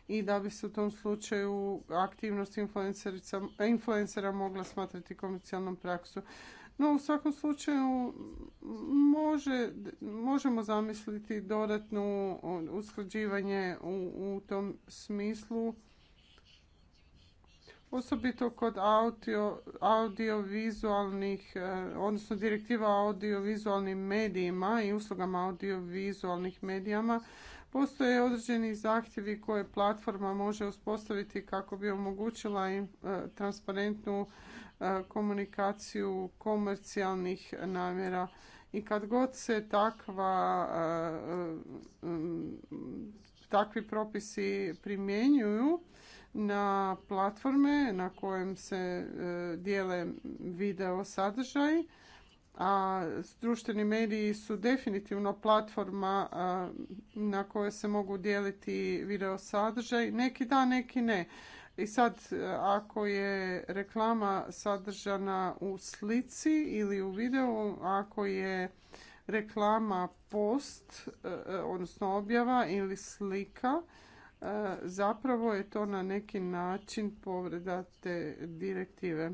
i da bi se u tom slučaju aktivnost influencera mogla smatrati komercijalnom praksu. No, u svakom slučaju može, možemo zamisliti dodatno usklađivanje u, u tom smislu osobito kod audio, audiovizualnih, eh, odnosno direktiva o audiovizualnim medijima i uslugama audiovizualnih medijama, postoje određeni zahtjevi koje platforma može uspostaviti kako bi omogućila im eh, transparentnu E, komunikaciju komercijalnih namjera i kad god se takva e, e, takvi propisi primjenjuju na platforme na kojem se dijele video sadržaj a društveni mediji su definitivno platforma na koje se mogu dijeliti video sadržaj, neki da, neki ne. I sad, e, ako je reklama sadržana u slici ili u videu, ako je reklama post, e, e, odnosno objava ili slika, zapravo je to na neki način povreda te direktive.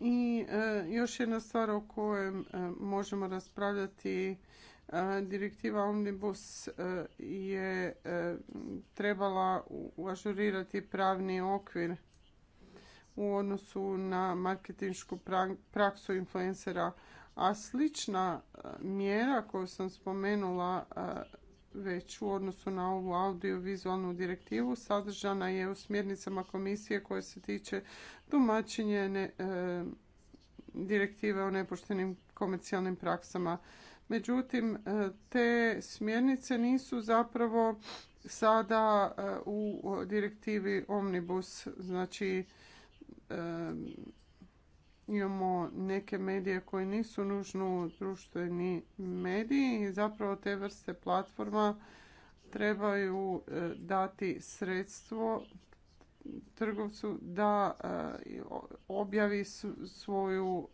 I još jedna stvar o kojoj možemo raspravljati Direktiva Omnibus e, je e, trebala ažurirati pravni okvir u odnosu na marketinšku praksu influencera, a slična e, mjera koju sam spomenula već u odnosu na ovu audiovizualnu direktivu sadržana je u smjernicama komisije koje se tiče domaćinje direktive o nepoštenim komercijalnim praksama. Međutim, e, te smjernice nisu zapravo sada e, u direktivi Omnibus. Znači, e, imamo neke medije koje nisu nužno društveni mediji i zapravo te vrste platforma trebaju dati sredstvo trgovcu da objavi svoju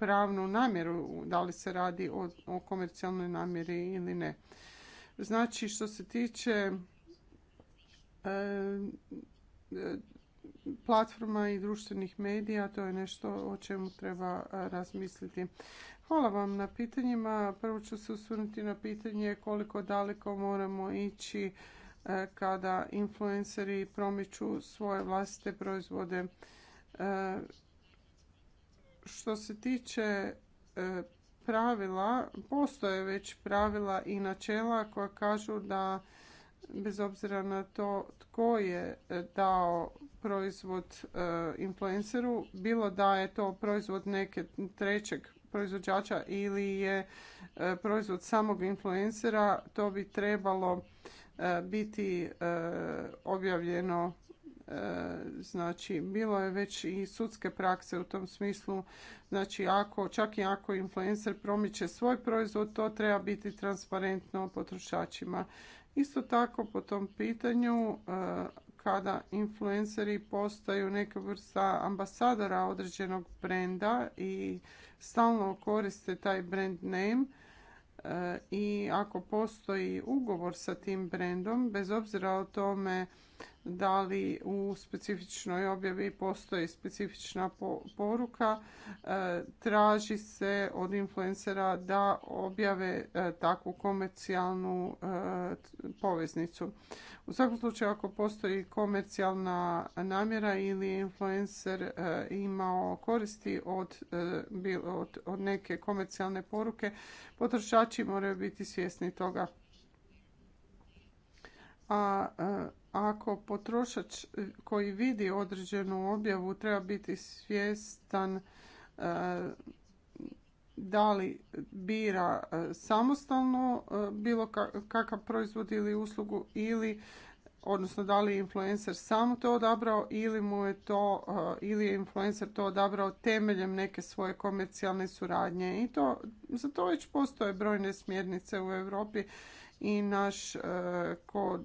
pravnu namjeru, da li se radi o, komercijalnoj namjeri ili ne. Znači, što se tiče e, platforma i društvenih medija, to je nešto o čemu treba razmisliti. Hvala vam na pitanjima. Prvo ću se osvrnuti na pitanje koliko daleko moramo ići e, kada influenceri promiču svoje vlastite proizvode e, što se tiče e, pravila, postoje već pravila i načela koja kažu da bez obzira na to tko je e, dao proizvod e, influenceru, bilo da je to proizvod neke trećeg proizvođača ili je proizvod samog influencera, to bi trebalo biti objavljeno Znači, bilo je već i sudske prakse u tom smislu. Znači, ako, čak i ako influencer promiče svoj proizvod, to treba biti transparentno potrošačima. Isto tako po tom pitanju e, kada influenceri postaju neka vrsta ambasadora određenog brenda i stalno koriste taj brand name e, i ako postoji ugovor sa tim brendom, bez obzira o tome da li u specifičnoj objavi postoji specifična poruka. E, traži se od influencera da objave e, takvu komercijalnu e, poveznicu. U svakom slučaju ako postoji komercijalna namjera ili influencer imao koristi od, od neke komercijalne poruke, potrošači moraju biti svjesni toga. A ako potrošač koji vidi određenu objavu treba biti svjestan e, da li bira e, samostalno e, bilo kakav proizvod ili uslugu ili odnosno da li je influencer samo to odabrao ili mu je to ili je influencer to odabrao temeljem neke svoje komercijalne suradnje i to za to već postoje brojne smjernice u Europi i naš e,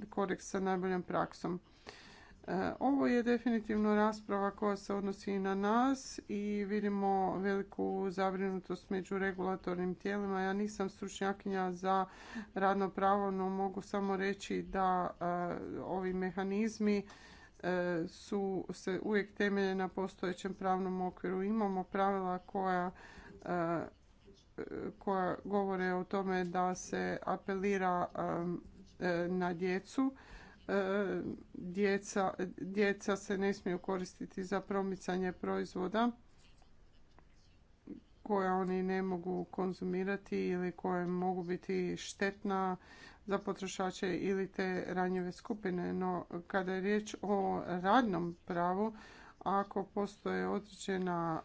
kodeks sa najboljom praksom. E, ovo je definitivno rasprava koja se odnosi i na nas i vidimo veliku zabrinutost među regulatornim tijelima. Ja nisam stručnjakinja za radno pravo, no mogu samo reći da e, ovi mehanizmi su se uvijek temelje na postojećem pravnom okviru. Imamo pravila koja koja govore o tome da se apelira um, e, na djecu. E, djeca, se ne smiju koristiti za promicanje proizvoda koja oni ne mogu konzumirati ili koje mogu biti štetna za potrošače ili te ranjive skupine. No, kada je riječ o radnom pravu, ako postoje određena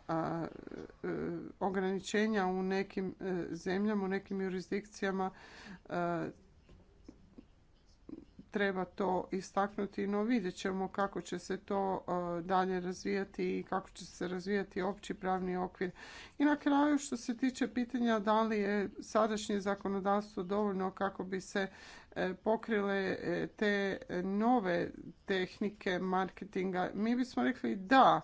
e, ograničenja u nekim e, zemljama, u nekim jurisdikcijama, e, treba to istaknuti, no vidjet ćemo kako će se to dalje razvijati i kako će se razvijati opći pravni okvir. I na kraju što se tiče pitanja da li je sadašnje zakonodavstvo dovoljno kako bi se E, pokrile e, te nove tehnike marketinga, mi bismo rekli da,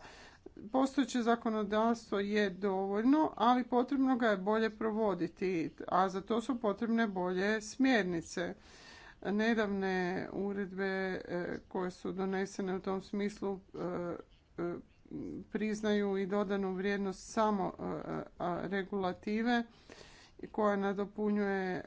postojeće zakonodavstvo je dovoljno, ali potrebno ga je bolje provoditi, a za to su potrebne bolje smjernice. Nedavne uredbe e, koje su donesene u tom smislu priznaju i dodanu vrijednost samo regulative koja nadopunjuje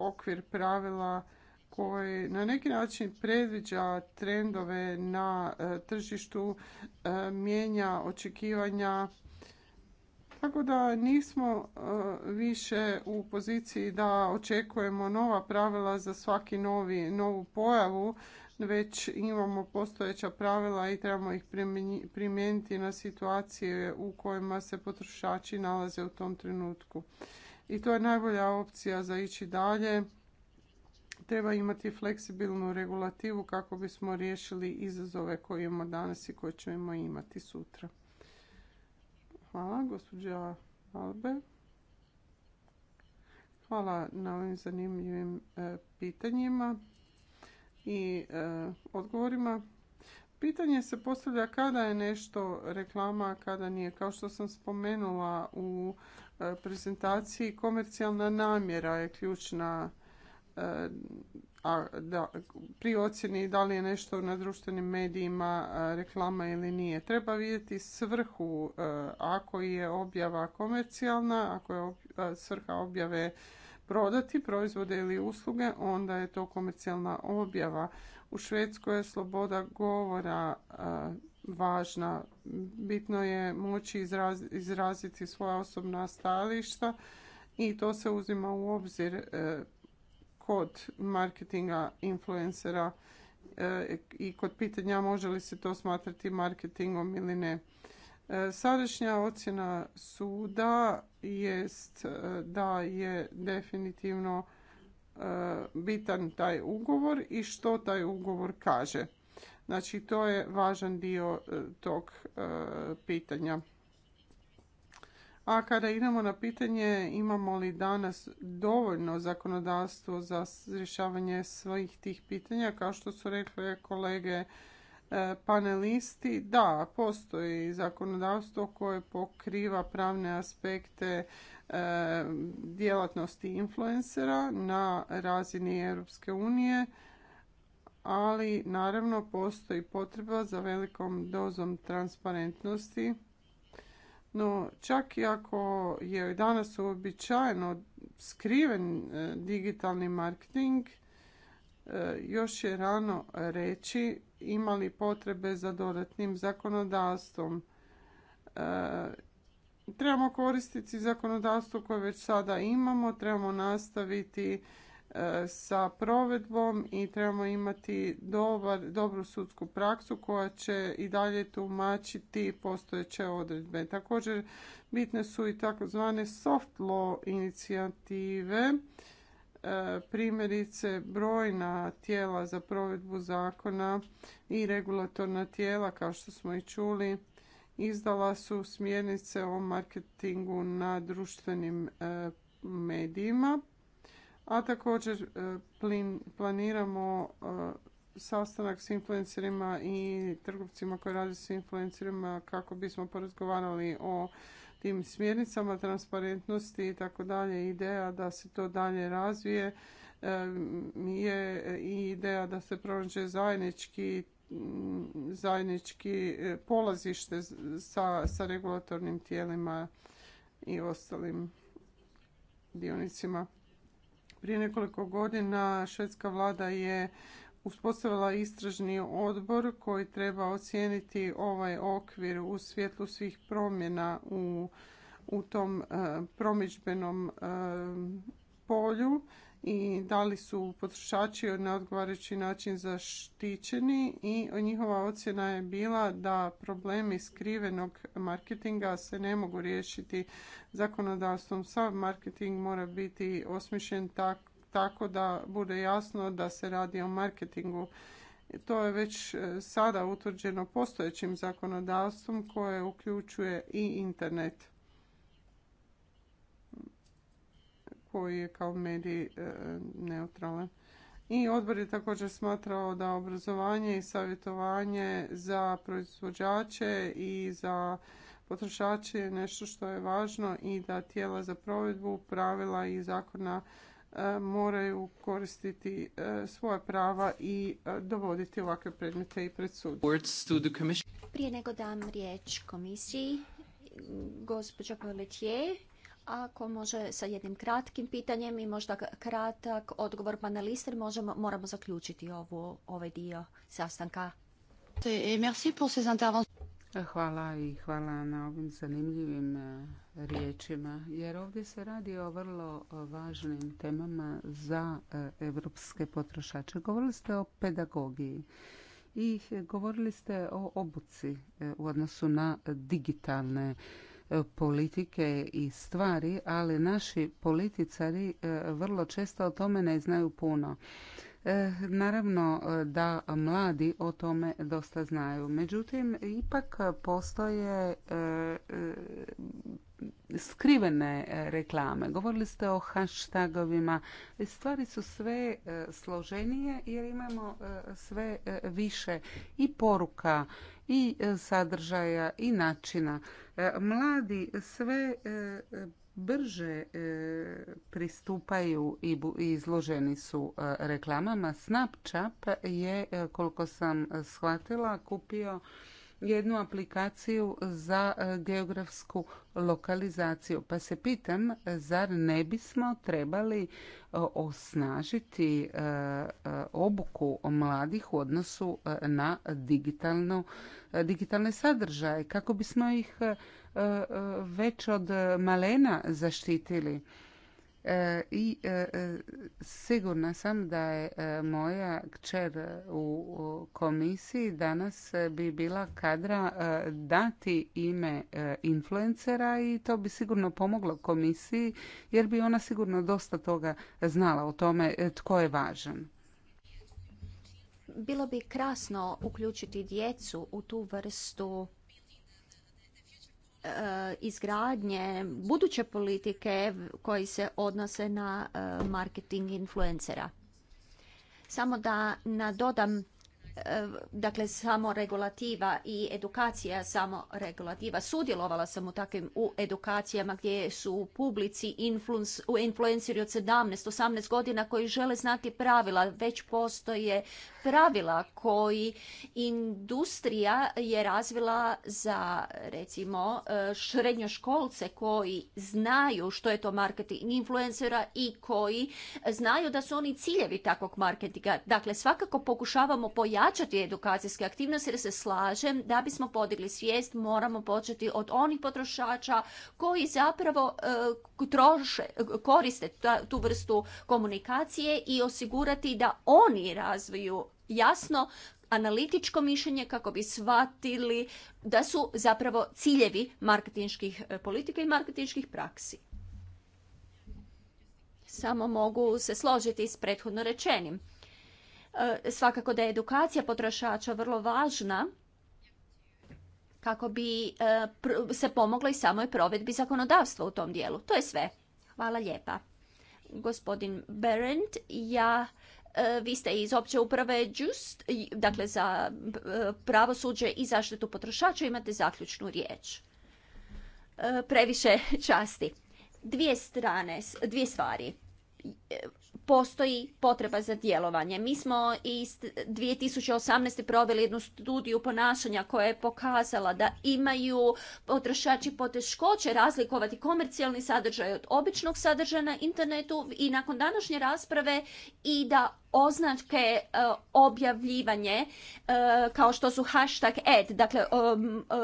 okvir pravila koji na neki način predviđa trendove na e, tržištu, e, mijenja očekivanja. Tako da nismo e, više u poziciji da očekujemo nova pravila za svaki novi, novu pojavu, već imamo postojeća pravila i trebamo ih primijeniti na situacije u kojima se potrošači nalaze u tom trenutku i to je najbolja opcija za ići dalje. Treba imati fleksibilnu regulativu kako bismo riješili izazove koje imamo danas i koje ćemo imati sutra. Hvala, gospođa Albe. Hvala na ovim zanimljivim e, pitanjima i e, odgovorima. Pitanje se postavlja kada je nešto reklama, kada nije. Kao što sam spomenula u E, prezentaciji komercijalna namjera je ključna e, pri ocjeni da li je nešto na društvenim medijima e, reklama ili nije. Treba vidjeti svrhu ako je objava komercijalna, ako je svrha objave prodati proizvode ili usluge, onda je to komercijalna objava. U Švedskoj je sloboda govora važna. Bitno je moći izraziti svoja osobna stajališta i to se uzima u obzir e, kod marketinga influencera e, i kod pitanja može li se to smatrati marketingom ili ne. E, sadašnja ocjena suda jest da je definitivno bitan taj ugovor i što taj ugovor kaže. Znači to je važan dio e, tog e, pitanja. A kada idemo na pitanje imamo li danas dovoljno zakonodavstvo za rješavanje svojih tih pitanja, kao što su rekli kolege e, panelisti, da, postoji zakonodavstvo koje pokriva pravne aspekte djelatnosti influencera na razini Europske unije ali naravno postoji potreba za velikom dozom transparentnosti. No, čak i ako je danas uobičajeno skriven e, digitalni marketing, e, još je rano reći imali potrebe za dodatnim zakonodavstvom. E, trebamo koristiti zakonodavstvo koje već sada imamo, trebamo nastaviti E, sa provedbom i trebamo imati dobar, dobru sudsku praksu koja će i dalje tumačiti postojeće odredbe. Također bitne su i takozvane soft law inicijative, e, primjerice brojna tijela za provedbu zakona i regulatorna tijela kao što smo i čuli izdala su smjernice o marketingu na društvenim e, medijima a također e, planiramo e, sastanak s influencerima i trgovcima koji rade s influencerima kako bismo porazgovarali o tim smjernicama transparentnosti i tako dalje. Ideja da se to dalje razvije e, je i ideja da se pronađe zajednički zajednički polazište sa, sa regulatornim tijelima i ostalim dionicima. Prije nekoliko godina švedska vlada je uspostavila istražni odbor koji treba ocijeniti ovaj okvir u svjetlu svih promjena u, tom e, promidžbenom e, polju i da li su potrošači na odgovarajući način zaštićeni i njihova ocjena je bila da problemi skrivenog marketinga se ne mogu riješiti zakonodavstvom. Sav marketing mora biti osmišljen tako da bude jasno da se radi o marketingu. To je već e, sada utvrđeno postojećim zakonodavstvom koje uključuje i internet. koji je kao medij e, neutralan. I odbor je također smatrao da obrazovanje i savjetovanje za proizvođače i za potrošače je nešto što je važno i da tijela za provedbu pravila i zakona e, moraju koristiti e, svoja prava i dovoditi ovakve predmete i pred sud. Prije nego dam riječ komisiji, gospođa Pauletier, ako može sa jednim kratkim pitanjem i možda kratak odgovor panelista, možemo, moramo zaključiti ovu, ovaj dio sastanka. E, e, hvala i hvala na ovim zanimljivim e, riječima, jer ovdje se radi o vrlo važnim temama za evropske potrošače. Govorili ste o pedagogiji i govorili ste o obuci u odnosu na digitalne politike i stvari, ali naši političari e, vrlo često o tome ne znaju puno. E, naravno e, da mladi o tome dosta znaju. Međutim, ipak postoje skrivene e, reklame. Govorili ste o hashtagovima. E, stvari su sve e, složenije jer imamo sve više i poruka i sadržaja i načina. Mladi sve brže pristupaju i izloženi su reklamama. Snapchat je, koliko sam shvatila, kupio jednu aplikaciju za e, geografsku lokalizaciju. Pa se pitam, zar ne bismo trebali e, osnažiti e, obuku mladih u odnosu na digitalne sadržaje kako bismo ih već od malena zaštitili? E, i e, e, sigurna sam da je moja kćer u komisiji danas bi bila kadra dati ime influencera i to bi sigurno pomoglo komisiji jer bi ona sigurno dosta toga znala o tome tko je važan. Bilo bi krasno uključiti djecu u tu vrstu Eh, izgradnje buduće politike koji se odnose na eh, marketing influencera. Samo da nadodam eh, dakle samo regulativa i edukacija samo regulativa. Sudjelovala sam u takvim u edukacijama gdje su publici influenceri od 17, 18 godina koji žele znati pravila. Već postoje pravila koji industrija je razvila za recimo e, srednjoškolce koji znaju što je to marketing influencera i koji znaju da su oni ciljevi takvog marketinga. Dakle, svakako pokušavamo pojačati edukacijske aktivnosti jer se slažem da bismo podigli svijest moramo početi od onih potrošača koji zapravo e, troše, koriste tu vrstu komunikacije i osigurati da oni razviju jasno analitičko mišljenje kako bi shvatili da su zapravo ciljevi marketinških e, politika i marketinških praksi. Samo mogu se složiti s prethodno rečenim. E, svakako da je edukacija potrošača vrlo važna kako bi e, se pomoglo i samoj provedbi zakonodavstva u tom dijelu. To je sve. Hvala lijepa. Gospodin Berend, ja E, vi ste iz opće uprave Just, dakle za e, pravosuđe i zaštitu potrošača imate zaključnu riječ. E, previše <laughs> časti. Dvije strane, dvije stvari postoji potreba za djelovanje. Mi smo i 2018. proveli jednu studiju ponašanja koja je pokazala da imaju potrošači poteškoće razlikovati komercijalni sadržaj od običnog sadržaja na internetu i nakon današnje rasprave i da označke e, objavljivanje e, kao što su hashtag ad, dakle e,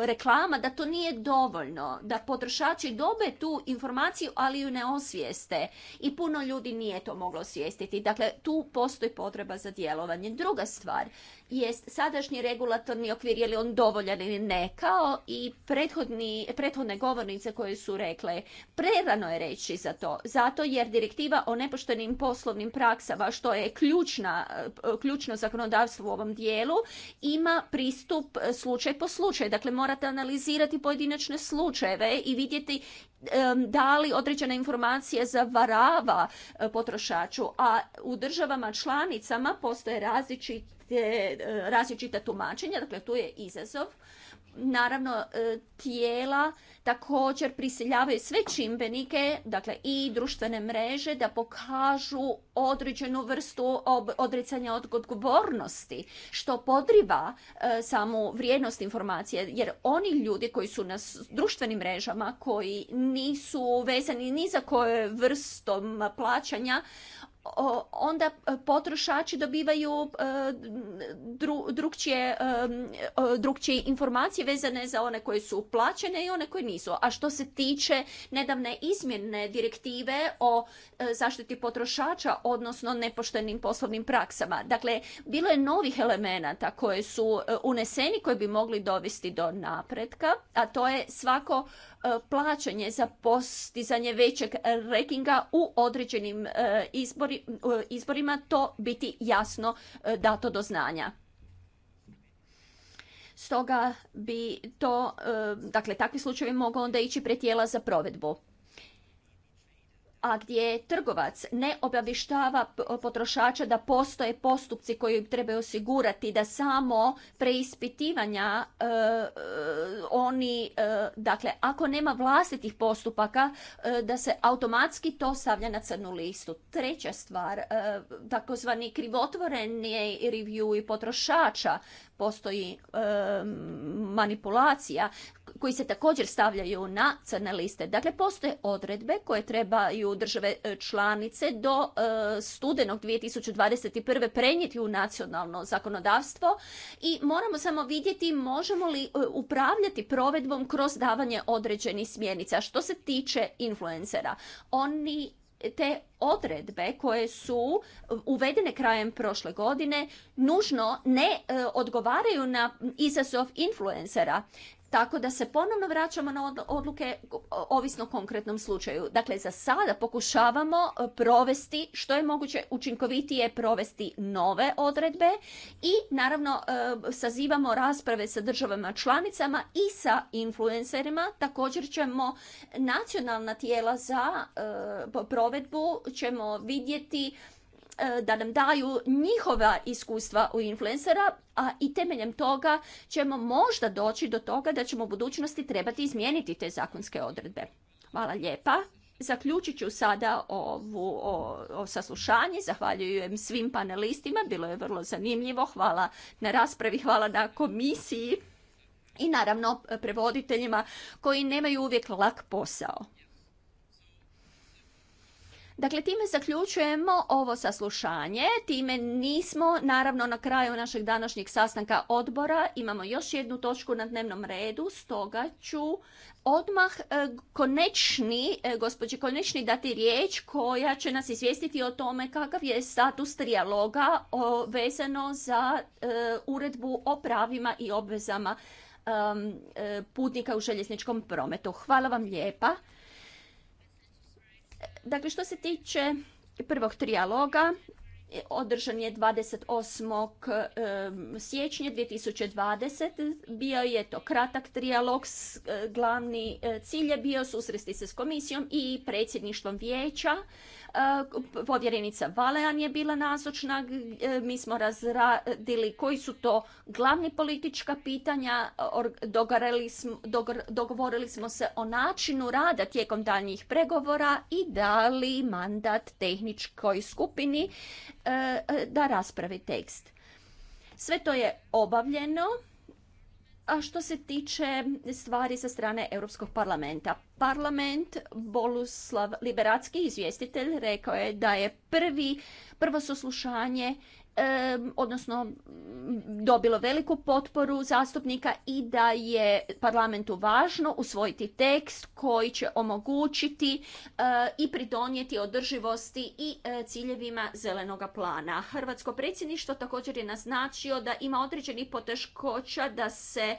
reklama, da to nije dovoljno, da potrošači dobe tu informaciju, ali ju ne osvijeste. I puno ljudi nije to moglo osvijestiti. Dakle, tu postoji potreba za djelovanje. Druga stvar, jest sadašnji regulatorni okvir, je li on dovoljan ili ne, kao i prethodni, prethodne govornice koje su rekle, prerano je reći za to, zato jer direktiva o nepoštenim poslovnim praksama, što je ključna, ključno zakonodavstvo u ovom dijelu, ima pristup slučaj po slučaj. Dakle, morate analizirati pojedinačne slučajeve i vidjeti da li određena informacija zavarava e, potrošaču, a u državama članicama postoje različiti te e, različita tumačenja, dakle tu je izazov. Naravno, e, tijela također prisiljavaju sve čimbenike, dakle i društvene mreže, da pokažu određenu vrstu odricanja od odgovornosti, što podriva e, samu vrijednost informacije, jer oni ljudi koji su na društvenim mrežama, koji nisu vezani ni za koje vrstom plaćanja, onda e, potrošači dobivaju e, drugčije, e, informacije vezane za one koje su plaćene i one koje nisu. A što se tiče nedavne izmjene direktive o zaštiti potrošača, odnosno nepoštenim poslovnim praksama. Dakle, bilo je novih elemenata koje su uneseni, koji bi mogli dovesti do napretka, a to je svako E, plaćanje za postizanje većeg rekinga u određenim e, izborima to biti jasno e, dato do znanja. Stoga bi to, dakle, takvi slučajevi mogu onda ići pred za provedbu a gdje trgovac ne obavještava potrošača da postoje postupci koji trebaju osigurati da samo preispitivanja e, e, oni, e, dakle, ako nema vlastitih postupaka, da se automatski to stavlja na crnu listu. Treća stvar, takozvani krivotvoreni review i potrošača, postoji manipulacija koji se također stavljaju na crne liste. Dakle, postoje odredbe koje trebaju države e, članice do e, studenog 2021. prenijeti u nacionalno zakonodavstvo i moramo samo vidjeti možemo li e, upravljati provedbom kroz davanje određenih smjernica. Što se tiče influencera, oni te odredbe koje su um, uvedene krajem prošle godine nužno ne e, odgovaraju na izazov influencera tako da se ponovno vraćamo na odluke ovisno o konkretnom slučaju. Dakle, za sada pokušavamo e, provesti što je moguće učinkovitije provesti nove odredbe i naravno e, sazivamo rasprave sa državama članicama i sa influencerima. Također ćemo nacionalna tijela za e, provedbu ćemo vidjeti E, da nam daju njihova iskustva u influencera, a i temeljem toga ćemo možda doći do toga da ćemo u budućnosti trebati izmijeniti te zakonske odredbe. Hvala lijepa. Zaključit ću sada ovu o, o saslušanje. Zahvaljujem svim panelistima, bilo je vrlo zanimljivo. Hvala na raspravi, hvala na komisiji i naravno e, prevoditeljima koji nemaju uvijek lak posao. Dakle, time zaključujemo ovo saslušanje. Time nismo, naravno, na kraju našeg današnjeg sastanka odbora. Imamo još jednu točku na dnevnom redu, stoga ću odmah e, konečni, e, gospođi konečni dati riječ koja će nas izvijestiti o tome kakav je status trijaloga vezano za e, uredbu o pravima i obvezama putnika u željezničkom prometu. Hvala vam lijepa. Dakle, što se tiče prvog trijaloga, e, održan je 28. siječnja 2020. Bio je to kratak trijalog, e, glavni e, cilj je bio susresti se s komisijom i predsjedništvom vijeća E, povjerenica Valean je bila nazočna, e, mi smo razradili koji su to glavni politička pitanja, dogovorili smo se o načinu rada tijekom daljnjih pregovora i dali mandat tehničkoj skupini e, da raspravi tekst. Sve to je obavljeno a što se tiče stvari sa strane Europskog parlamenta, parlament Boluslav Liberacki, izvjestitelj, rekao je da je prvi, prvo saslušanje odnosno mm, dobilo veliku potporu zastupnika i da je parlamentu važno usvojiti tekst koji će omogućiti eh, i pridonijeti održivosti i eh, ciljevima zelenoga plana. Hrvatsko predsjedništvo također je naznačio da ima određenih poteškoća da se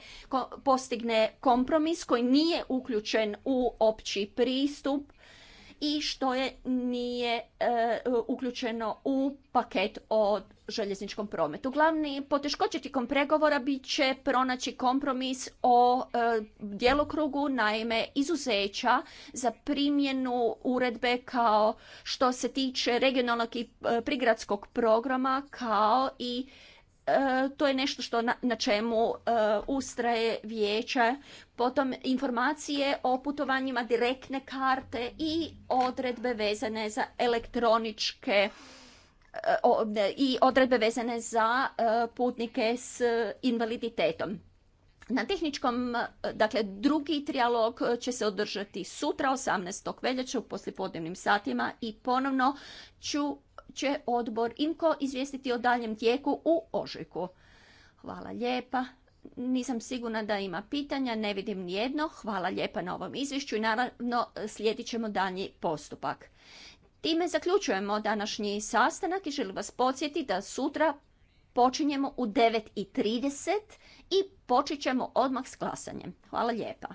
postigne kompromis koji nije uključen u opći pristup i što je nije eh, uključeno u paket od željezničkom prometu. Glavni poteškoće tijekom pregovora bit će pronaći kompromis o e, djelokrugu, naime izuzeća za primjenu uredbe kao što se tiče regionalnog i e, prigradskog programa kao i e, to je nešto što na, čemu e, ustraje vijeće. Potom informacije o putovanjima, direktne karte i odredbe vezane za elektroničke E, i odredbe vezane za e, putnike s invaliditetom. Na tehničkom, e, dakle drugi trijalog će se održati sutra 18. veljače u poslipodnevnim satima i ponovno ću, će odbor IMKO izvijestiti o daljem tijeku u ožujku. Hvala lijepa. Nisam sigurna da ima pitanja, ne vidim nijedno. Hvala lijepa na ovom izvješću i naravno slijedit ćemo dalji postupak. Time zaključujemo današnji sastanak i želim vas podsjetiti da sutra počinjemo u 9.30 i počet ćemo odmah s glasanjem. Hvala lijepa.